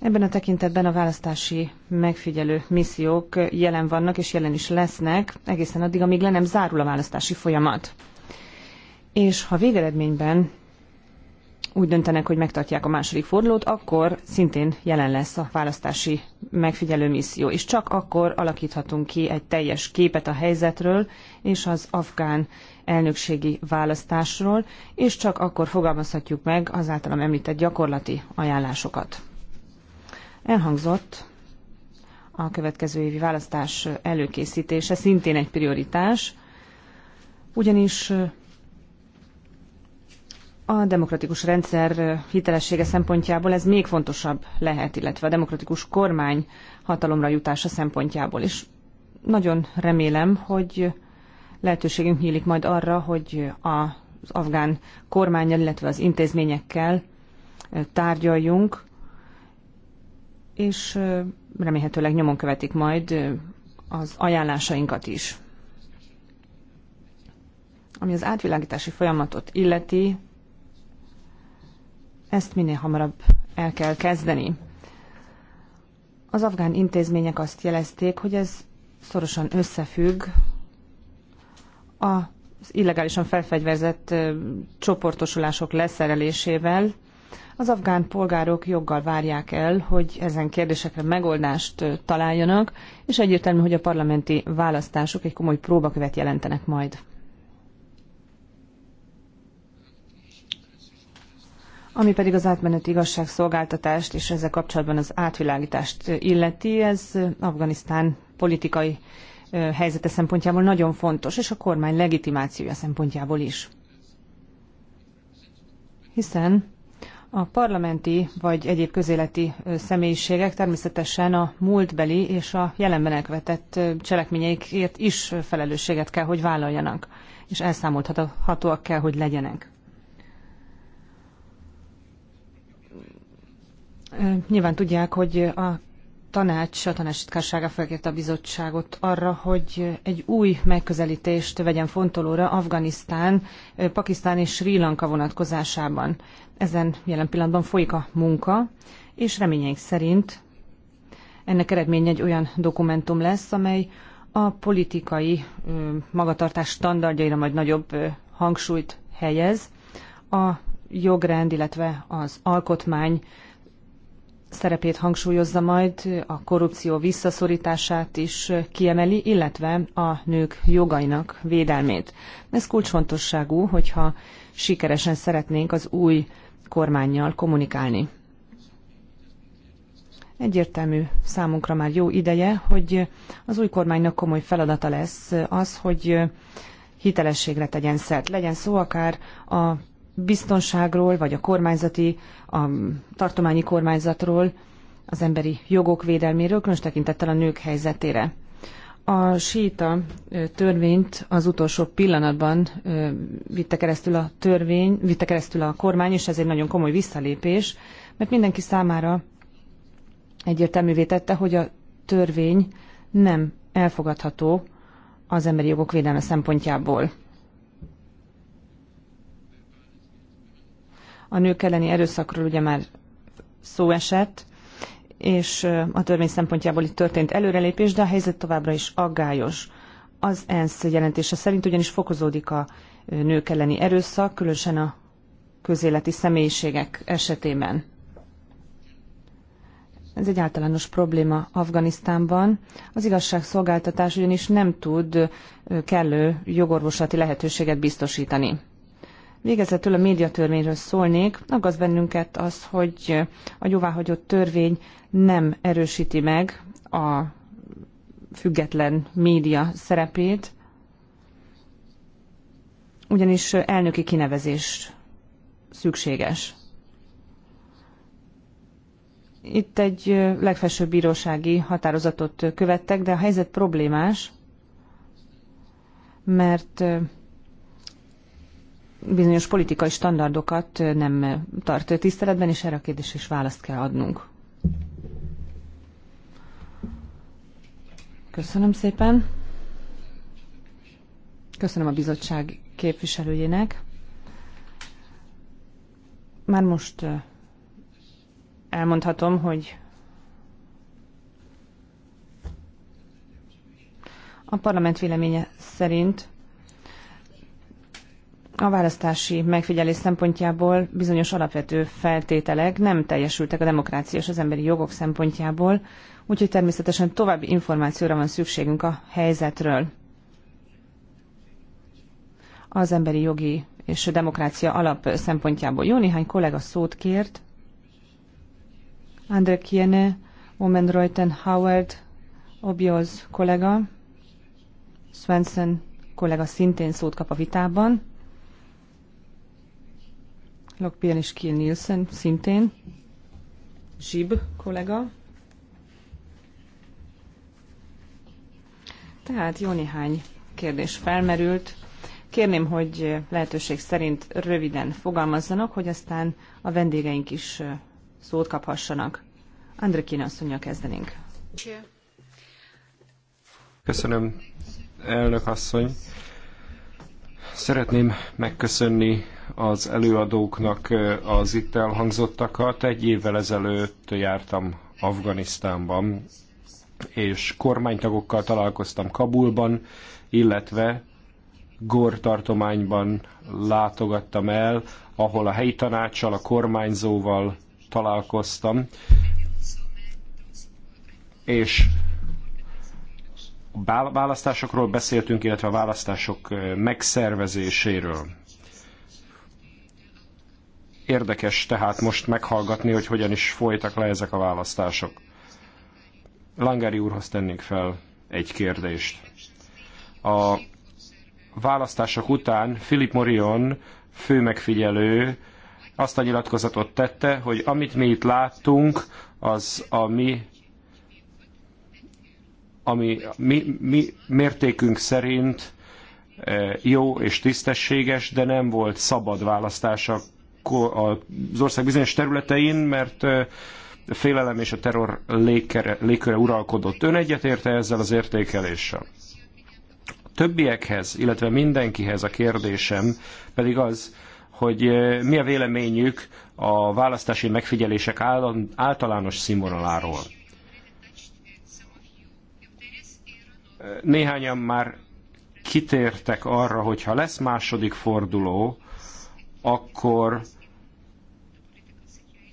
Speaker 4: Ebben a tekintetben a választási megfigyelő missziók jelen vannak és jelen is lesznek, egészen addig, amíg le nem zárul a választási folyamat. És ha végeredményben úgy döntenek, hogy megtartják a második fordulót, akkor szintén jelen lesz a választási megfigyelő misszió, és csak akkor alakíthatunk ki egy teljes képet a helyzetről és az afgán elnökségi választásról, és csak akkor fogalmazhatjuk meg az általam említett gyakorlati ajánlásokat. Elhangzott a következő évi választás előkészítése, szintén egy prioritás, ugyanis a demokratikus rendszer hitelessége szempontjából ez még fontosabb lehet, illetve a demokratikus kormány hatalomra jutása szempontjából is. Nagyon remélem, hogy lehetőségünk nyílik majd arra, hogy az afgán kormányjal, illetve az intézményekkel tárgyaljunk, és remélhetőleg nyomon követik majd az ajánlásainkat is. Ami az átvilágítási folyamatot illeti, ezt minél hamarabb el kell kezdeni. Az afgán intézmények azt jelezték, hogy ez szorosan összefügg az illegálisan felfegyverzett csoportosulások leszerelésével. Az afgán polgárok joggal várják el, hogy ezen kérdésekre megoldást találjanak, és egyértelmű, hogy a parlamenti választások egy komoly próbakövet jelentenek majd. Ami pedig az átmeneti igazságszolgáltatást és ezzel kapcsolatban az átvilágítást illeti, ez Afganisztán politikai helyzete szempontjából nagyon fontos, és a kormány legitimációja szempontjából is. Hiszen a parlamenti vagy egyéb közéleti személyiségek természetesen a múltbeli és a jelenben elkövetett cselekményeikért is felelősséget kell, hogy vállaljanak, és elszámolhatóak kell, hogy legyenek. Nyilván tudják, hogy a tanács, a tanács titkársága felkérte a bizottságot arra, hogy egy új megközelítést vegyen fontolóra Afganisztán, Pakisztán és Sri Lanka vonatkozásában. Ezen jelen pillanatban folyik a munka, és reményeink szerint ennek eredménye egy olyan dokumentum lesz, amely a politikai magatartás standardjaira majd nagyobb hangsúlyt helyez, a jogrend, illetve az alkotmány szerepét hangsúlyozza majd, a korrupció visszaszorítását is kiemeli, illetve a nők jogainak védelmét. Ez kulcsfontosságú, hogyha sikeresen szeretnénk az új kormányjal kommunikálni. Egyértelmű számunkra már jó ideje, hogy az új kormánynak komoly feladata lesz az, hogy hitelességre tegyen szert. Legyen szó akár a biztonságról, vagy a kormányzati, a tartományi kormányzatról, az emberi jogok védelméről, különös tekintettel a nők helyzetére. A síta törvényt az utolsó pillanatban vitte keresztül a törvény, vitte keresztül a kormány, és ez egy nagyon komoly visszalépés, mert mindenki számára egyértelművé tette, hogy a törvény nem elfogadható az emberi jogok védelme szempontjából. A nők elleni erőszakról ugye már szó esett, és a törvény szempontjából itt történt előrelépés, de a helyzet továbbra is aggályos. Az ENSZ jelentése szerint ugyanis fokozódik a nők elleni erőszak, különösen a közéleti személyiségek esetében. Ez egy általános probléma Afganisztánban. Az igazságszolgáltatás ugyanis nem tud kellő jogorvoslati lehetőséget biztosítani. Végezetül a médiatörvényről szólnék. Aggaszt bennünket az, hogy a jóváhagyott törvény nem erősíti meg a független média szerepét, ugyanis elnöki kinevezés szükséges. Itt egy legfelsőbb bírósági határozatot követtek, de a helyzet problémás, mert bizonyos politikai standardokat nem tart tiszteletben, és erre a kérdésre is választ kell adnunk. Köszönöm szépen. Köszönöm a bizottság képviselőjének. Már most elmondhatom, hogy a parlament véleménye szerint a választási megfigyelés szempontjából bizonyos alapvető feltételek nem teljesültek a demokrácia és az emberi jogok szempontjából, úgyhogy természetesen további információra van szükségünk a helyzetről. Az emberi jogi és a demokrácia alap szempontjából. Jó néhány kollega szót kért. André Kiene, Omen Reuten Howard, Obioz kollega, Svensson kollega szintén szót kap a vitában. Lokbien és Kiel Nielsen szintén, Zsib kollega. Tehát jó néhány kérdés felmerült. Kérném, hogy lehetőség szerint röviden fogalmazzanak, hogy aztán a vendégeink is szót kaphassanak. Andrekin asszonya kezdenénk.
Speaker 2: Köszönöm, elnök asszony. Szeretném megköszönni az előadóknak az itt elhangzottakat. Egy évvel ezelőtt jártam Afganisztánban, és kormánytagokkal találkoztam Kabulban, illetve Gór tartományban látogattam el, ahol a helyi tanácssal, a kormányzóval találkoztam, és választásokról beszéltünk, illetve a választások megszervezéséről. Érdekes tehát most meghallgatni, hogy hogyan is folytak le ezek a választások. Langári úrhoz tennék fel egy kérdést. A választások után Philip Morion főmegfigyelő azt a nyilatkozatot tette, hogy amit mi itt láttunk, az a mi, ami, mi, mi mértékünk szerint eh, jó és tisztességes, de nem volt szabad választás a az ország bizonyos területein, mert a félelem és a terror légköre, légköre uralkodott. Ön egyetérte ezzel az értékeléssel? A többiekhez, illetve mindenkihez a kérdésem pedig az, hogy mi a véleményük a választási megfigyelések általános színvonaláról. Néhányan már kitértek arra, hogy ha lesz második forduló, akkor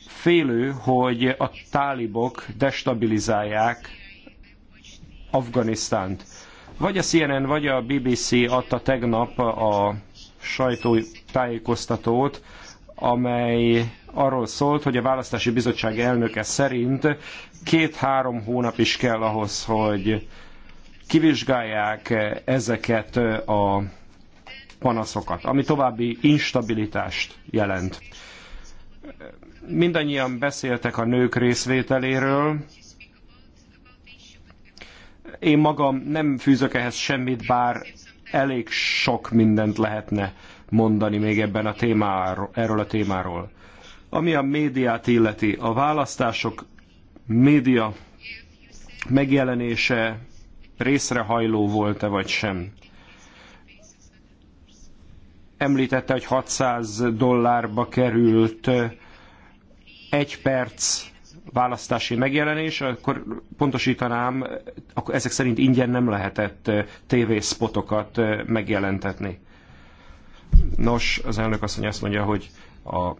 Speaker 2: félő, hogy a tálibok destabilizálják Afganisztánt. Vagy a CNN, vagy a BBC adta tegnap a sajtótájékoztatót, amely arról szólt, hogy a választási bizottság elnöke szerint két-három hónap is kell ahhoz, hogy kivizsgálják ezeket a panaszokat, ami további instabilitást jelent. Mindannyian beszéltek a nők részvételéről. Én magam nem fűzök ehhez semmit, bár elég sok mindent lehetne mondani még ebben a témáról, erről a témáról. Ami a médiát illeti, a választások média megjelenése részrehajló volt-e vagy sem említette, hogy 600 dollárba került egy perc választási megjelenés, akkor pontosítanám, akkor ezek szerint ingyen nem lehetett tévészpotokat megjelentetni. Nos, az elnök asszony azt mondja, hogy a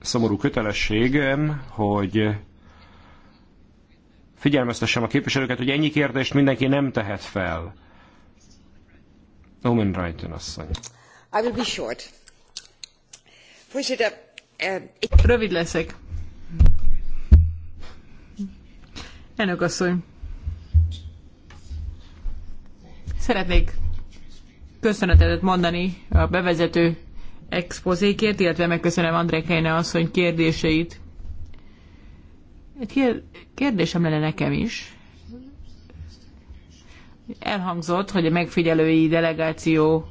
Speaker 2: szomorú kötelességem, hogy figyelmeztessem a képviselőket, hogy ennyi kérdést mindenki nem tehet fel. Omen Reiten asszony.
Speaker 3: I will ehm, Rövid leszek. Elnök asszony. Szeretnék köszönetet mondani a bevezető expozékért, illetve megköszönöm André Keine asszony kérdéseit. Egy kérdésem lenne nekem is. Elhangzott, hogy a megfigyelői delegáció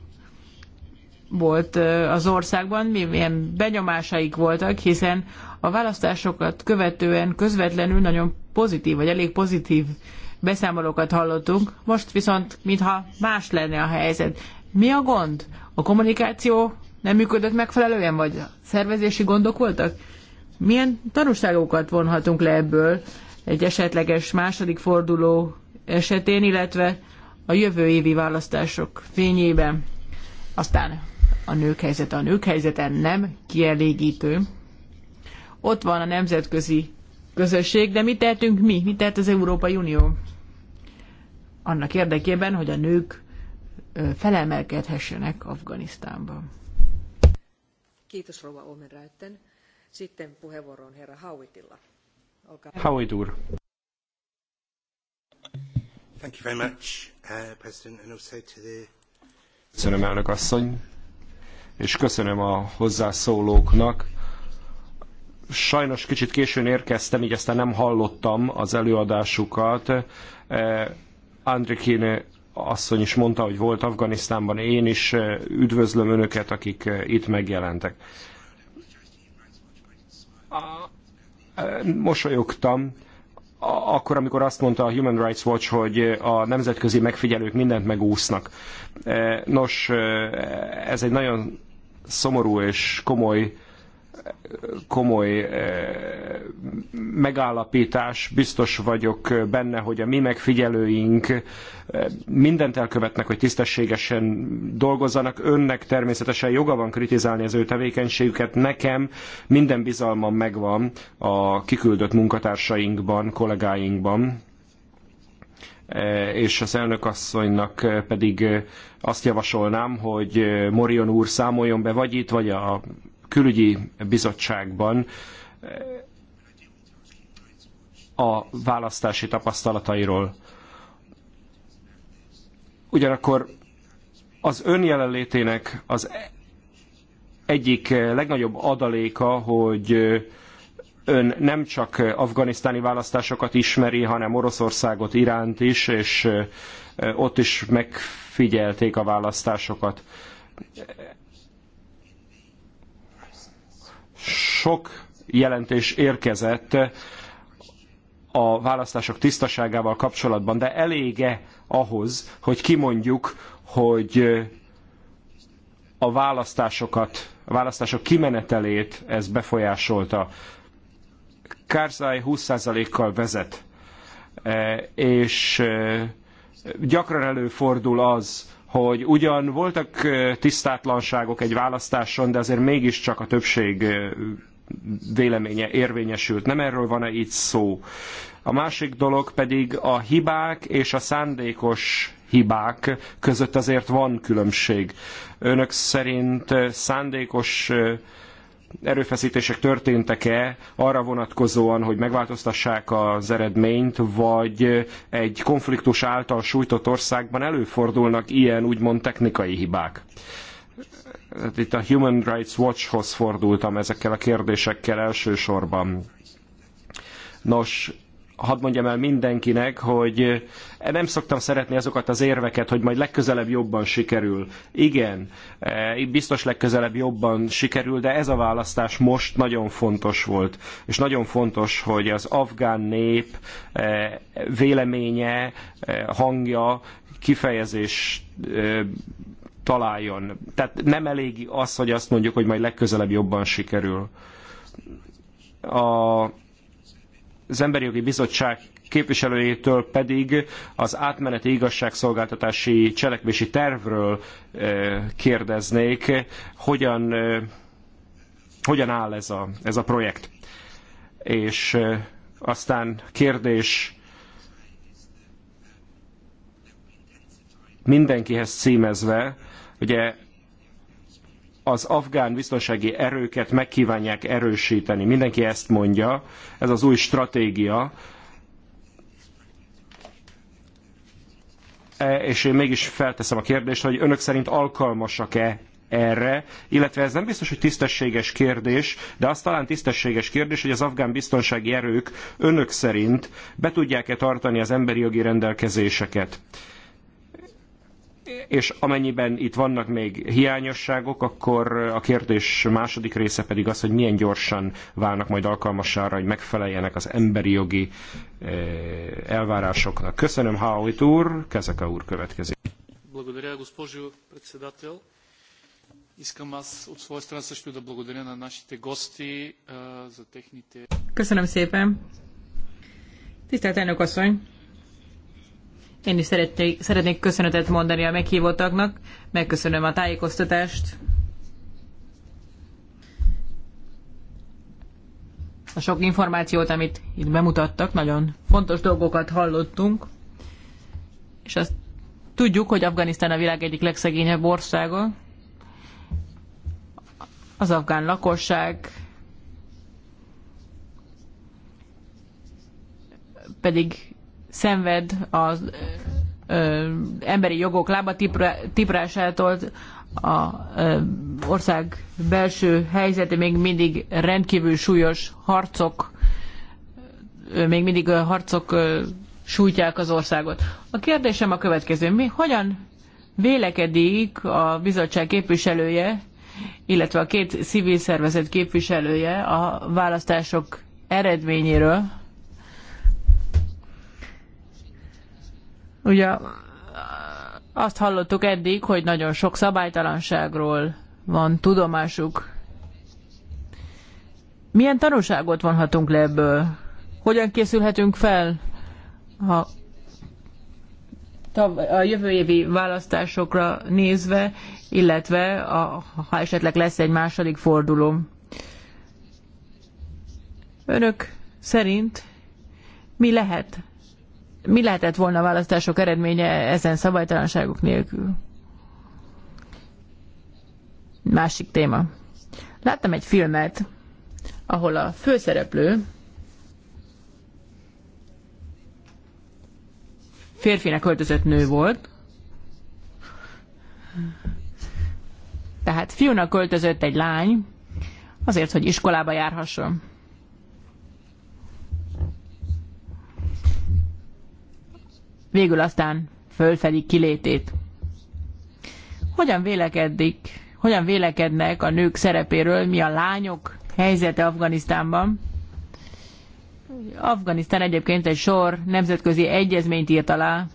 Speaker 3: volt az országban, milyen benyomásaik voltak, hiszen a választásokat követően közvetlenül nagyon pozitív, vagy elég pozitív beszámolókat hallottunk. Most viszont, mintha más lenne a helyzet. Mi a gond? A kommunikáció nem működött megfelelően, vagy a szervezési gondok voltak? Milyen tanulságokat vonhatunk le ebből egy esetleges második forduló esetén, illetve a jövő évi választások fényében? Aztán a nők helyzete. A nők helyzete nem kielégítő. Ott van a nemzetközi közösség, de mit tehetünk mi? Mit tehet az Európai Unió? Annak érdekében, hogy a nők felemelkedhessenek Afganisztánban.
Speaker 1: Kiitos Rova Omenräytten. Sitten puheenvuoro herra Hauitilla. Olkaa...
Speaker 2: Hauit úr. Thank you very much,
Speaker 4: uh, President, and also to the...
Speaker 2: Köszönöm, elnök asszony és köszönöm a hozzászólóknak. Sajnos kicsit későn érkeztem, így aztán nem hallottam az előadásukat. Eh, Andrikine asszony is mondta, hogy volt Afganisztánban, én is eh, üdvözlöm önöket, akik eh, itt megjelentek. Mosolyogtam, akkor, amikor azt mondta a Human Rights Watch, hogy a nemzetközi megfigyelők mindent megúsznak. Nos, ez egy nagyon szomorú és komoly komoly eh, megállapítás, biztos vagyok benne, hogy a mi megfigyelőink eh, mindent elkövetnek, hogy tisztességesen dolgozzanak. Önnek természetesen joga van kritizálni az ő tevékenységüket, nekem minden bizalmam megvan a kiküldött munkatársainkban, kollégáinkban. Eh, és az elnökasszonynak eh, pedig eh, azt javasolnám, hogy Morion úr számoljon be vagy itt, vagy a külügyi bizottságban a választási tapasztalatairól. Ugyanakkor az ön jelenlétének az e- egyik legnagyobb adaléka, hogy ön nem csak afganisztáni választásokat ismeri, hanem Oroszországot, Iránt is, és ott is megfigyelték a választásokat. Sok jelentés érkezett a választások tisztaságával kapcsolatban, de elége ahhoz, hogy kimondjuk, hogy a választásokat, a választások kimenetelét ez befolyásolta. Kárzáj 20%-kal vezet, e, és e, gyakran előfordul az, hogy ugyan voltak e, tisztátlanságok egy választáson, de azért mégiscsak a többség véleménye érvényesült. Nem erről van-e itt szó? A másik dolog pedig a hibák és a szándékos hibák között azért van különbség. Önök szerint szándékos erőfeszítések történtek-e arra vonatkozóan, hogy megváltoztassák az eredményt, vagy egy konfliktus által sújtott országban előfordulnak ilyen úgymond technikai hibák? Hát itt a Human Rights Watchhoz fordultam ezekkel a kérdésekkel elsősorban. Nos, hadd mondjam el mindenkinek, hogy eh, nem szoktam szeretni azokat az érveket, hogy majd legközelebb jobban sikerül. Igen, eh, biztos legközelebb jobban sikerül, de ez a választás most nagyon fontos volt. És nagyon fontos, hogy az afgán nép eh, véleménye, hangja, kifejezés találjon. Tehát nem elég az, hogy azt mondjuk, hogy majd legközelebb jobban sikerül. A az Emberi Jogi Bizottság képviselőjétől pedig az átmeneti igazságszolgáltatási cselekvési tervről eh, kérdeznék, hogyan, eh, hogyan áll ez a, ez a projekt. És eh, aztán kérdés mindenkihez címezve, ugye az afgán biztonsági erőket megkívánják erősíteni. Mindenki ezt mondja, ez az új stratégia. E, és én mégis felteszem a kérdést, hogy önök szerint alkalmasak-e erre, illetve ez nem biztos, hogy tisztességes kérdés, de az talán tisztességes kérdés, hogy az afgán biztonsági erők önök szerint be tudják-e tartani az emberi jogi rendelkezéseket és amennyiben itt vannak még hiányosságok, akkor a kérdés második része pedig az, hogy milyen gyorsan válnak majd alkalmasára, hogy megfeleljenek az emberi jogi eh, elvárásoknak. Köszönöm, Howitt úr, Kezeka úr következik. Благодаря, госпожо председател. Искам аз от своя страна също да благодаря на нашите гости за техните...
Speaker 3: Köszönöm szépen. Tisztelt elnök asszony, én is szeretnék, szeretnék köszönetet mondani a meghívottaknak, megköszönöm a tájékoztatást. A sok információt, amit itt bemutattak, nagyon fontos dolgokat hallottunk, és azt tudjuk, hogy Afganisztán a világ egyik legszegényebb országa. Az afgán lakosság pedig szenved az ö, emberi jogok lábatiprásától, a ö, ország belső helyzete még mindig rendkívül súlyos harcok, ö, még mindig ö, harcok ö, sújtják az országot. A kérdésem a következő. Mi, hogyan vélekedik a bizottság képviselője, illetve a két civil szervezet képviselője a választások eredményéről, Ugye azt hallottuk eddig, hogy nagyon sok szabálytalanságról van tudomásuk. Milyen tanulságot vonhatunk le ebből? Hogyan készülhetünk fel, ha a jövő évi választásokra nézve, illetve a, ha esetleg lesz egy második forduló. Önök szerint mi lehet mi lehetett volna a választások eredménye ezen szabálytalanságok nélkül? Másik téma. Láttam egy filmet, ahol a főszereplő férfinek öltözött nő volt, tehát fiúnak öltözött egy lány, azért, hogy iskolába járhasson. végül aztán fölfedik kilétét. Hogyan vélekedik, hogyan vélekednek a nők szerepéről, mi a lányok helyzete Afganisztánban? Afganisztán egyébként egy sor nemzetközi egyezményt írt alá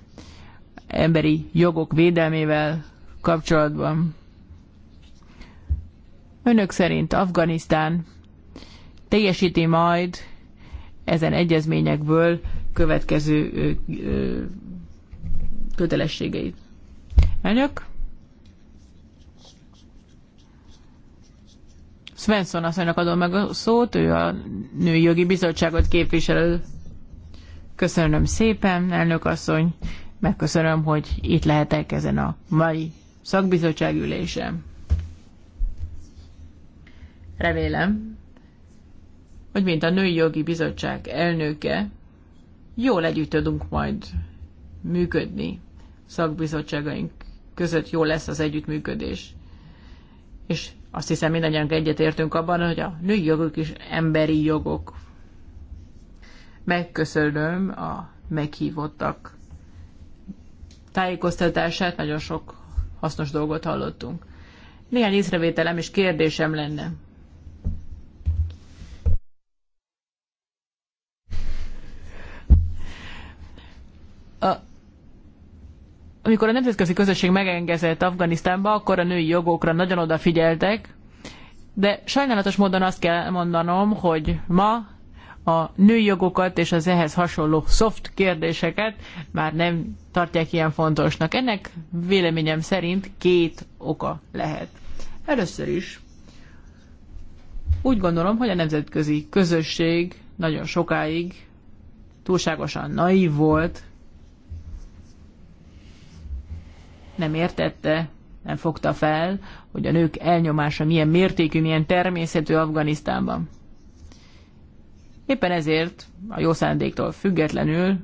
Speaker 3: emberi jogok védelmével kapcsolatban. Önök szerint Afganisztán teljesíti majd ezen egyezményekből következő kötelességeit. Elnök? Svensson asszonynak adom meg a szót, ő a Női Jogi Bizottságot képviselő. Köszönöm szépen, elnök asszony, megköszönöm, hogy itt lehetek ezen a mai szakbizottság ülésem. Remélem, hogy mint a Női Jogi Bizottság elnöke, jól együtt tudunk majd működni szakbizottságaink között jó lesz az együttműködés. És azt hiszem mindannyian egyetértünk abban, hogy a női jogok is emberi jogok. Megköszönöm a meghívottak tájékoztatását, nagyon sok hasznos dolgot hallottunk. Néhány észrevételem és kérdésem lenne. amikor a nemzetközi közösség megengedett Afganisztánba, akkor a női jogokra nagyon odafigyeltek, de sajnálatos módon azt kell mondanom, hogy ma a női jogokat és az ehhez hasonló soft kérdéseket már nem tartják ilyen fontosnak. Ennek véleményem szerint két oka lehet. Először is úgy gondolom, hogy a nemzetközi közösség nagyon sokáig túlságosan naív volt, nem értette, nem fogta fel, hogy a nők elnyomása milyen mértékű, milyen természetű Afganisztánban. Éppen ezért a jó szándéktól függetlenül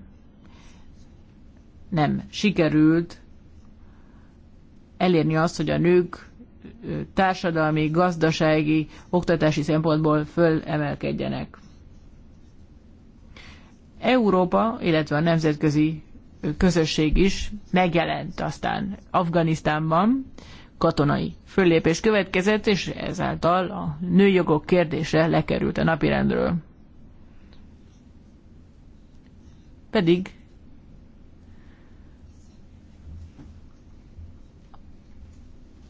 Speaker 3: nem sikerült elérni azt, hogy a nők társadalmi, gazdasági, oktatási szempontból fölemelkedjenek. Európa, illetve a nemzetközi közösség is megjelent aztán Afganisztánban, katonai föllépés következett, és ezáltal a nőjogok kérdése lekerült a napirendről. Pedig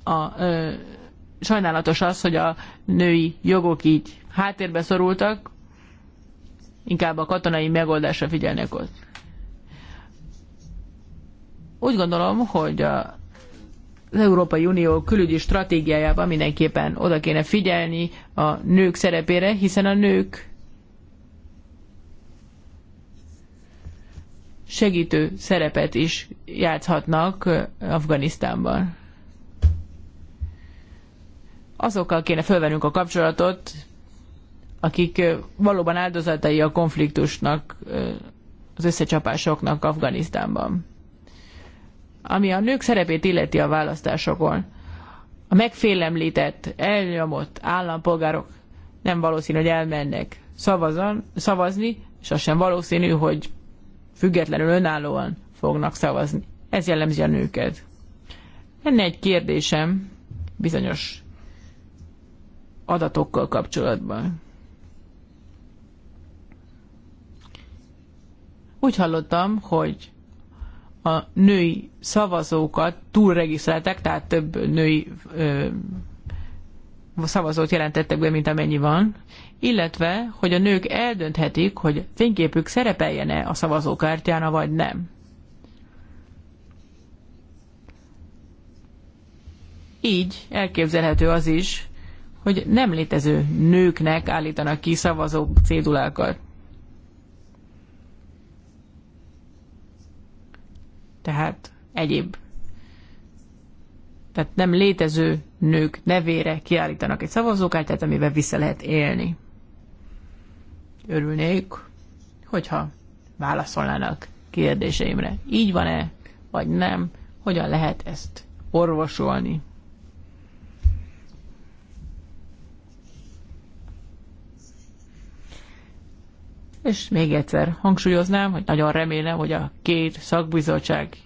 Speaker 3: a, ö, sajnálatos az, hogy a női jogok így háttérbe szorultak, inkább a katonai megoldásra figyelnek ott. Úgy gondolom, hogy a az Európai Unió külügyi stratégiájában mindenképpen oda kéne figyelni a nők szerepére, hiszen a nők segítő szerepet is játszhatnak Afganisztánban. Azokkal kéne fölvennünk a kapcsolatot, akik valóban áldozatai a konfliktusnak, az összecsapásoknak Afganisztánban ami a nők szerepét illeti a választásokon. A megfélemlített, elnyomott állampolgárok nem valószínű, hogy elmennek szavazan, szavazni, és az sem valószínű, hogy függetlenül önállóan fognak szavazni. Ez jellemzi a nőket. Lenne egy kérdésem bizonyos adatokkal kapcsolatban. Úgy hallottam, hogy a női szavazókat túlregisztrálták, tehát több női ö, szavazót jelentettek be, mint amennyi van, illetve, hogy a nők eldönthetik, hogy fényképük szerepeljen-e a szavazókártyán, vagy nem. Így elképzelhető az is, hogy nem létező nőknek állítanak ki szavazó cédulákat. tehát egyéb, tehát nem létező nők nevére kiállítanak egy szavazókártyát, amivel vissza lehet élni. Örülnék, hogyha válaszolnának kérdéseimre. Így van-e, vagy nem? Hogyan lehet ezt orvosolni? És még egyszer hangsúlyoznám, hogy nagyon remélem, hogy a két szakbizottság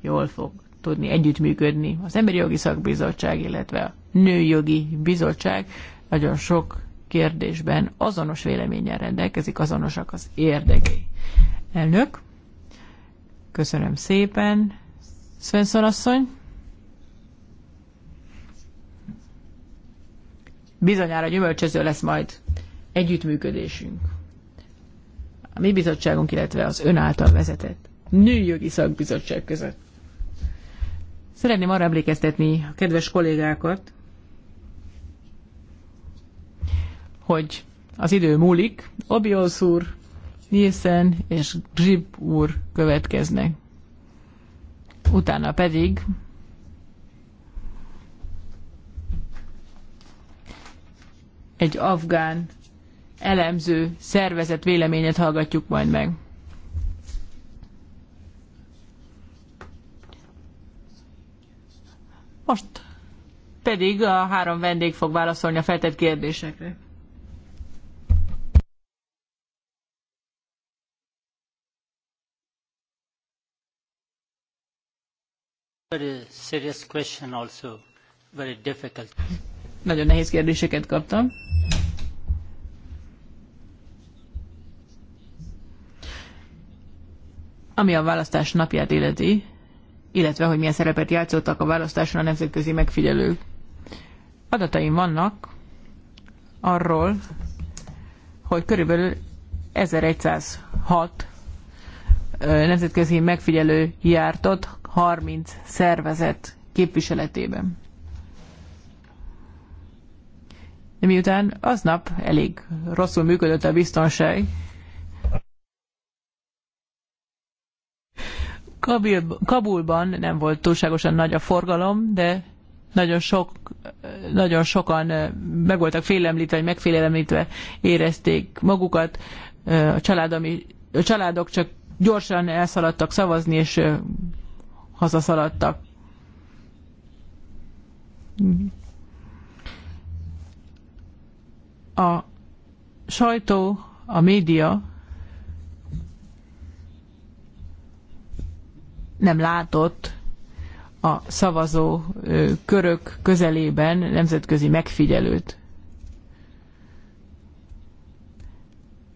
Speaker 3: jól fog tudni együttműködni. Az Emberi Jogi Szakbizottság, illetve a Nőjogi Bizottság nagyon sok kérdésben azonos véleményen rendelkezik, azonosak az érdekei. Elnök, köszönöm szépen. Svensson asszony. Bizonyára gyümölcsöző lesz majd együttműködésünk a mi bizottságunk, illetve az ön által vezetett nőjogi szakbizottság között. Szeretném arra emlékeztetni a kedves kollégákat, hogy az idő múlik, Obiósz úr, Nielsen és Grib úr következnek. Utána pedig egy afgán elemző szervezet véleményét hallgatjuk majd meg. Most pedig a három vendég fog válaszolni a feltett kérdésekre. Very Nagyon nehéz kérdéseket kaptam. Ami a választás napját illeti, illetve hogy milyen szerepet játszottak a választáson a nemzetközi megfigyelők. Adataim vannak arról, hogy körülbelül 1106 nemzetközi megfigyelő jártott 30 szervezet képviseletében. De miután aznap elég rosszul működött a biztonság, Kabil, Kabulban nem volt túlságosan nagy a forgalom, de nagyon, sok, nagyon sokan meg voltak félemlítve, vagy megfélemlítve érezték magukat. A, családom, a családok csak gyorsan elszaladtak szavazni, és hazaszaladtak. A sajtó, a média nem látott a szavazó körök közelében nemzetközi megfigyelőt.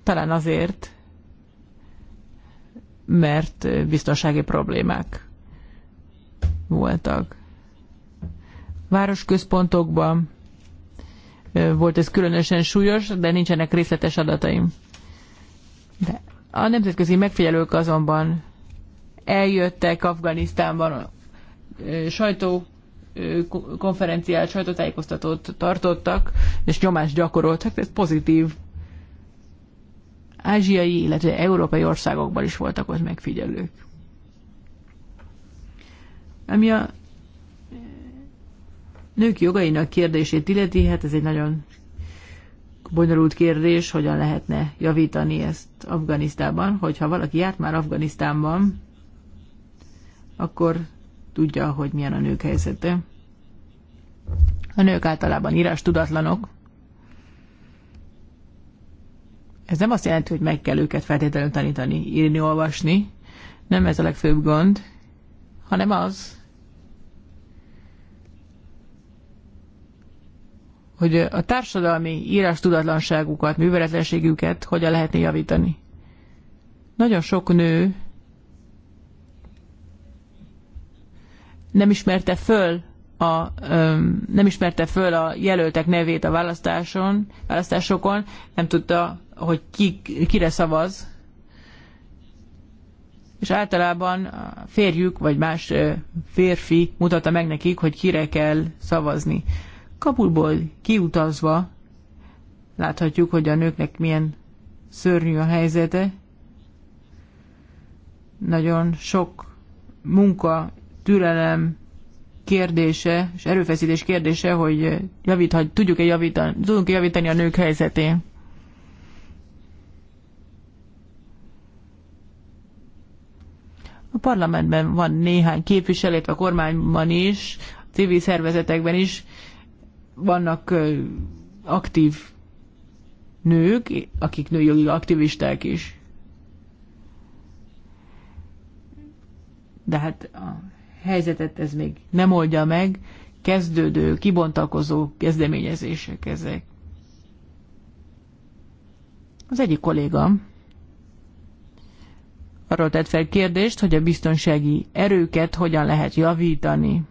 Speaker 3: Talán azért, mert biztonsági problémák voltak. Városközpontokban volt ez különösen súlyos, de nincsenek részletes adataim. De a nemzetközi megfigyelők azonban eljöttek Afganisztánban, sajtó konferenciát, sajtótájékoztatót tartottak, és nyomást gyakoroltak, ez pozitív. Ázsiai, illetve európai országokban is voltak ott megfigyelők. Ami a nők jogainak kérdését illeti, hát ez egy nagyon bonyolult kérdés, hogyan lehetne javítani ezt Afganisztában, hogyha valaki járt már Afganisztánban, akkor tudja, hogy milyen a nők helyzete. A nők általában írás tudatlanok. Ez nem azt jelenti, hogy meg kell őket feltétlenül tanítani, írni, olvasni. Nem ez a legfőbb gond, hanem az, hogy a társadalmi írás tudatlanságukat, műveletlenségüket hogyan lehetne javítani. Nagyon sok nő nem ismerte föl a, nem ismerte föl a jelöltek nevét a választáson, választásokon, nem tudta, hogy ki, kire szavaz, és általában a férjük vagy más férfi mutatta meg nekik, hogy kire kell szavazni. Kapulból kiutazva láthatjuk, hogy a nőknek milyen szörnyű a helyzete. Nagyon sok munka türelem kérdése és erőfeszítés kérdése, hogy javíthat, tudjuk-e javítani, tudunk-e javítani a nők helyzetén. A parlamentben van néhány képviselőt, a kormányban is, a civil szervezetekben is vannak aktív nők, akik női aktivisták is. De hát a helyzetet ez még nem oldja meg, kezdődő, kibontakozó kezdeményezések ezek. Az egyik kolléga arról tett fel kérdést, hogy a biztonsági erőket hogyan lehet javítani.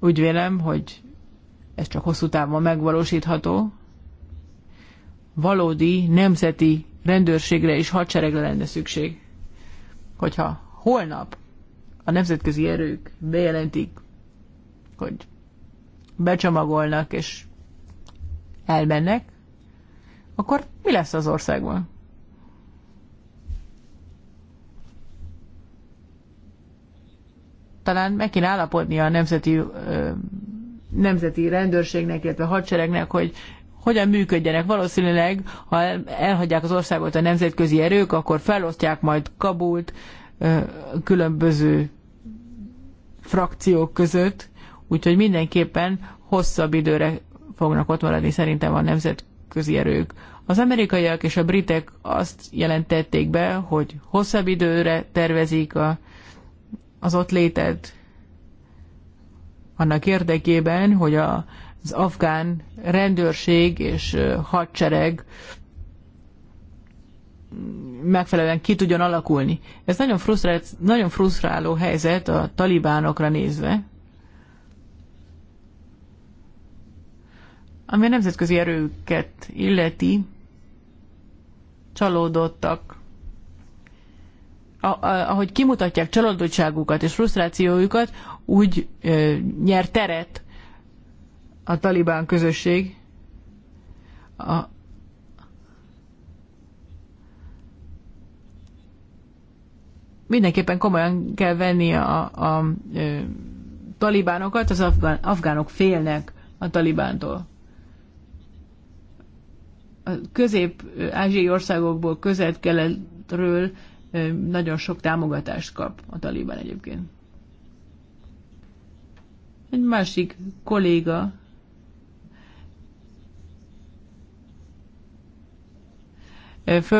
Speaker 3: Úgy vélem, hogy ez csak hosszú távon megvalósítható. Valódi nemzeti rendőrségre és hadseregre lenne szükség. Hogyha holnap a nemzetközi erők bejelentik, hogy becsomagolnak és elmennek, akkor mi lesz az országban? Talán meg kéne állapodni a nemzeti, ö, nemzeti rendőrségnek, illetve hadseregnek, hogy hogyan működjenek. Valószínűleg, ha elhagyják az országot a nemzetközi erők, akkor felosztják majd Kabult, különböző frakciók között, úgyhogy mindenképpen hosszabb időre fognak ott maradni szerintem a nemzetközi erők. Az amerikaiak és a britek azt jelentették be, hogy hosszabb időre tervezik a, az ott létet annak érdekében, hogy a, az afgán rendőrség és hadsereg megfelelően ki tudjon alakulni. Ez nagyon, frusztrált, nagyon frusztráló helyzet a talibánokra nézve, ami a nemzetközi erőket illeti, csalódottak. A, a, ahogy kimutatják csalódottságukat és frusztrációjukat, úgy ö, nyer teret a talibán közösség. A, mindenképpen komolyan kell venni a, a, a talibánokat, az afgán, afgánok félnek a talibántól. A közép-ázsiai országokból, közel keletről nagyon sok támogatást kap a talibán egyébként. Egy másik kolléga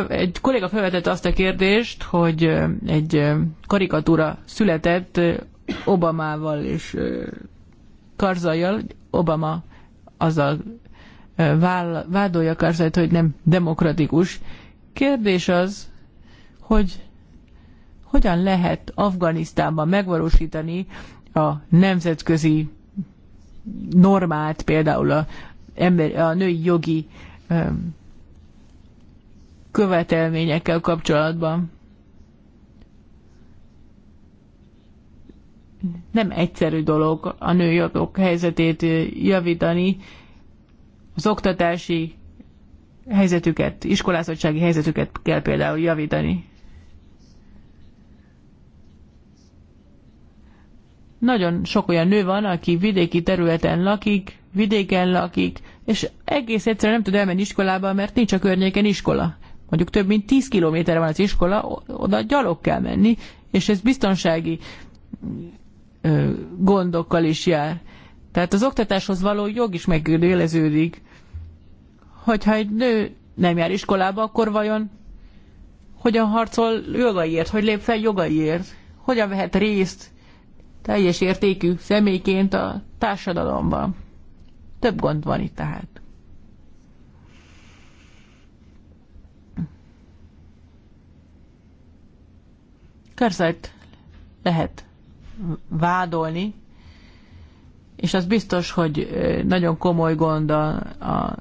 Speaker 3: egy kolléga felvetette azt a kérdést, hogy egy karikatúra született Obamával és Karzajjal, Obama azzal vádolja Karzajt, hogy nem demokratikus. Kérdés az, hogy hogyan lehet Afganisztánban megvalósítani a nemzetközi normát, például a, ember, a női jogi követelményekkel kapcsolatban. Nem egyszerű dolog a jogok helyzetét javítani, az oktatási helyzetüket, iskolázottsági helyzetüket kell például javítani. Nagyon sok olyan nő van, aki vidéki területen lakik, vidéken lakik, és egész egyszerűen nem tud elmenni iskolába, mert nincs a környéken iskola mondjuk több mint 10 kilométerre van az iskola, oda gyalog kell menni, és ez biztonsági gondokkal is jár. Tehát az oktatáshoz való jog is megkérdőjeleződik. Hogyha egy nő nem jár iskolába, akkor vajon hogyan harcol jogaiért, hogy lép fel jogaiért, hogyan vehet részt teljes értékű személyként a társadalomban. Több gond van itt tehát. Karzajt lehet vádolni, és az biztos, hogy nagyon komoly gond a, a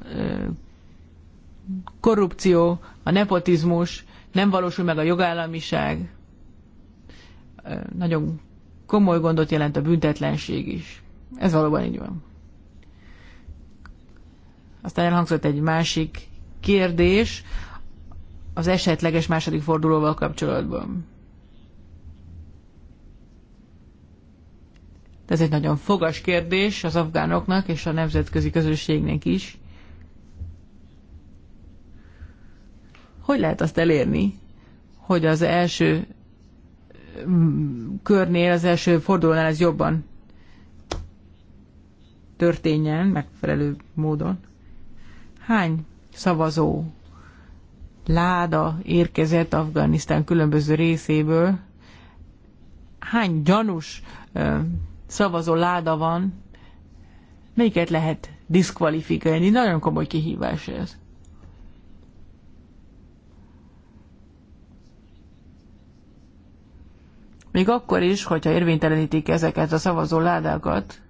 Speaker 3: korrupció, a nepotizmus, nem valósul meg a jogállamiság, nagyon komoly gondot jelent a büntetlenség is. Ez valóban így van. Aztán elhangzott egy másik kérdés az esetleges második fordulóval kapcsolatban. de ez egy nagyon fogas kérdés az afgánoknak és a nemzetközi közösségnek is. Hogy lehet azt elérni, hogy az első mm, körnél, az első fordulónál ez jobban történjen megfelelő módon? Hány szavazó láda érkezett Afganisztán különböző részéből? Hány gyanús szavazó láda van, melyiket lehet diszkvalifikálni? Nagyon komoly kihívás ez. Még akkor is, hogyha érvénytelenítik ezeket a szavazó ládákat,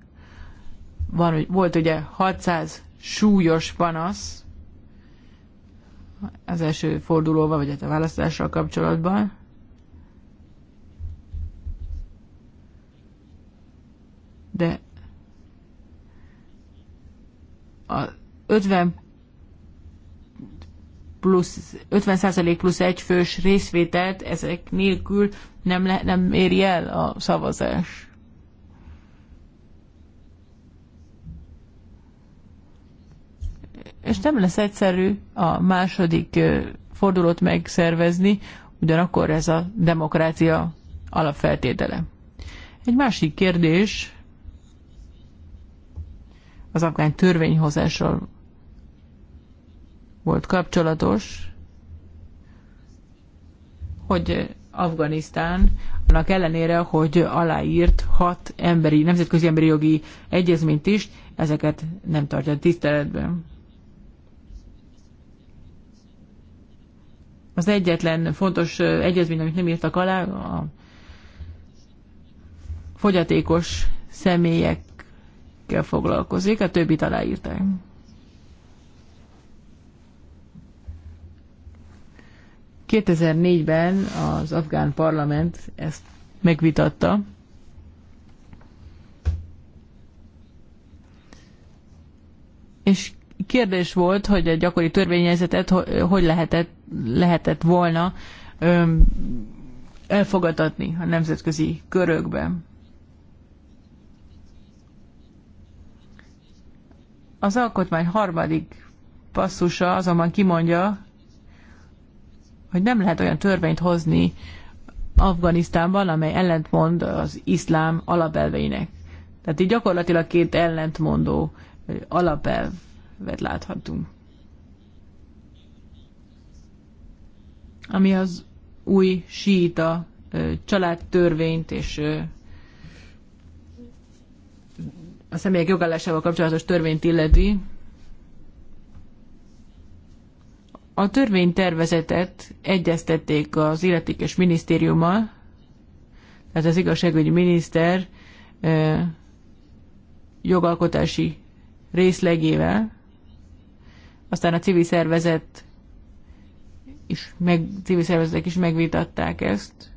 Speaker 3: van, volt ugye 600 súlyos panasz az első fordulóval, vagy hát a választással kapcsolatban, de a 50 plusz, 50 plusz egy fős részvételt ezek nélkül nem, le, nem éri el a szavazás. És nem lesz egyszerű a második fordulót megszervezni, ugyanakkor ez a demokrácia alapfeltétele. Egy másik kérdés, az afgán törvényhozással volt kapcsolatos, hogy Afganisztán annak ellenére, hogy aláírt hat emberi, nemzetközi emberi jogi egyezményt is, ezeket nem tartja tiszteletben. Az egyetlen fontos egyezmény, amit nem írtak alá, a fogyatékos személyek cikkkel foglalkozik, a többit aláírták. ...2004-ben az afgán parlament ezt megvitatta. És kérdés volt, hogy a gyakori törvényezetet hogy lehetett, lehetett volna elfogadatni a nemzetközi körökben. Az alkotmány harmadik passzusa azonban kimondja, hogy nem lehet olyan törvényt hozni Afganisztánban, amely ellentmond az iszlám alapelveinek. Tehát így gyakorlatilag két ellentmondó alapelvet láthatunk. Ami az új síita családtörvényt és a személyek jogállásával kapcsolatos törvényt illeti, a törvénytervezetet egyeztették az illetékes minisztériummal, tehát az igazságügyi miniszter jogalkotási részlegével, aztán a civil szervezet is meg, civil szervezetek is megvitatták ezt.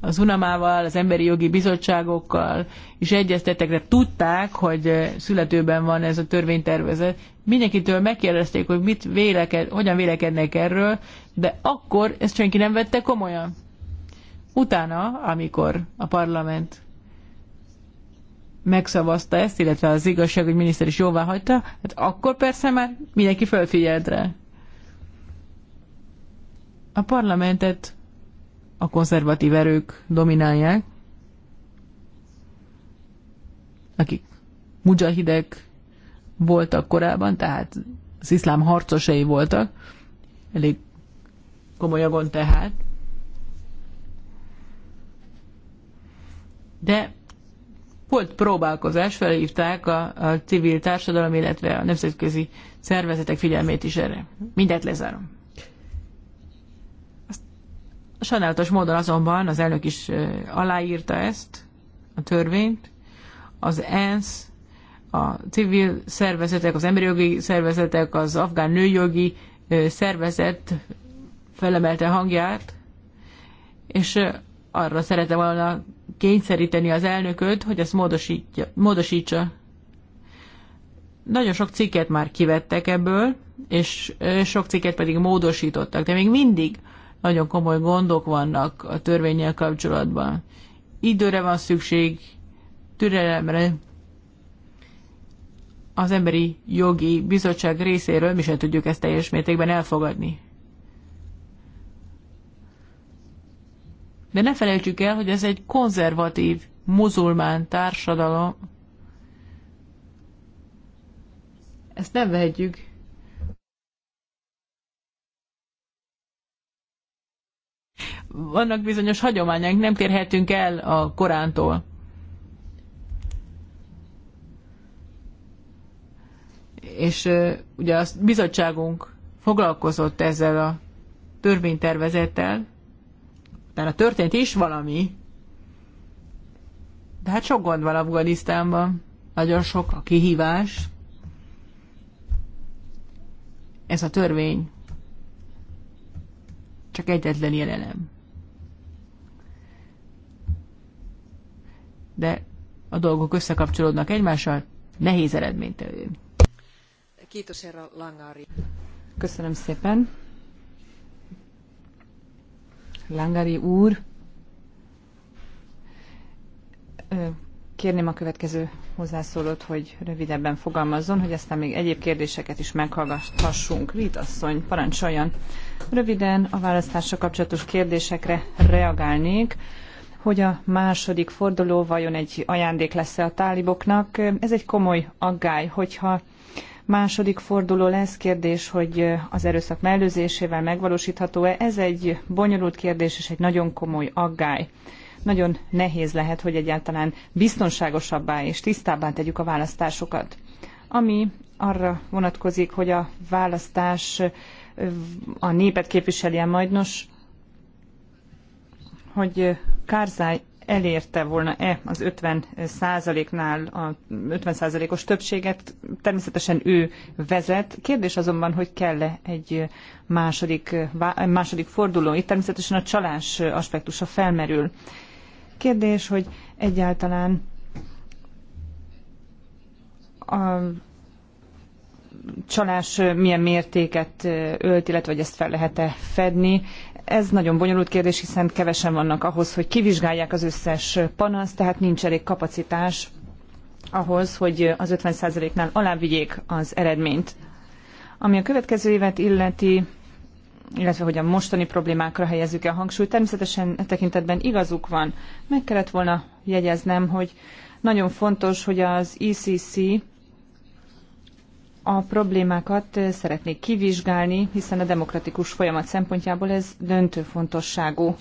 Speaker 3: az UNAMával, az Emberi Jogi Bizottságokkal is egyeztettek, de tudták, hogy születőben van ez a törvénytervezet. Mindenkitől megkérdezték, hogy mit véleked, hogyan vélekednek erről, de akkor ezt senki nem vette komolyan. Utána, amikor a parlament megszavazta ezt, illetve az miniszter is jóvá hagyta, hát akkor persze már mindenki fölfigyelt rá. A parlamentet a konzervatív erők dominálják, akik mujahidek voltak korábban, tehát az iszlám harcosai voltak, elég komolyagon tehát. De volt próbálkozás, felhívták a, a civil társadalom, illetve a nemzetközi szervezetek figyelmét is erre. Mindet lezárom. Sajnálatos módon azonban az elnök is aláírta ezt, a törvényt. Az ENSZ, a civil szervezetek, az emberi jogi szervezetek, az afgán nőjogi szervezet felemelte hangját, és arra szerette volna kényszeríteni az elnököt, hogy ezt módosítja, módosítsa. Nagyon sok cikket már kivettek ebből, és sok cikket pedig módosítottak, de még mindig nagyon komoly gondok vannak a törvényel kapcsolatban. Időre van szükség, türelemre. Az Emberi Jogi Bizottság részéről mi sem tudjuk ezt teljes mértékben elfogadni. De ne felejtsük el, hogy ez egy konzervatív muzulmán társadalom. Ezt nem vehetjük vannak bizonyos hagyományaink, nem térhetünk el a Korántól. És ugye a bizottságunk foglalkozott ezzel a törvénytervezettel, a történt is valami, de hát sok gond van Afganisztánban, nagyon sok a kihívás. Ez a törvény csak egyetlen jelenem. de a dolgok összekapcsolódnak egymással, nehéz eredményt elérni. Köszönöm
Speaker 4: szépen. Langari úr, kérném a következő hozzászólót, hogy rövidebben fogalmazzon, hogy aztán még egyéb kérdéseket is meghallgathassunk. Rit asszony, parancsoljon. Röviden a választásra kapcsolatos kérdésekre reagálnék hogy a második forduló vajon egy ajándék lesz -e a táliboknak. Ez egy komoly aggály, hogyha második forduló lesz kérdés, hogy az erőszak mellőzésével megvalósítható-e. Ez egy bonyolult kérdés és egy nagyon komoly aggály. Nagyon nehéz lehet, hogy egyáltalán biztonságosabbá és tisztábbá tegyük a választásokat. Ami arra vonatkozik, hogy a választás a népet képviseli majd, nos, hogy Kárzáj elérte volna-e az 50 százaléknál a 50 százalékos többséget, természetesen ő vezet. Kérdés azonban, hogy kell-e egy második, második forduló. Itt természetesen a csalás aspektusa felmerül. Kérdés, hogy egyáltalán a csalás milyen mértéket ölt, illetve hogy ezt fel lehet-e fedni. Ez nagyon bonyolult kérdés, hiszen kevesen vannak ahhoz, hogy kivizsgálják az összes panaszt, tehát nincs elég kapacitás ahhoz, hogy az 50%-nál alávigyék az eredményt. Ami a következő évet illeti, illetve hogy a mostani problémákra helyezzük el hangsúlyt, természetesen e tekintetben igazuk van. Meg kellett volna jegyeznem, hogy nagyon fontos, hogy az ECC a problémákat szeretnék kivizsgálni, hiszen a demokratikus folyamat szempontjából ez döntő fontosságú.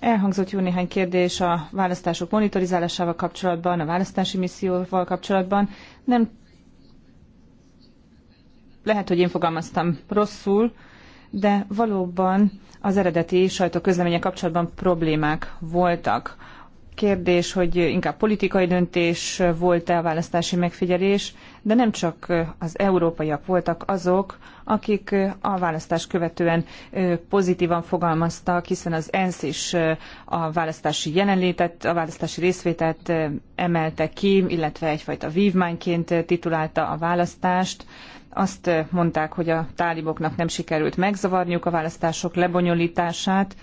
Speaker 4: Elhangzott jó néhány kérdés a választások monitorizálásával kapcsolatban, a választási misszióval kapcsolatban. Nem lehet, hogy én fogalmaztam rosszul, de valóban az eredeti sajtóközleménye kapcsolatban problémák voltak kérdés, hogy inkább politikai döntés volt-e a választási megfigyelés, de nem csak az európaiak voltak azok, akik a választás követően pozitívan fogalmaztak, hiszen az ENSZ is a választási jelenlétet, a választási részvételt emelte ki, illetve egyfajta vívmányként titulálta a választást. Azt mondták, hogy a táliboknak nem sikerült megzavarniuk a választások lebonyolítását,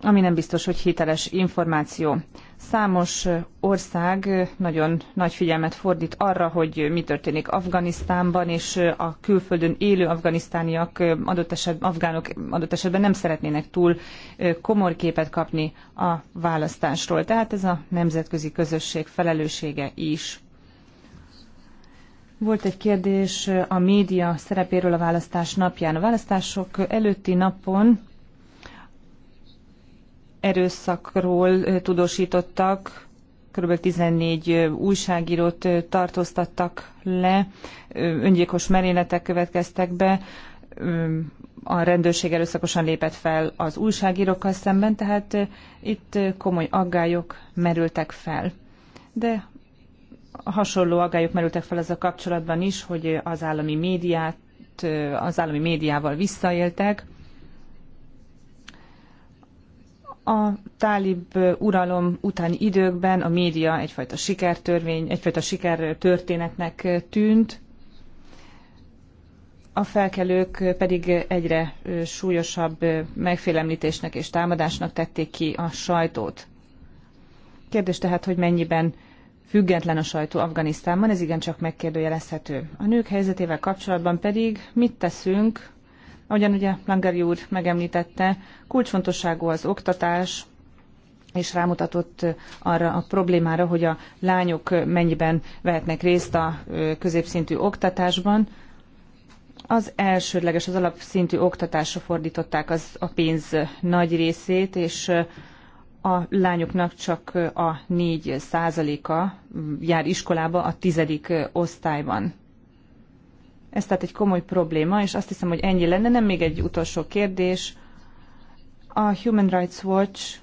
Speaker 4: ami nem biztos, hogy hiteles információ. Számos ország nagyon nagy figyelmet fordít arra, hogy mi történik Afganisztánban, és a külföldön élő afganisztániak, adott esetben, afgánok adott esetben nem szeretnének túl komor képet kapni a választásról. Tehát ez a nemzetközi közösség felelőssége is. Volt egy kérdés a média szerepéről a választás napján. A választások előtti napon erőszakról tudósítottak, kb. 14 újságírót tartóztattak le, öngyilkos merényletek következtek be, a rendőrség erőszakosan lépett fel az újságírókkal szemben, tehát itt komoly aggályok merültek fel. De hasonló aggályok merültek fel a kapcsolatban is, hogy az állami médiát, az állami médiával visszaéltek, A tálib uralom utáni időkben a média egyfajta sikertörvény, egyfajta sikertörténetnek tűnt, a felkelők pedig egyre súlyosabb megfélemlítésnek és támadásnak tették ki a sajtót. Kérdés tehát, hogy mennyiben független a sajtó Afganisztánban, ez igencsak megkérdőjelezhető. A nők helyzetével kapcsolatban pedig mit teszünk Ahogyan ugye Langeri úr megemlítette, kulcsfontosságú az oktatás, és rámutatott arra a problémára, hogy a lányok mennyiben vehetnek részt a középszintű oktatásban. Az elsődleges, az alapszintű oktatásra fordították az, a pénz nagy részét, és a lányoknak csak a 4 százaléka jár iskolába a tizedik osztályban. Ez tehát egy komoly probléma, és azt hiszem, hogy ennyi lenne. Nem még egy utolsó kérdés. A Human Rights Watch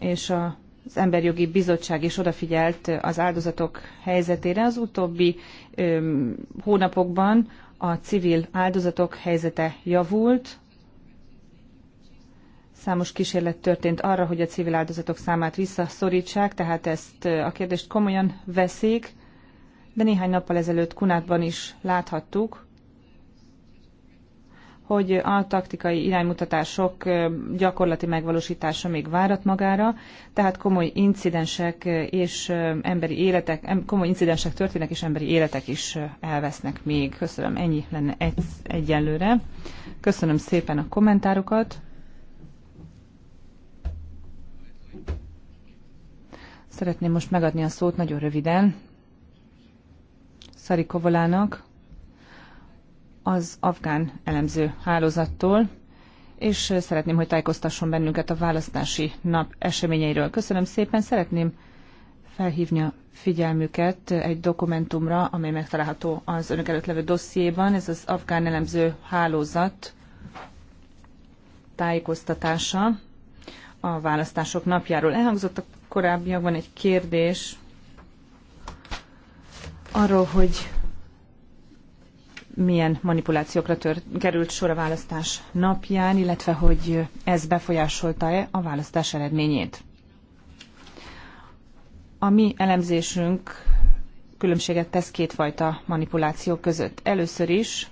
Speaker 4: és a az Emberjogi Bizottság is odafigyelt az áldozatok helyzetére. Az utóbbi öm, hónapokban a civil áldozatok helyzete javult. Számos kísérlet történt arra, hogy a civil áldozatok számát visszaszorítsák, tehát ezt a kérdést komolyan veszik de néhány nappal ezelőtt Kunátban is láthattuk, hogy a taktikai iránymutatások gyakorlati megvalósítása még várat magára, tehát komoly incidensek és emberi életek, komoly incidensek történnek, és emberi életek is elvesznek még. Köszönöm, ennyi lenne egy, egyenlőre. Köszönöm szépen a kommentárokat. Szeretném most megadni a szót nagyon röviden Kovolának, az afgán elemző hálózattól, és szeretném, hogy tájékoztasson bennünket a választási nap eseményeiről. Köszönöm szépen, szeretném felhívni a figyelmüket egy dokumentumra, amely megtalálható az önök előtt levő dossziéban. Ez az afgán elemző hálózat tájékoztatása a választások napjáról. Elhangzott a korábbiakban egy kérdés arról, hogy milyen manipulációkra tört, került sor a választás napján, illetve hogy ez befolyásolta-e a választás eredményét. A mi elemzésünk különbséget tesz kétfajta manipuláció között. Először is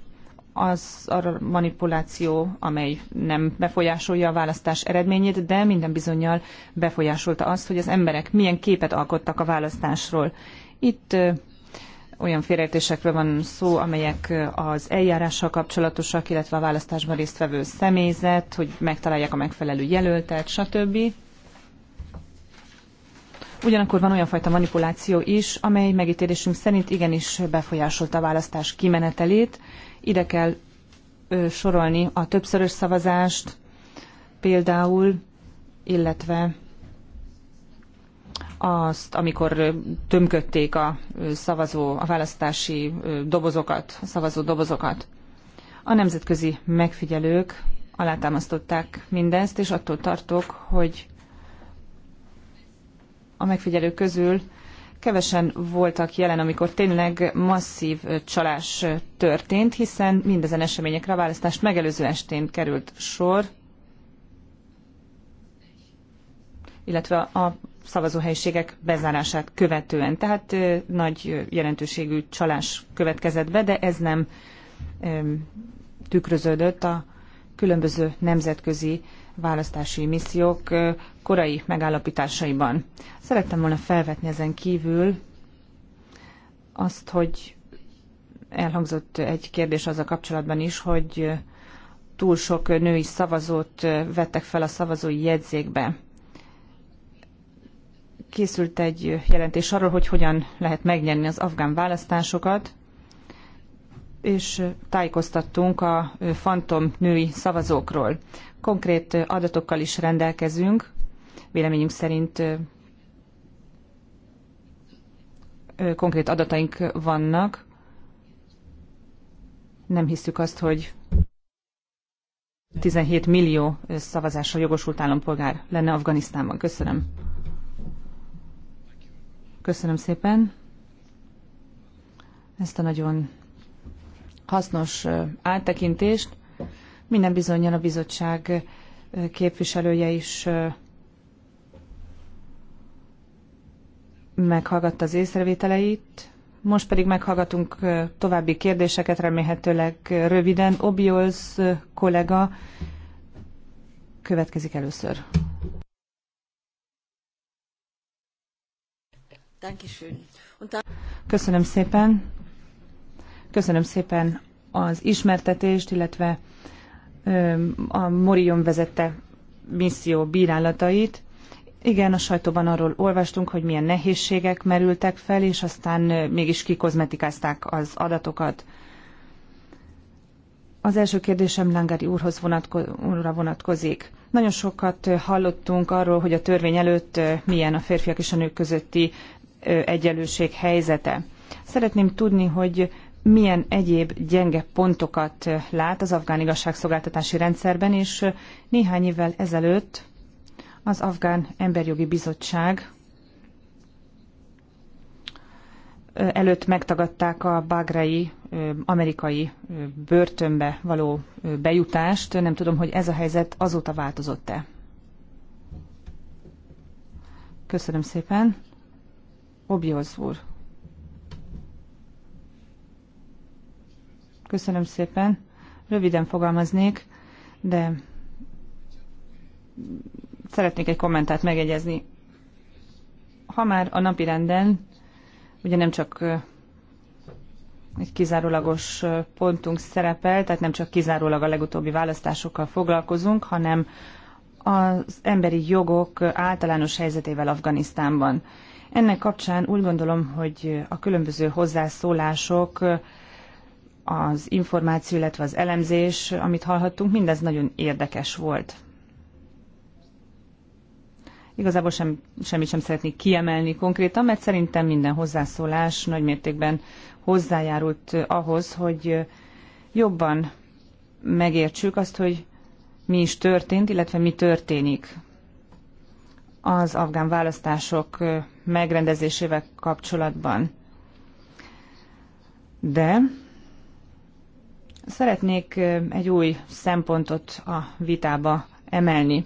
Speaker 4: az a manipuláció, amely nem befolyásolja a választás eredményét, de minden bizonyal befolyásolta azt, hogy az emberek milyen képet alkottak a választásról. Itt olyan félreértésekről van szó, amelyek az eljárással kapcsolatosak, illetve a választásban résztvevő személyzet, hogy megtalálják a megfelelő jelöltet, stb. Ugyanakkor van olyan fajta manipuláció is, amely megítélésünk szerint igenis befolyásolta a választás kimenetelét. Ide kell ö, sorolni a többszörös szavazást például, illetve azt, amikor tömködték a szavazó, a választási dobozokat, a szavazó dobozokat. A nemzetközi megfigyelők alátámasztották mindezt, és attól tartok, hogy a megfigyelők közül kevesen voltak jelen, amikor tényleg masszív csalás történt, hiszen mindezen eseményekre a választást megelőző estén került sor, illetve a szavazóhelyiségek bezárását követően. Tehát nagy jelentőségű csalás következett be, de ez nem tükröződött a különböző nemzetközi választási missziók korai megállapításaiban. Szerettem volna felvetni ezen kívül azt, hogy elhangzott egy kérdés az a kapcsolatban is, hogy túl sok női szavazót vettek fel a szavazói jegyzékbe készült egy jelentés arról, hogy hogyan lehet megnyerni az afgán választásokat, és tájékoztattunk a fantom női szavazókról. Konkrét adatokkal is rendelkezünk, véleményünk szerint konkrét adataink vannak. Nem hiszük azt, hogy 17 millió szavazásra jogosult állampolgár lenne Afganisztánban. Köszönöm. Köszönöm szépen ezt a nagyon hasznos áttekintést. Minden bizonyal a bizottság képviselője is meghallgatta az észrevételeit. Most pedig meghallgatunk további kérdéseket, remélhetőleg röviden. Obiols kollega következik először. Köszönöm szépen. Köszönöm szépen az ismertetést, illetve a Morion vezette misszió bírálatait. Igen, a sajtóban arról olvastunk, hogy milyen nehézségek merültek fel, és aztán mégis kikozmetikázták az adatokat. Az első kérdésem Langari úrhoz vonatko- úrra vonatkozik. Nagyon sokat hallottunk arról, hogy a törvény előtt milyen a férfiak és a nők közötti egyenlőség helyzete. Szeretném tudni, hogy milyen egyéb gyenge pontokat lát az afgán igazságszolgáltatási rendszerben, és néhány évvel ezelőtt az Afgán Emberjogi Bizottság előtt megtagadták a bagrai amerikai börtönbe való bejutást. Nem tudom, hogy ez a helyzet azóta változott-e. Köszönöm szépen. Obiols úr. Köszönöm szépen. Röviden fogalmaznék, de szeretnék egy kommentát megegyezni. Ha már a napi renden, ugye nem csak egy kizárólagos pontunk szerepel, tehát nem csak kizárólag a legutóbbi választásokkal foglalkozunk, hanem az emberi jogok általános helyzetével Afganisztánban. Ennek kapcsán úgy gondolom, hogy a különböző hozzászólások, az információ, illetve az elemzés, amit hallhattunk, mindez nagyon érdekes volt. Igazából sem, semmit sem szeretnék kiemelni konkrétan, mert szerintem minden hozzászólás nagymértékben hozzájárult ahhoz, hogy jobban megértsük azt, hogy mi is történt, illetve mi történik az afgán választások megrendezésével kapcsolatban. De szeretnék egy új szempontot a vitába emelni.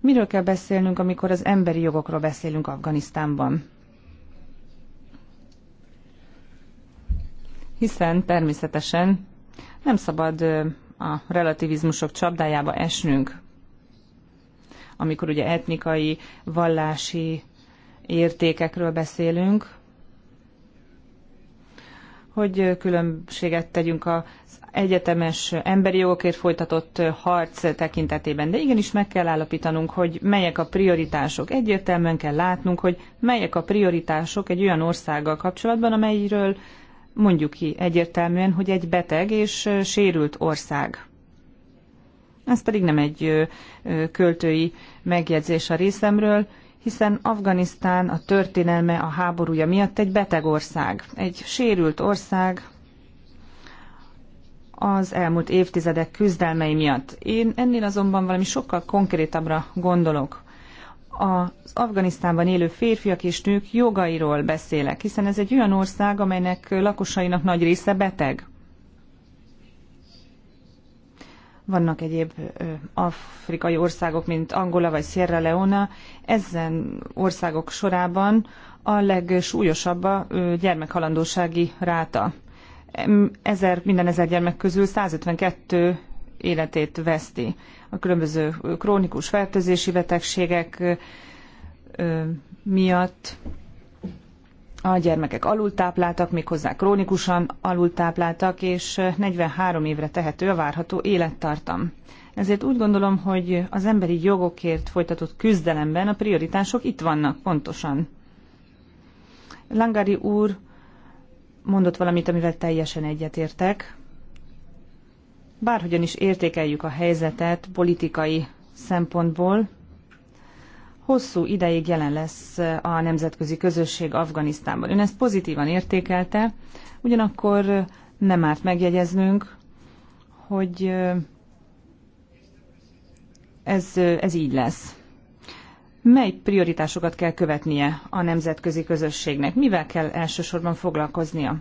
Speaker 4: Miről kell beszélnünk, amikor az emberi jogokról beszélünk Afganisztánban? Hiszen természetesen nem szabad a relativizmusok csapdájába esnünk amikor ugye etnikai, vallási értékekről beszélünk, hogy különbséget tegyünk az egyetemes emberi jogokért folytatott harc tekintetében. De igenis meg kell állapítanunk, hogy melyek a prioritások. Egyértelműen kell látnunk, hogy melyek a prioritások egy olyan országgal kapcsolatban, amelyről mondjuk ki egyértelműen, hogy egy beteg és sérült ország. Ez pedig nem egy költői megjegyzés a részemről, hiszen Afganisztán a történelme a háborúja miatt egy beteg ország, egy sérült ország az elmúlt évtizedek küzdelmei miatt. Én ennél azonban valami sokkal konkrétabbra gondolok. Az Afganisztánban élő férfiak és nők jogairól beszélek, hiszen ez egy olyan ország, amelynek lakosainak nagy része beteg. vannak egyéb afrikai országok, mint Angola vagy Sierra Leona, ezen országok sorában a legsúlyosabb a gyermekhalandósági ráta. Ezer, minden ezer gyermek közül 152 életét veszti. A különböző krónikus fertőzési betegségek miatt a gyermekek alultápláltak, méghozzá krónikusan alultápláltak, és 43 évre tehető a várható élettartam. Ezért úgy gondolom, hogy az emberi jogokért folytatott küzdelemben a prioritások itt vannak pontosan. Langari úr mondott valamit, amivel teljesen egyetértek. Bárhogyan is értékeljük a helyzetet politikai szempontból, hosszú ideig jelen lesz a nemzetközi közösség Afganisztánban. Ön ezt pozitívan értékelte, ugyanakkor nem árt megjegyeznünk, hogy ez, ez így lesz. Mely prioritásokat kell követnie a nemzetközi közösségnek? Mivel kell elsősorban foglalkoznia?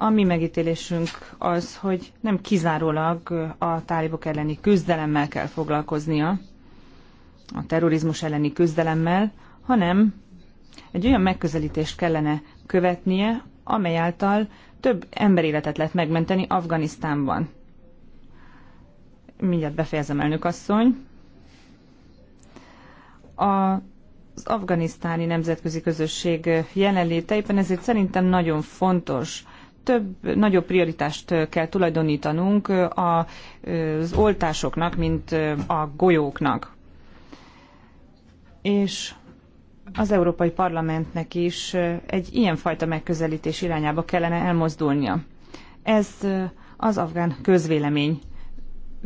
Speaker 4: A mi megítélésünk az, hogy nem kizárólag a tálibok elleni küzdelemmel kell foglalkoznia, a terrorizmus elleni küzdelemmel, hanem egy olyan megközelítést kellene követnie, amely által több emberéletet lehet megmenteni Afganisztánban. Mindjárt befejezem, elnök asszony. A az afganisztáni nemzetközi közösség jelenléte, éppen ezért szerintem nagyon fontos. Több, nagyobb prioritást kell tulajdonítanunk az oltásoknak, mint a golyóknak és az Európai Parlamentnek is egy ilyenfajta megközelítés irányába kellene elmozdulnia. Ez az afgán közvélemény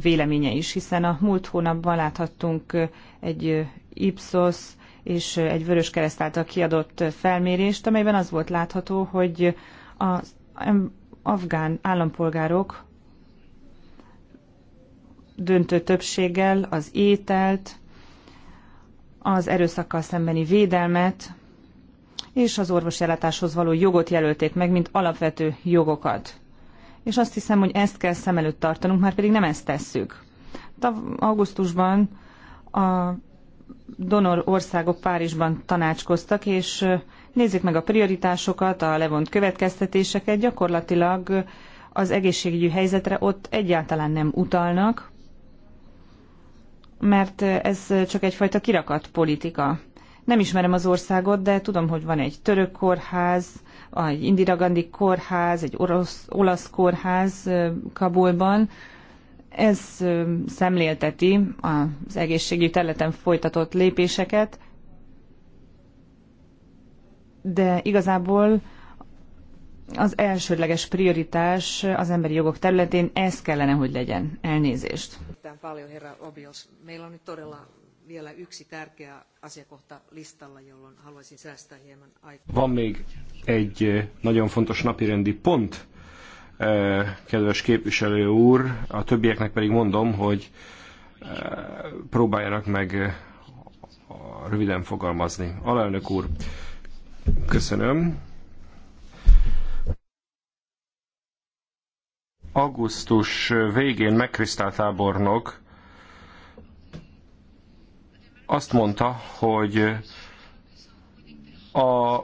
Speaker 4: véleménye is, hiszen a múlt hónapban láthattunk egy Ipsos és egy Vörös Kereszt által kiadott felmérést, amelyben az volt látható, hogy az afgán állampolgárok döntő többséggel az ételt, az erőszakkal szembeni védelmet és az orvosi ellátáshoz való jogot jelölték meg, mint alapvető jogokat. És azt hiszem, hogy ezt kell szem előtt tartanunk, már pedig nem ezt tesszük. Augusztusban a donor országok Párizsban tanácskoztak, és nézzük meg a prioritásokat, a levont következtetéseket, gyakorlatilag az egészségügyi helyzetre ott egyáltalán nem utalnak, mert ez csak egyfajta kirakat politika. Nem ismerem az országot, de tudom, hogy van egy török kórház, egy Indira Gandhi kórház, egy orosz, olasz kórház Kabulban. Ez szemlélteti az egészségügyi területen folytatott lépéseket, de igazából az elsődleges prioritás az emberi jogok területén ez kellene, hogy legyen. Elnézést
Speaker 1: erittäin paljon, herra Obios. Meillä on nyt todella vielä yksi tärkeä asiakohta listalla, jolloin haluaisin säästää hieman aikaa.
Speaker 4: Van
Speaker 2: még egy eh, nagyon fontos napirendi pont, eh, kedves képviselő úr. A többieknek pedig mondom, hogy eh, próbáljanak meg röviden fogalmazni. Alelnök úr, köszönöm. augusztus végén megkristált tábornok azt mondta, hogy a,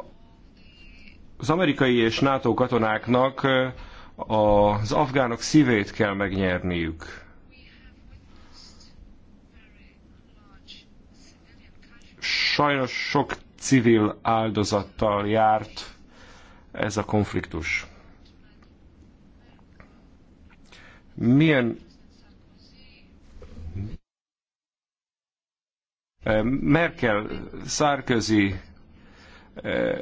Speaker 2: az amerikai és NATO katonáknak az afgánok szívét kell megnyerniük. Sajnos sok civil áldozattal járt ez a konfliktus. milyen eh, Merkel, Sarkozy eh,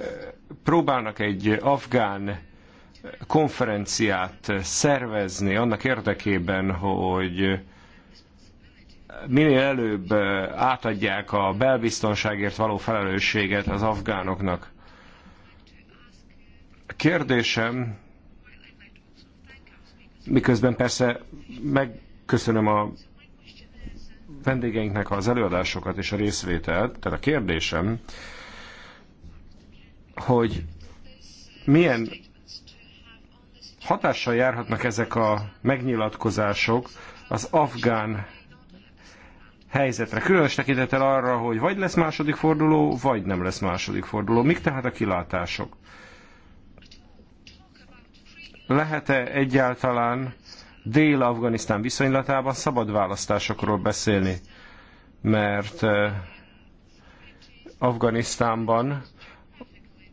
Speaker 2: próbálnak egy afgán eh, konferenciát szervezni annak érdekében, hogy minél előbb átadják a belbiztonságért való felelősséget az afgánoknak. Kérdésem miközben persze megköszönöm a vendégeinknek az előadásokat és a részvételt, tehát a kérdésem, hogy milyen hatással járhatnak ezek a megnyilatkozások az afgán helyzetre. Különös tekintettel arra, hogy vagy lesz második forduló, vagy nem lesz második forduló. Mik tehát a kilátások? lehet-e egyáltalán Dél-Afganisztán viszonylatában szabad választásokról beszélni? Mert eh, Afganisztánban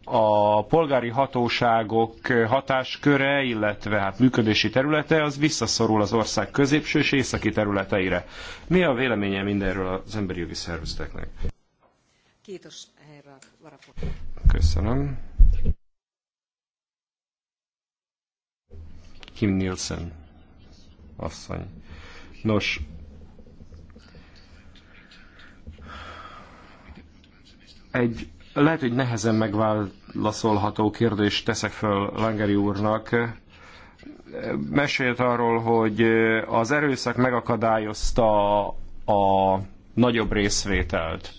Speaker 2: a polgári hatóságok hatásköre, illetve hát működési területe, az visszaszorul az ország középső és északi területeire. Mi a véleménye mindenről az emberi jogi szervezeteknek? Eh, Köszönöm. Kim Nielsen asszony. Nos, egy lehet, hogy nehezen megválaszolható kérdést teszek föl Langeri úrnak. Mesélt arról, hogy az erőszak megakadályozta a nagyobb részvételt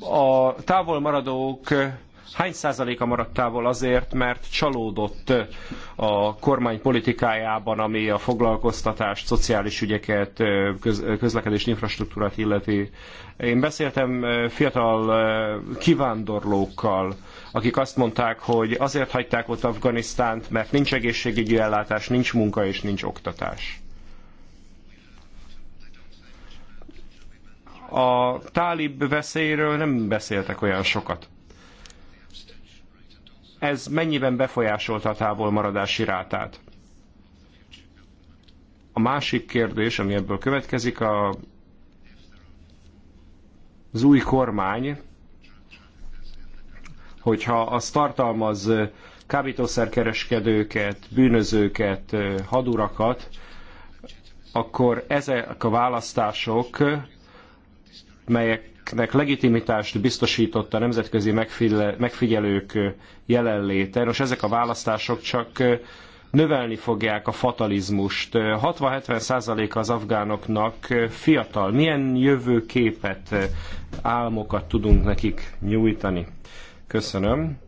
Speaker 2: a távol maradók hány százaléka maradt távol azért, mert csalódott a kormány politikájában, ami a foglalkoztatást, szociális ügyeket, közlekedés, infrastruktúrát illeti. Én beszéltem fiatal kivándorlókkal, akik azt mondták, hogy azért hagyták ott Afganisztánt, mert nincs egészségügyi ellátás, nincs munka és nincs oktatás. A tálib veszélyről nem beszéltek olyan sokat. Ez mennyiben befolyásolta a távolmaradási rátát? A másik kérdés, ami ebből következik, a, az új kormány, hogyha az tartalmaz kábítószerkereskedőket, bűnözőket, eh, hadurakat, akkor ezek a választások melyeknek legitimitást biztosított a nemzetközi megfigyelők jelenléte. Nos, ezek a választások csak növelni fogják a fatalizmust. 60-70 százaléka az afgánoknak fiatal. Milyen jövőképet, álmokat tudunk nekik nyújtani? Köszönöm.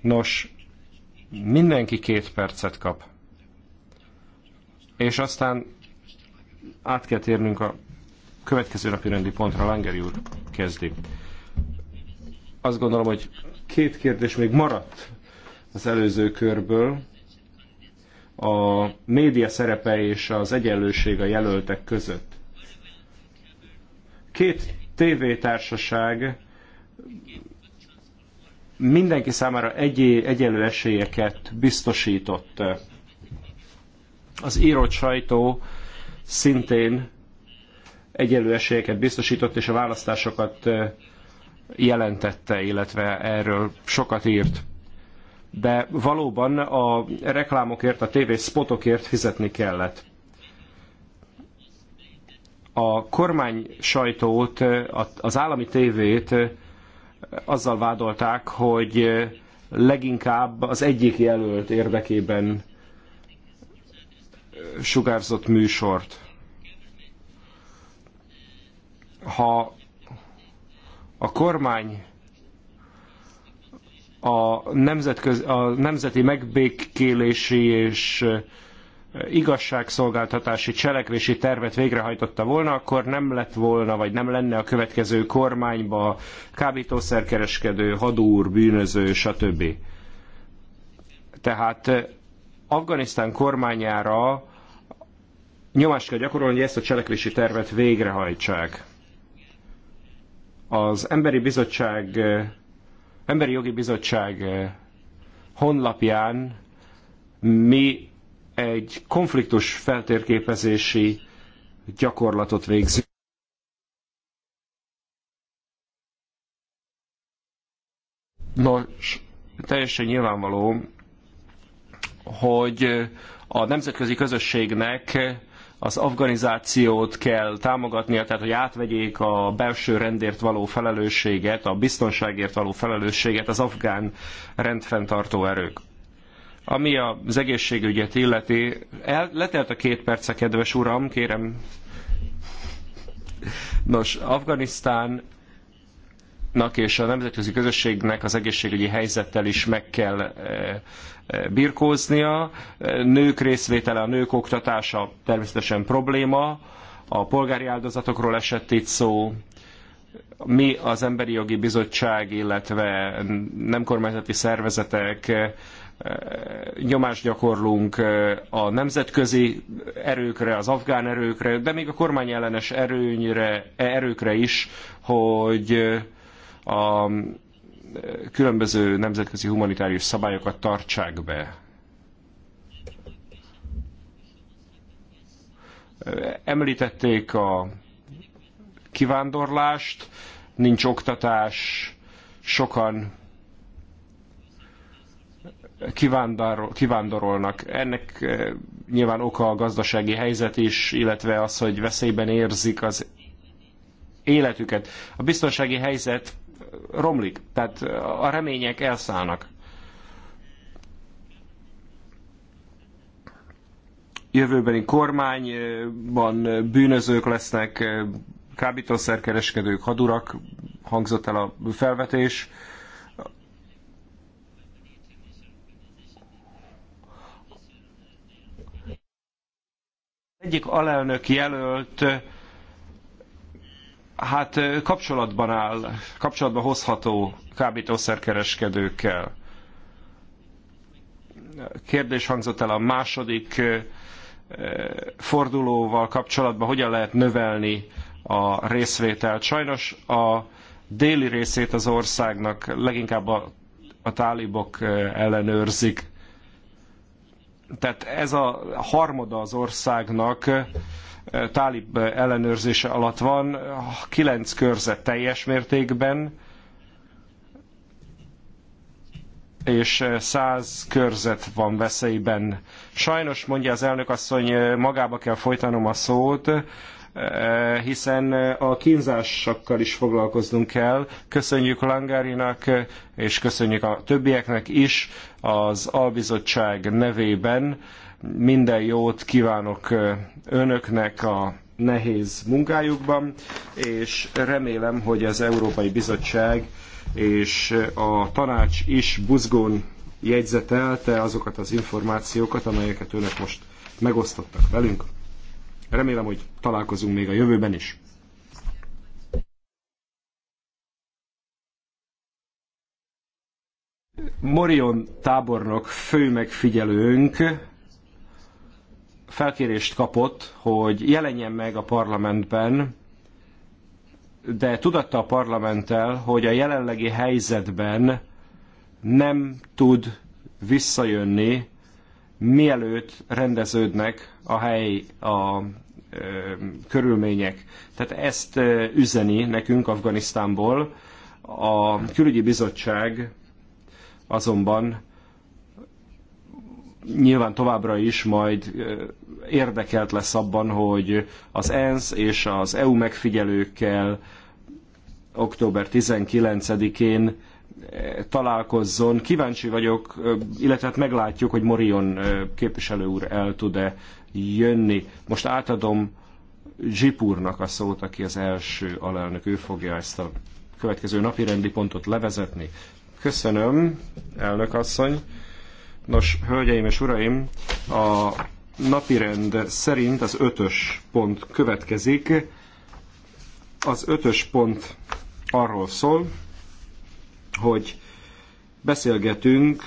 Speaker 2: Nos, mindenki két percet kap. És aztán át kell térnünk a következő napi rendi pontra Langeri úr kezdi. Azt gondolom, hogy két kérdés még maradt az előző körből. A média szerepe és az egyenlőség a jelöltek között. Két tévétársaság mindenki számára egy egyenlő esélyeket biztosított. Az írott sajtó szintén egyenlő esélyeket biztosított, és a választásokat jelentette, illetve erről sokat írt. De valóban a reklámokért, a TV spotokért fizetni kellett. A kormány sajtót, az állami tévét azzal vádolták, hogy leginkább az egyik jelölt érdekében sugárzott műsort ha a kormány a, nemzetköz, a nemzeti megbékélési és e, igazságszolgáltatási cselekvési tervet végrehajtotta volna, akkor nem lett volna, vagy nem lenne a következő kormányba kábítószerkereskedő, hadúr, bűnöző, stb. Tehát e, Afganisztán kormányára nyomást kell gyakorolni, hogy ezt a cselekvési tervet végrehajtsák. Az Emberi Bizottság, Emberi Jogi Bizottság honlapján mi egy konfliktus feltérképezési gyakorlatot végzünk. Nos, teljesen nyilvánvaló, hogy a nemzetközi közösségnek az afganizációt kell támogatnia, tehát hogy átvegyék a belső rendért való felelősséget, a biztonságért való felelősséget az afgán rendfenntartó erők. Ami az egészségügyet illeti, el, letelt a két perce, kedves uram, kérem. Nos, Afganisztán nak és a nemzetközi közösségnek az egészségügyi helyzettel is meg kell e, e, birkóznia. Nők részvétele, a nők oktatása természetesen probléma. A polgári áldozatokról esett itt szó. Mi az Emberi Jogi Bizottság, illetve nem kormányzati szervezetek e, nyomást gyakorlunk a nemzetközi erőkre, az afgán erőkre, de még a kormányellenes erőnyre, erőkre is, hogy a e, különböző nemzetközi humanitárius szabályokat tartsák be. E, említették a kivándorlást, nincs oktatás, sokan kivándorolnak. Ennek e, nyilván oka a gazdasági helyzet is, illetve az, hogy veszélyben érzik az életüket. A biztonsági helyzet romlik, tehát a remények elszállnak. Jövőbeni kormányban bűnözők lesznek, kábítószerkereskedők, hadurak, hangzott el a felvetés. egyik alelnök jelölt hát kapcsolatban áll, kapcsolatban hozható kábítószerkereskedőkkel. Kérdés hangzott el a második fordulóval kapcsolatban, hogyan lehet növelni a részvételt. Sajnos a déli részét az országnak leginkább a, a tálibok ellenőrzik tehát ez a harmada az országnak eh, tálib ellenőrzése alatt van, kilenc körzet teljes mértékben, és eh, száz körzet van veszélyben. Sajnos, mondja az elnök asszony, eh, magába kell folytanom a szót, hiszen a kínzásokkal is foglalkoznunk kell. Köszönjük Langárinak, és köszönjük a többieknek is az albizottság nevében minden jót kívánok önöknek a nehéz munkájukban, és remélem, hogy az Európai Bizottság és a tanács is buzgón jegyzetelte azokat az információkat, amelyeket önök most megosztottak velünk. Remélem, hogy találkozunk még a jövőben is. Morion tábornok fő megfigyelőnk felkérést kapott, hogy jelenjen meg a parlamentben, de tudatta a parlamenttel, hogy a jelenlegi helyzetben nem tud visszajönni, mielőtt rendeződnek a hely, a ö, körülmények. Tehát ezt üzeni nekünk Afganisztánból. A külügyi bizottság azonban nyilván továbbra is majd érdekelt lesz abban, hogy az ENSZ és az EU megfigyelőkkel október 19-én találkozzon. Kíváncsi vagyok, illetve hát meglátjuk, hogy Morion képviselő úr el tud-e jönni. Most átadom Zsipúrnak a szót, aki az első alelnök. Ő fogja ezt a következő napi rendi pontot levezetni. Köszönöm, elnök asszony. Nos, hölgyeim és uraim, a napirend szerint az ötös pont következik. Az ötös pont arról szól, hogy beszélgetünk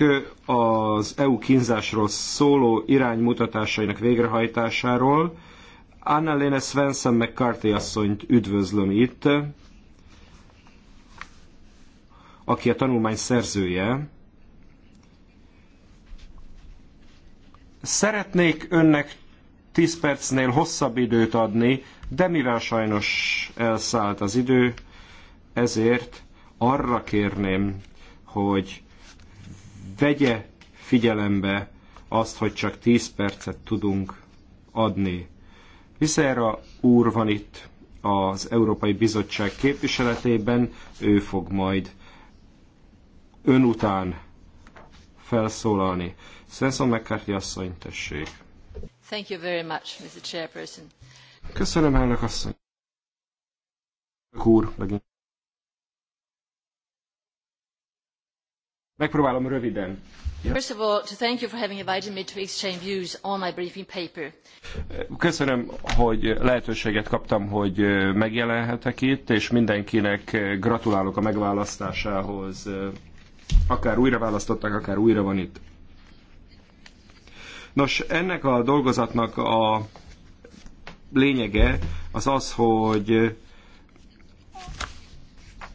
Speaker 2: az EU kínzásról szóló iránymutatásainak végrehajtásáról. Anna-Lene Svensson McCarthy asszonyt üdvözlöm itt, aki a tanulmány szerzője. Szeretnék önnek 10 percnél hosszabb időt adni, de mivel sajnos elszállt az idő, ezért arra kérném, hogy vegye figyelembe azt, hogy csak 10 percet tudunk adni. Viszera úr van itt az Európai Bizottság képviseletében, ő fog majd ön után felszólalni. Svensson McCarthy asszony, tessék.
Speaker 3: Thank you very much, Mr. Chairperson.
Speaker 2: Köszönöm, elnök asszony. Úr, megint. Megpróbálom röviden. First
Speaker 3: of all, to thank you for having invited me to exchange
Speaker 2: views on my briefing paper. Köszönöm, hogy lehetőséget kaptam, hogy megjelenhetek itt, és mindenkinek gratulálok a megválasztásához akár újra választották, akár újra van itt. Nos, ennek a dolgozatnak a lényege az az, hogy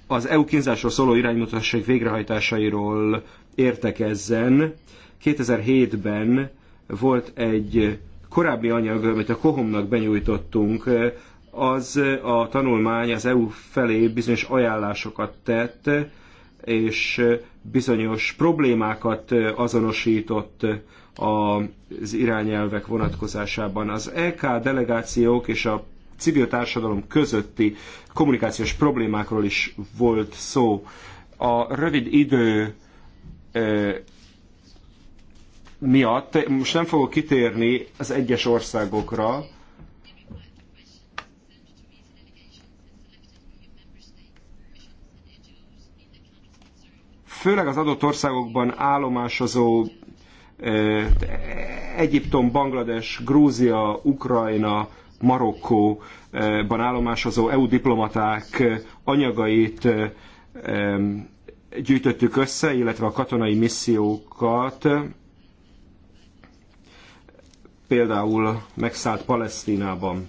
Speaker 2: az EU kínzásról szóló iránymutatások végrehajtásairól értekezzen. 2007-ben volt egy korábbi anyag, amit a Kohomnak benyújtottunk, az a tanulmány az EU felé bizonyos ajánlásokat tett, és bizonyos problémákat azonosított az irányelvek vonatkozásában. Az EK delegációk és a civil társadalom közötti kommunikációs problémákról is volt szó. A rövid idő miatt most nem fogok kitérni az egyes országokra, főleg az adott országokban állomásozó Egyiptom, Banglades, Grúzia, Ukrajna, Marokkóban állomásozó EU diplomaták anyagait gyűjtöttük össze, illetve a katonai missziókat, például megszállt Palesztinában.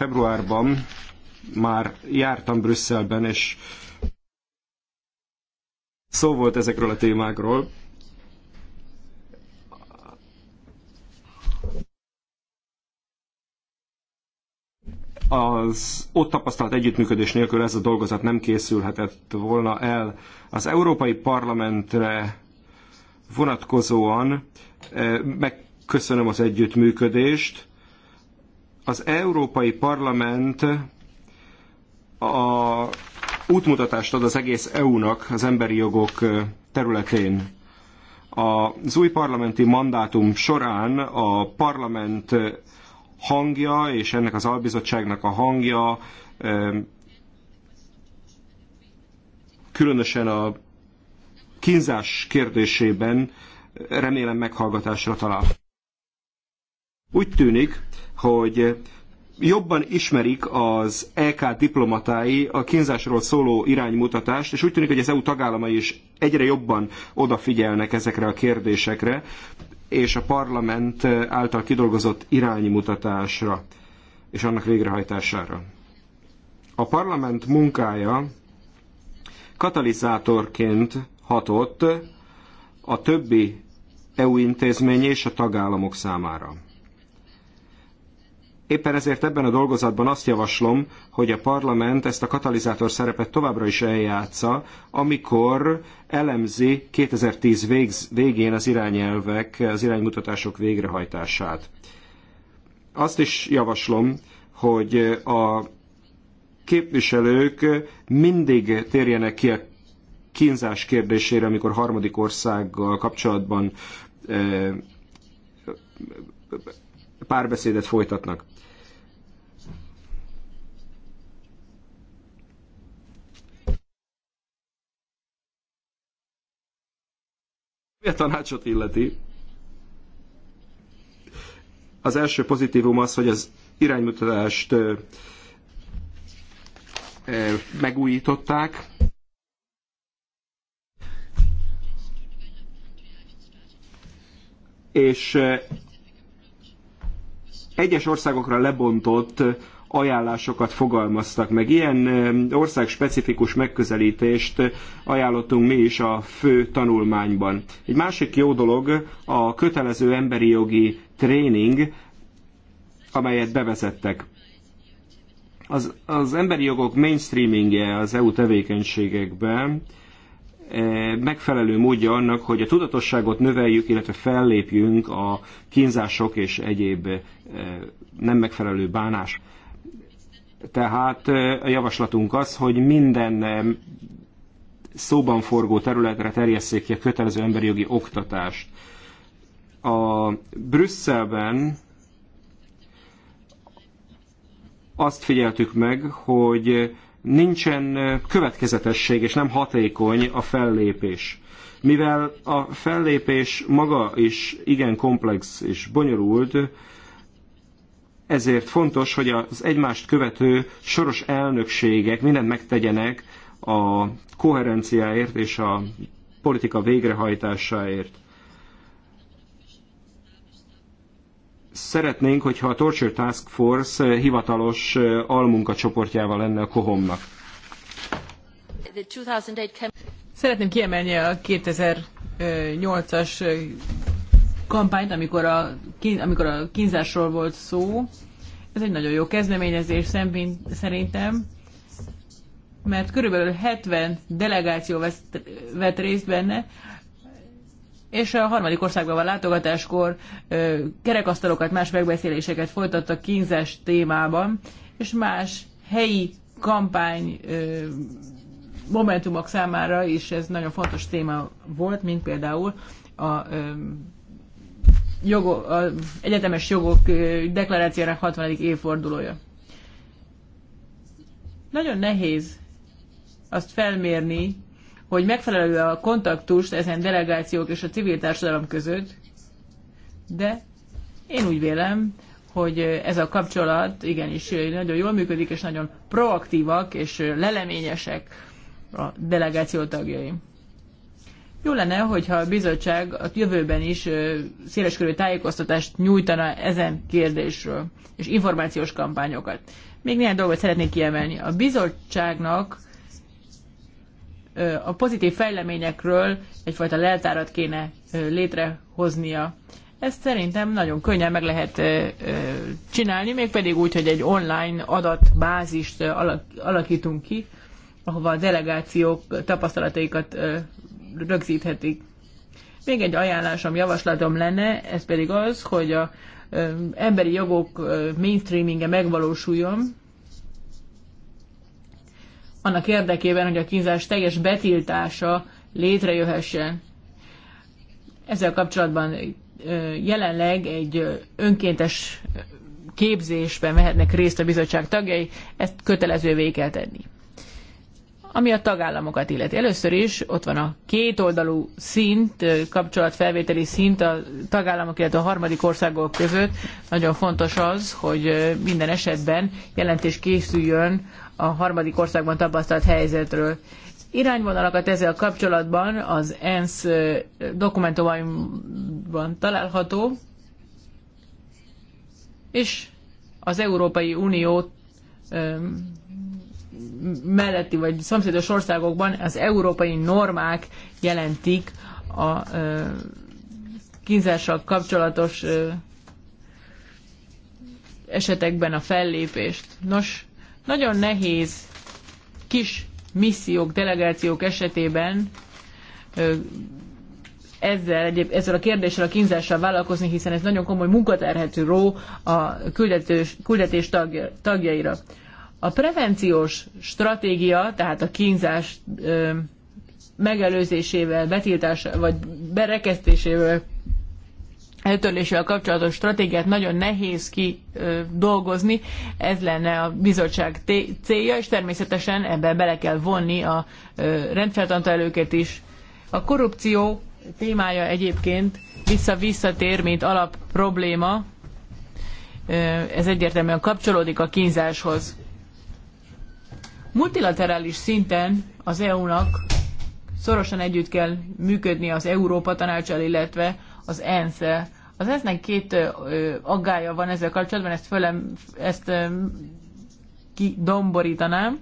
Speaker 2: Februárban már jártam Brüsszelben, és szó volt ezekről a témákról. az ott tapasztalt együttműködés nélkül ez a dolgozat nem készülhetett volna el. Az Európai Parlamentre vonatkozóan eh, megköszönöm az együttműködést, az Európai Parlament a útmutatást ad az egész EU-nak az emberi jogok területén. Az új parlamenti mandátum során a parlament hangja és ennek az albizottságnak a hangja különösen a kínzás kérdésében remélem meghallgatásra talál. Úgy tűnik, hogy jobban ismerik az EK diplomatái a kínzásról szóló iránymutatást, és úgy tűnik, hogy az EU tagállamai is egyre jobban odafigyelnek ezekre a kérdésekre, és a parlament által kidolgozott iránymutatásra és annak végrehajtására. A parlament munkája katalizátorként hatott a többi EU intézmény és a tagállamok számára. Éppen ezért ebben a dolgozatban azt javaslom, hogy a parlament ezt a katalizátor szerepet továbbra is eljátsza, amikor elemzi 2010 végz, végén az irányelvek, az iránymutatások végrehajtását. Azt is javaslom, hogy a képviselők mindig térjenek ki a kínzás kérdésére, amikor harmadik országgal kapcsolatban eh, párbeszédet folytatnak. Mi a tanácsot illeti, az első pozitívum az, hogy az iránymutatást megújították. És egyes országokra lebontott ajánlásokat fogalmaztak meg. Ilyen országspecifikus megközelítést ajánlottunk mi is a fő tanulmányban. Egy másik jó dolog a kötelező emberi jogi tréning, amelyet bevezettek. Az, az emberi jogok mainstreamingje az EU tevékenységekben e, megfelelő módja annak, hogy a tudatosságot növeljük, illetve fellépjünk a kínzások és egyéb e, nem megfelelő bánás tehát a javaslatunk az, hogy minden szóban forgó területre terjesszék ki a kötelező emberi jogi oktatást. A Brüsszelben azt figyeltük meg, hogy nincsen következetesség és nem hatékony a fellépés. Mivel a fellépés maga is igen komplex és bonyolult, ezért fontos, hogy az egymást követő soros elnökségek mindent megtegyenek a koherenciáért és a politika végrehajtásáért. Szeretnénk, hogyha a Torture Task Force hivatalos almunkacsoportjával lenne a kohomnak.
Speaker 3: Szeretném kiemelni a 2008-as kampányt, amikor a, kín, amikor a kínzásról volt szó. Ez egy nagyon jó kezdeményezés szerintem, mert körülbelül 70 delegáció vett, vett részt benne, és a harmadik országban van látogatáskor ö, kerekasztalokat, más megbeszéléseket folytattak kínzás témában, és más helyi kampány ö, momentumok számára is ez nagyon fontos téma volt, mint például a ö, jogok, a egyetemes jogok deklarációjának 60. évfordulója. Nagyon nehéz azt felmérni, hogy megfelelő a kontaktust ezen delegációk és a civil társadalom között, de én úgy vélem, hogy ez a kapcsolat igenis nagyon jól működik, és nagyon proaktívak és leleményesek a delegáció tagjai. Jó lenne, hogyha a bizottság a jövőben is széleskörű tájékoztatást nyújtana ezen kérdésről, és információs kampányokat. Még néhány dolgot szeretnék kiemelni. A bizottságnak a pozitív fejleményekről egyfajta leltárat kéne létrehoznia. Ezt szerintem nagyon könnyen meg lehet csinálni, mégpedig úgy, hogy egy online adatbázist alakítunk ki, ahova a delegációk tapasztalataikat rögzíthetik. Még egy ajánlásom, javaslatom lenne, ez pedig az, hogy a emberi jogok mainstreaminge megvalósuljon, annak érdekében, hogy a kínzás teljes betiltása létrejöhessen. Ezzel kapcsolatban jelenleg egy önkéntes képzésben vehetnek részt a bizottság tagjai, ezt kötelezővé kell tenni. Ami a tagállamokat illeti. Először is ott van a kétoldalú szint, kapcsolatfelvételi szint a tagállamok, illetve a harmadik országok között. Nagyon fontos az, hogy minden esetben jelentés készüljön a harmadik országban tapasztalt helyzetről. Irányvonalakat ezzel kapcsolatban az ENSZ dokumentumaiban található, és az Európai Unió melletti vagy szomszédos országokban az európai normák jelentik a kínzással kapcsolatos esetekben a fellépést. Nos, nagyon nehéz kis missziók, delegációk esetében ezzel, ezzel a kérdéssel, a kínzással vállalkozni, hiszen ez nagyon komoly munkaterhető ró a küldetés, küldetés tagja, tagjaira. A prevenciós stratégia, tehát a kínzás ö, megelőzésével, betiltása vagy berekesztésével, eltörlésével kapcsolatos stratégiát nagyon nehéz ki ö, dolgozni. Ez lenne a bizottság célja, és természetesen ebbe bele kell vonni a ö, is. A korrupció témája egyébként vissza-visszatér, mint alap probléma. Ez egyértelműen kapcsolódik a kínzáshoz. Multilaterális szinten az EU-nak szorosan együtt kell működni az Európa tanácsal, illetve az ensz -el. Az ENSZ-nek két aggája van ezzel kapcsolatban, ezt, fölem, ezt kidomborítanám.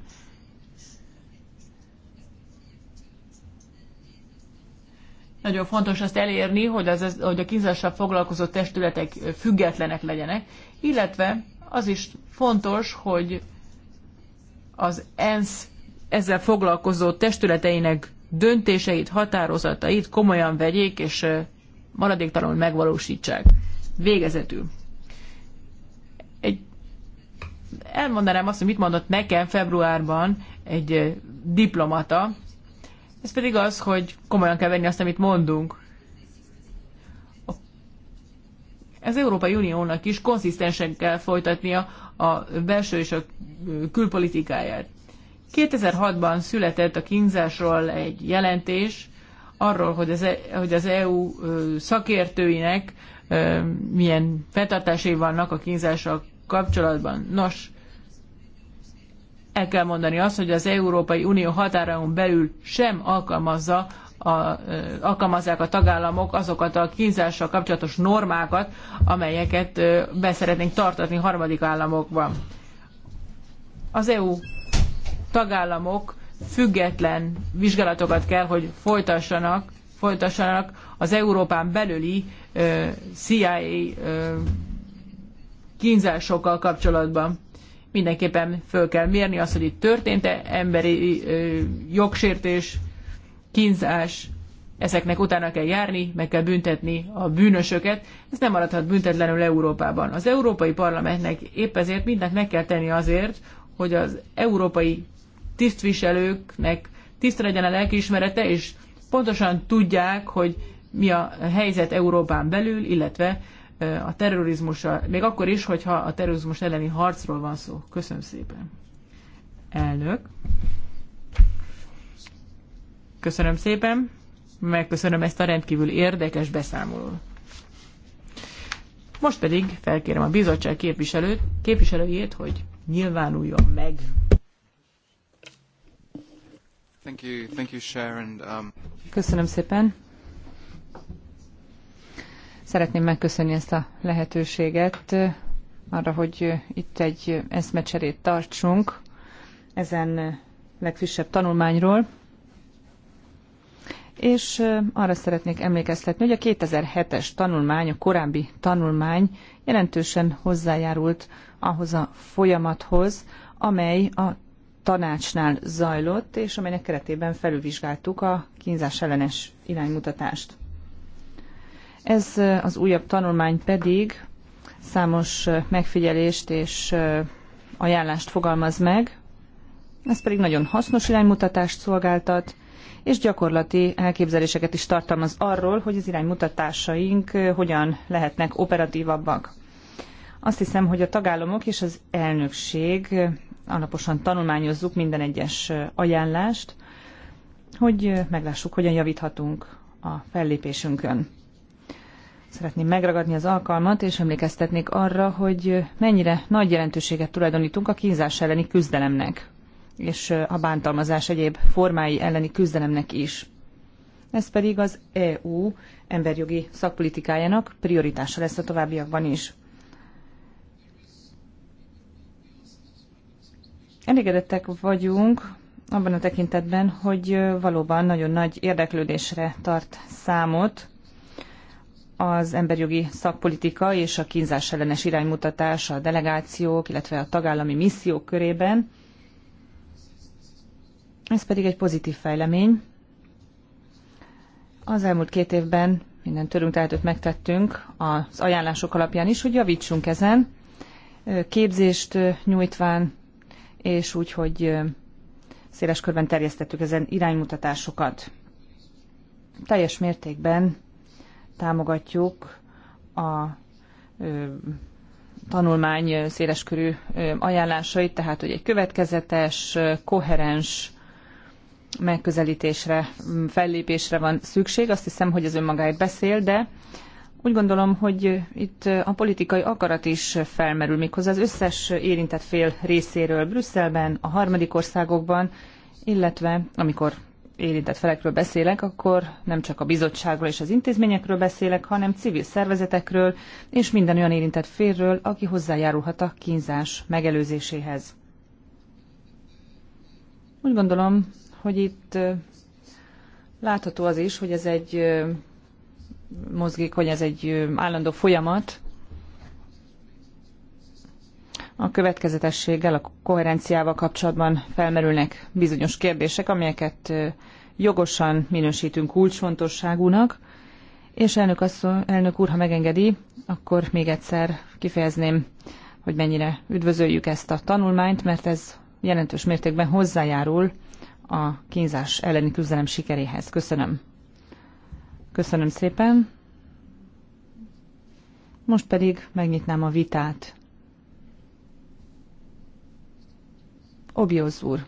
Speaker 3: Nagyon fontos azt elérni, hogy, az, hogy a kínzással foglalkozó testületek függetlenek legyenek, illetve az is fontos, hogy az ENSZ ezzel foglalkozó testületeinek döntéseit, határozatait komolyan vegyék, és maradéktalanul megvalósítsák. Végezetül. Egy, elmondanám azt, hogy mit mondott nekem februárban egy diplomata, ez pedig az, hogy komolyan kell venni azt, amit mondunk. Az Európai Uniónak is konszisztensen kell folytatnia a belső és a külpolitikáját. 2006-ban született a kínzásról egy jelentés, arról, hogy az, e, hogy az EU szakértőinek milyen fetartásai vannak a kínzással kapcsolatban. Nos, el kell mondani azt, hogy az Európai Unió határaon belül sem alkalmazza a, alkalmazzák a tagállamok azokat a kínzással kapcsolatos normákat, amelyeket be szeretnénk tartatni harmadik államokban. Az EU tagállamok független vizsgálatokat kell, hogy folytassanak, folytassanak az Európán belüli CIA kínzásokkal kapcsolatban mindenképpen föl kell mérni azt, hogy itt történt-e emberi uh, jogsértés, kínzás, ezeknek utána kell járni, meg kell büntetni a bűnösöket, ez nem maradhat büntetlenül Európában. Az Európai Parlamentnek épp ezért mindent meg kell tenni azért, hogy az európai tisztviselőknek tiszta legyen a lelkiismerete, és pontosan tudják, hogy mi a helyzet Európán belül, illetve a terrorizmussal, még akkor is, hogyha a terrorizmus elleni harcról van szó. Köszönöm szépen. Elnök. Köszönöm szépen, megköszönöm ezt a rendkívül érdekes beszámolót. Most pedig felkérem a bizottság képviselőt, képviselőjét, hogy nyilvánuljon meg.
Speaker 4: Thank you, thank you Sharon. Um... Köszönöm szépen. Szeretném megköszönni ezt a lehetőséget uh, arra, hogy uh, itt egy eszmecserét tartsunk ezen uh, legfrissebb tanulmányról és arra szeretnék emlékeztetni, hogy a 2007-es tanulmány, a korábbi tanulmány jelentősen hozzájárult ahhoz a folyamathoz, amely a tanácsnál zajlott, és amelynek keretében felülvizsgáltuk a kínzás ellenes iránymutatást. Ez az újabb tanulmány pedig számos megfigyelést és ajánlást fogalmaz meg, ez pedig nagyon hasznos iránymutatást szolgáltat, és gyakorlati elképzeléseket is tartalmaz arról, hogy az iránymutatásaink eh, hogyan lehetnek operatívabbak. Azt hiszem, hogy a tagállamok és az elnökség eh, alaposan tanulmányozzuk minden egyes eh, ajánlást, hogy meglássuk, hogyan javíthatunk a fellépésünkön. Szeretném megragadni az alkalmat, és emlékeztetnék arra, hogy mennyire nagy jelentőséget tulajdonítunk a kínzás elleni küzdelemnek és a bántalmazás egyéb formái elleni küzdelemnek is. Ez pedig az EU emberjogi szakpolitikájának prioritása lesz a továbbiakban is. Elégedettek vagyunk abban a tekintetben, hogy valóban nagyon nagy érdeklődésre tart számot az emberjogi szakpolitika és a kínzás ellenes iránymutatás a delegációk, illetve a tagállami missziók körében, ez pedig egy pozitív fejlemény. Az elmúlt két évben minden tőlünk tehetőt megtettünk az ajánlások alapján is, hogy javítsunk ezen, képzést nyújtván, és úgy, hogy széles körben terjesztettük ezen iránymutatásokat. Teljes mértékben támogatjuk a tanulmány széleskörű ajánlásait, tehát hogy egy következetes, koherens megközelítésre, mm, fellépésre van szükség. Azt hiszem, hogy ez önmagáért beszél, de úgy gondolom, hogy itt a politikai akarat is felmerül, méghozzá az összes érintett fél részéről Brüsszelben, a harmadik országokban, illetve amikor érintett felekről beszélek, akkor nem csak a bizottságról és az intézményekről beszélek, hanem civil szervezetekről és minden olyan érintett félről, aki hozzájárulhat a kínzás megelőzéséhez. Úgy gondolom, hogy itt látható az is, hogy ez egy mozgékony, ez egy állandó folyamat, a következetességgel, a koherenciával kapcsolatban felmerülnek bizonyos kérdések, amelyeket jogosan minősítünk kulcsfontosságúnak. És elnök, asszony, elnök úr, ha megengedi, akkor még egyszer kifejezném, hogy mennyire üdvözöljük ezt a tanulmányt, mert ez jelentős mértékben hozzájárul a kínzás elleni küzdelem sikeréhez. Köszönöm. Köszönöm szépen. Most pedig megnyitnám a vitát. Obioz úr.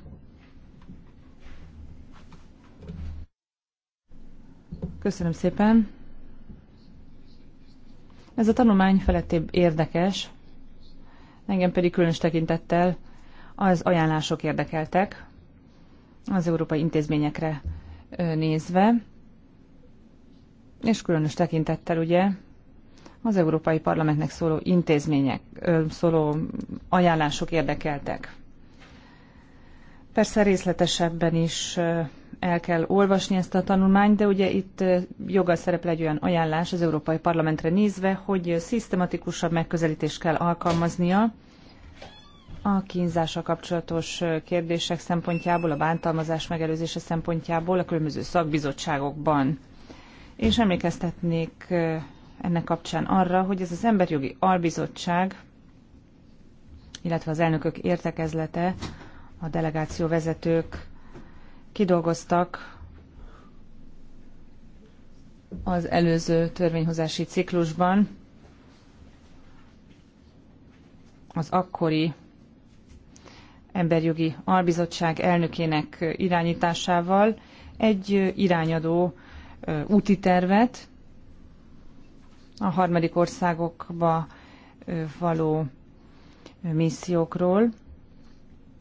Speaker 4: Köszönöm szépen. Ez a tanulmány felettébb érdekes, engem pedig különös tekintettel az ajánlások érdekeltek, az európai intézményekre nézve, és különös tekintettel ugye az Európai Parlamentnek szóló intézmények, szóló ajánlások érdekeltek. Persze részletesebben is el kell olvasni ezt a tanulmányt, de ugye itt joggal szerepel egy olyan ajánlás az Európai Parlamentre nézve, hogy szisztematikusabb megközelítést kell alkalmaznia, a kínzással kapcsolatos kérdések szempontjából, a bántalmazás megelőzése szempontjából a különböző szakbizottságokban. És emlékeztetnék ennek kapcsán arra, hogy ez az Emberjogi Albizottság, illetve az elnökök értekezlete, a delegáció vezetők kidolgoztak az előző törvényhozási ciklusban az akkori emberjogi albizottság elnökének irányításával egy irányadó úti tervet a harmadik országokba való missziókról.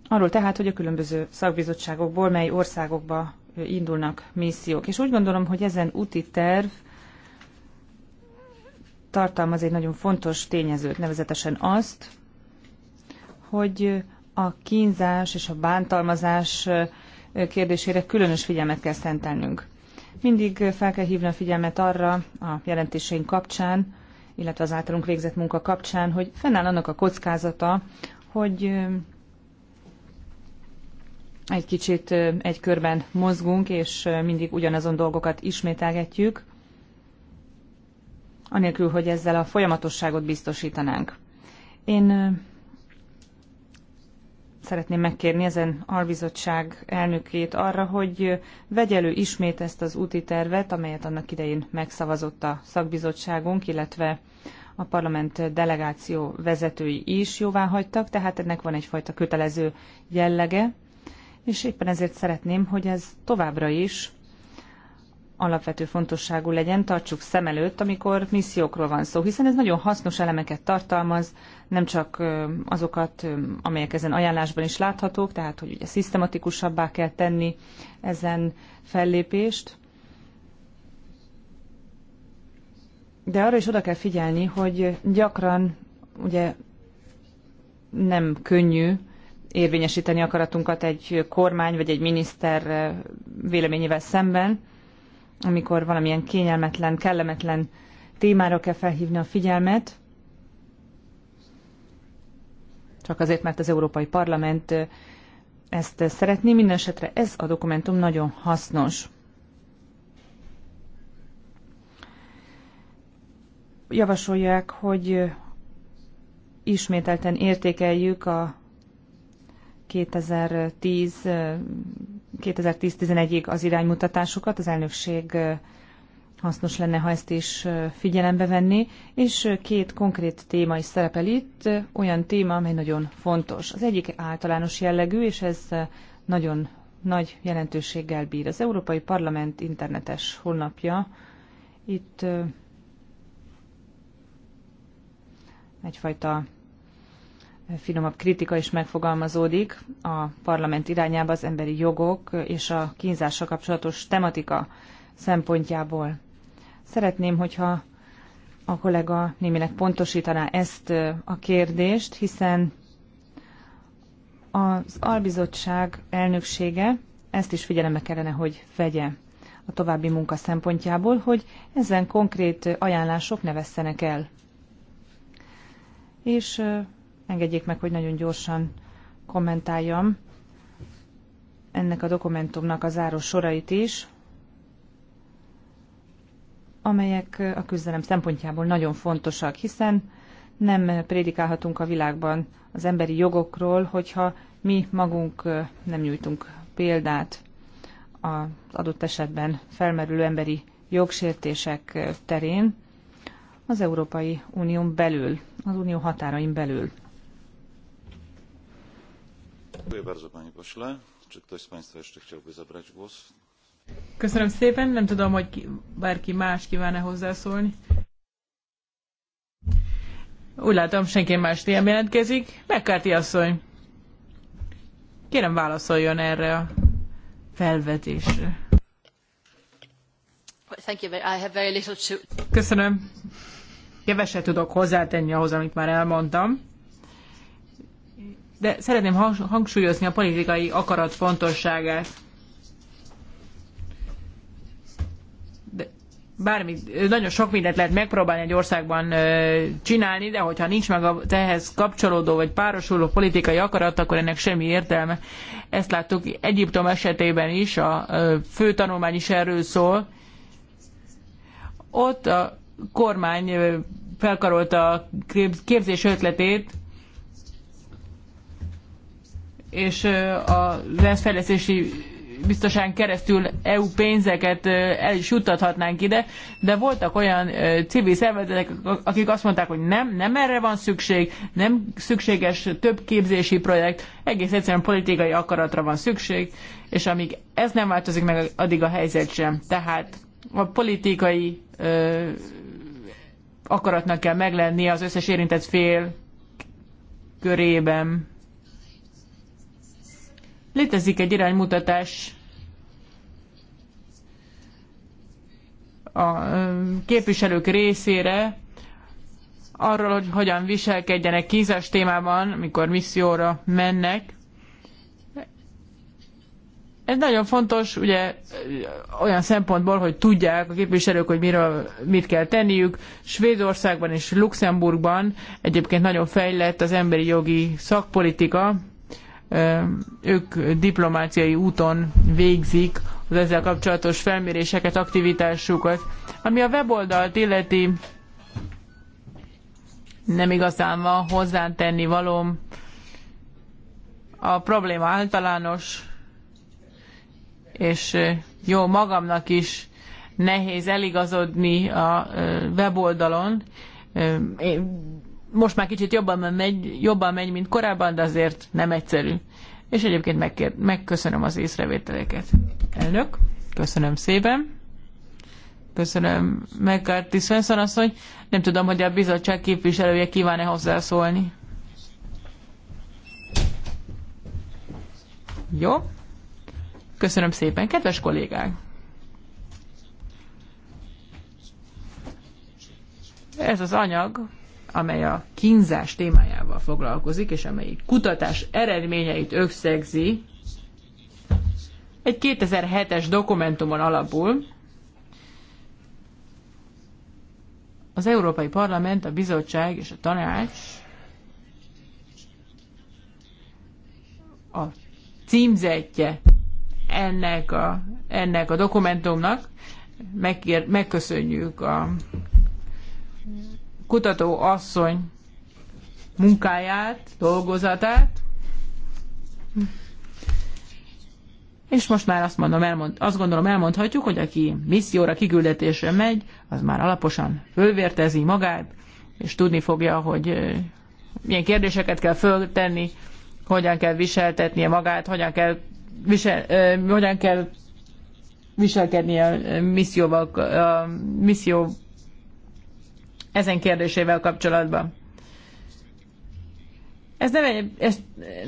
Speaker 4: Arról tehát, hogy a különböző szakbizottságokból mely országokba indulnak missziók. És úgy gondolom, hogy ezen úti terv tartalmaz egy nagyon fontos tényezőt, nevezetesen azt, hogy a kínzás és a bántalmazás kérdésére különös figyelmet kell szentelnünk. Mindig fel kell hívni a figyelmet arra a jelentéseink kapcsán, illetve az általunk végzett munka kapcsán, hogy fennáll annak a kockázata, hogy egy kicsit egy körben mozgunk, és mindig ugyanazon dolgokat ismételgetjük, anélkül, hogy ezzel a folyamatosságot biztosítanánk. Én szeretném megkérni ezen albizottság elnökét arra, hogy vegye elő ismét ezt az úti tervet, amelyet annak idején megszavazott a szakbizottságunk, illetve a parlament delegáció vezetői is jóvá hagytak, tehát ennek van egyfajta kötelező jellege, és éppen ezért szeretném, hogy ez továbbra is alapvető fontosságú legyen, tartsuk szem előtt, amikor missziókról van szó, hiszen ez nagyon hasznos elemeket tartalmaz, nem csak azokat, amelyek ezen ajánlásban is láthatók, tehát hogy ugye szisztematikusabbá kell tenni ezen fellépést, de arra is oda kell figyelni, hogy gyakran ugye nem könnyű érvényesíteni akaratunkat egy kormány vagy egy miniszter véleményével szemben, amikor valamilyen kényelmetlen, kellemetlen témára kell felhívni a figyelmet, csak azért, mert az Európai Parlament ezt szeretné. Minden esetre ez a dokumentum nagyon hasznos. Javasolják, hogy ismételten értékeljük a 2010-2011-ig az iránymutatásukat, az elnökség hasznos lenne, ha ezt is figyelembe venni, és két konkrét téma is szerepel itt, olyan téma, amely nagyon fontos. Az egyik általános jellegű, és ez nagyon nagy jelentőséggel bír. Az Európai Parlament internetes honlapja itt egyfajta finomabb kritika is megfogalmazódik a parlament irányába az emberi jogok és a kínzással kapcsolatos tematika szempontjából. Szeretném, hogyha a kollega némileg pontosítaná ezt a kérdést, hiszen az albizottság elnöksége ezt is figyelembe kellene, hogy vegye a további munka szempontjából, hogy ezen konkrét ajánlások ne vesztenek el. És Engedjék meg, hogy nagyon gyorsan kommentáljam ennek a dokumentumnak a záró sorait is, amelyek a küzdelem szempontjából nagyon fontosak, hiszen nem prédikálhatunk a világban az emberi jogokról, hogyha mi magunk nem nyújtunk példát az adott esetben felmerülő emberi jogsértések terén az Európai Unión belül, az Unió határain belül. Köszönöm szépen, nem
Speaker 3: tudom, hogy ki, bárki más kíván-e hozzászólni. Úgy látom, senki más nem jelentkezik. Megkárti asszony, kérem válaszoljon erre a felvetésre. Köszönöm. Keveset tudok hozzátenni ahhoz, amit már elmondtam de szeretném hangsúlyozni a politikai akarat fontosságát. De bármi, nagyon sok mindent lehet megpróbálni egy országban csinálni, de hogyha nincs meg a tehez kapcsolódó vagy párosuló politikai akarat, akkor ennek semmi értelme. Ezt láttuk Egyiptom esetében is, a fő tanulmány is erről szól. Ott a kormány felkarolta a képzés ötletét, és a ENSZ fejlesztési biztosán keresztül EU pénzeket el is juttathatnánk ide, de voltak olyan civil szervezetek, akik azt mondták, hogy nem, nem erre van szükség, nem szükséges több képzési projekt, egész egyszerűen politikai akaratra van szükség, és amíg ez nem változik meg, addig a helyzet sem. Tehát a politikai ö, akaratnak kell meglenni az összes érintett fél körében. Létezik egy iránymutatás a képviselők részére arról, hogy hogyan viselkedjenek kízes témában, mikor misszióra mennek. Ez nagyon fontos, ugye olyan szempontból, hogy tudják a képviselők, hogy miről, mit kell tenniük. Svédországban és Luxemburgban egyébként nagyon fejlett az emberi jogi szakpolitika, ők diplomáciai úton végzik az ezzel kapcsolatos felméréseket, aktivitásukat. Ami a weboldalt illeti, nem igazán van hozzátenni valóm. A probléma általános, és jó magamnak is nehéz eligazodni a weboldalon. Én most már kicsit jobban megy, jobban megy, mint korábban, de azért nem egyszerű. És egyébként megkér, megköszönöm az észrevételeket. Elnök, köszönöm szépen. Köszönöm McCarthy Svensson asszony. Nem tudom, hogy a bizottság képviselője kíván-e hozzászólni. Jó. Köszönöm szépen, kedves kollégák! Ez az anyag amely a kínzás témájával foglalkozik, és amely kutatás eredményeit összegzi, egy 2007-es dokumentumon alapul. Az Európai Parlament, a Bizottság és a Tanács a címzetje ennek a, ennek a dokumentumnak. Megkér, megköszönjük a kutató asszony munkáját, dolgozatát, és most már azt, mondom, elmond, azt gondolom elmondhatjuk, hogy aki misszióra, kiküldetésre megy, az már alaposan fölvértezi magát, és tudni fogja, hogy milyen kérdéseket kell föltenni, hogyan kell viseltetnie magát, hogyan kell, visel, hogyan kell viselkednie a misszióval, a misszió ezen kérdésével kapcsolatban. Ez nem, egy, ez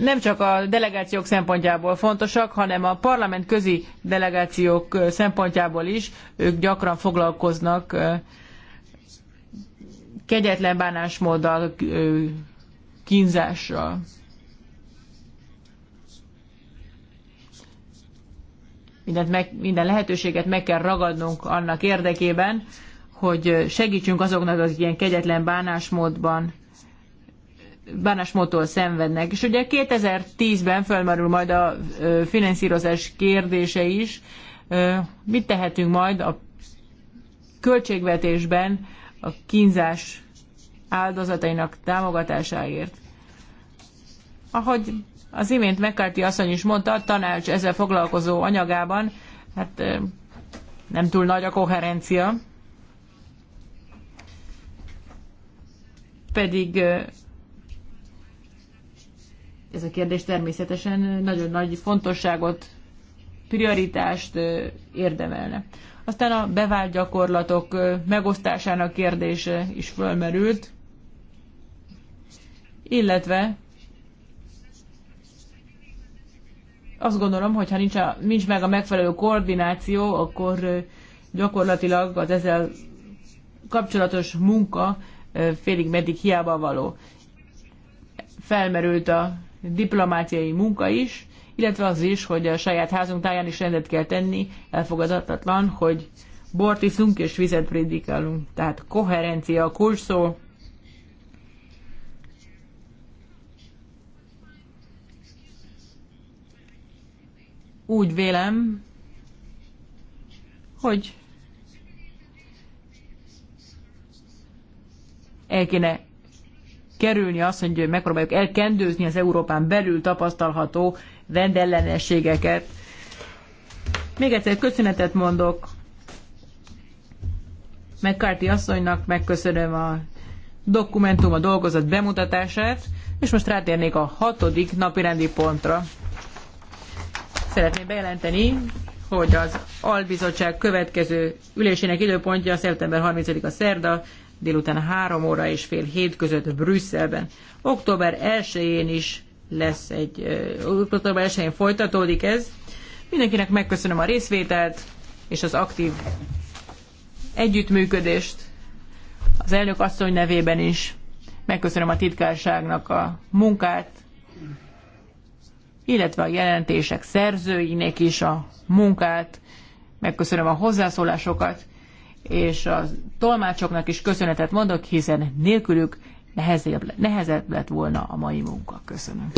Speaker 3: nem csak a delegációk szempontjából fontosak, hanem a parlament közi delegációk szempontjából is. Ők gyakran foglalkoznak kegyetlen bánásmóddal, kínzással. Mindent meg, minden lehetőséget meg kell ragadnunk annak érdekében, hogy segítsünk azoknak, akik ilyen kegyetlen bánásmódban bánásmódtól szenvednek. És ugye 2010-ben fölmerül majd a finanszírozás kérdése is. Mit tehetünk majd a költségvetésben a kínzás áldozatainak támogatásáért? Ahogy az imént McCarthy asszony is mondta, a tanács ezzel foglalkozó anyagában, hát nem túl nagy a koherencia. pedig ez a kérdés természetesen nagyon nagy fontosságot, prioritást érdemelne. Aztán a bevált gyakorlatok megosztásának kérdése is fölmerült, illetve azt gondolom, hogy ha nincs, a, nincs meg a megfelelő koordináció, akkor gyakorlatilag az ezzel kapcsolatos munka félig meddig hiába való. Felmerült a diplomáciai munka is, illetve az is, hogy a saját házunk táján is rendet kell tenni, elfogadhatatlan, hogy bort iszunk és vizet prédikálunk. Tehát koherencia a kurszó. Úgy vélem, hogy el kéne kerülni azt, hogy megpróbáljuk elkendőzni az Európán belül tapasztalható rendellenességeket. Még egyszer köszönetet mondok McCarthy asszonynak, megköszönöm a dokumentum, a dolgozat bemutatását, és most rátérnék a hatodik napirendi pontra. Szeretném bejelenteni, hogy az albizottság következő ülésének időpontja szeptember 30-a szerda, délután három óra és fél hét között Brüsszelben. Október 1-én is lesz egy, október 1-én folytatódik ez. Mindenkinek megköszönöm a részvételt és az aktív együttműködést az elnök asszony nevében is. Megköszönöm a titkárságnak a munkát, illetve a jelentések szerzőinek is a munkát. Megköszönöm a hozzászólásokat, és a tolmácsoknak is köszönetet mondok, hiszen nélkülük nehezebb, nehezebb lett volna a mai munka. Köszönöm.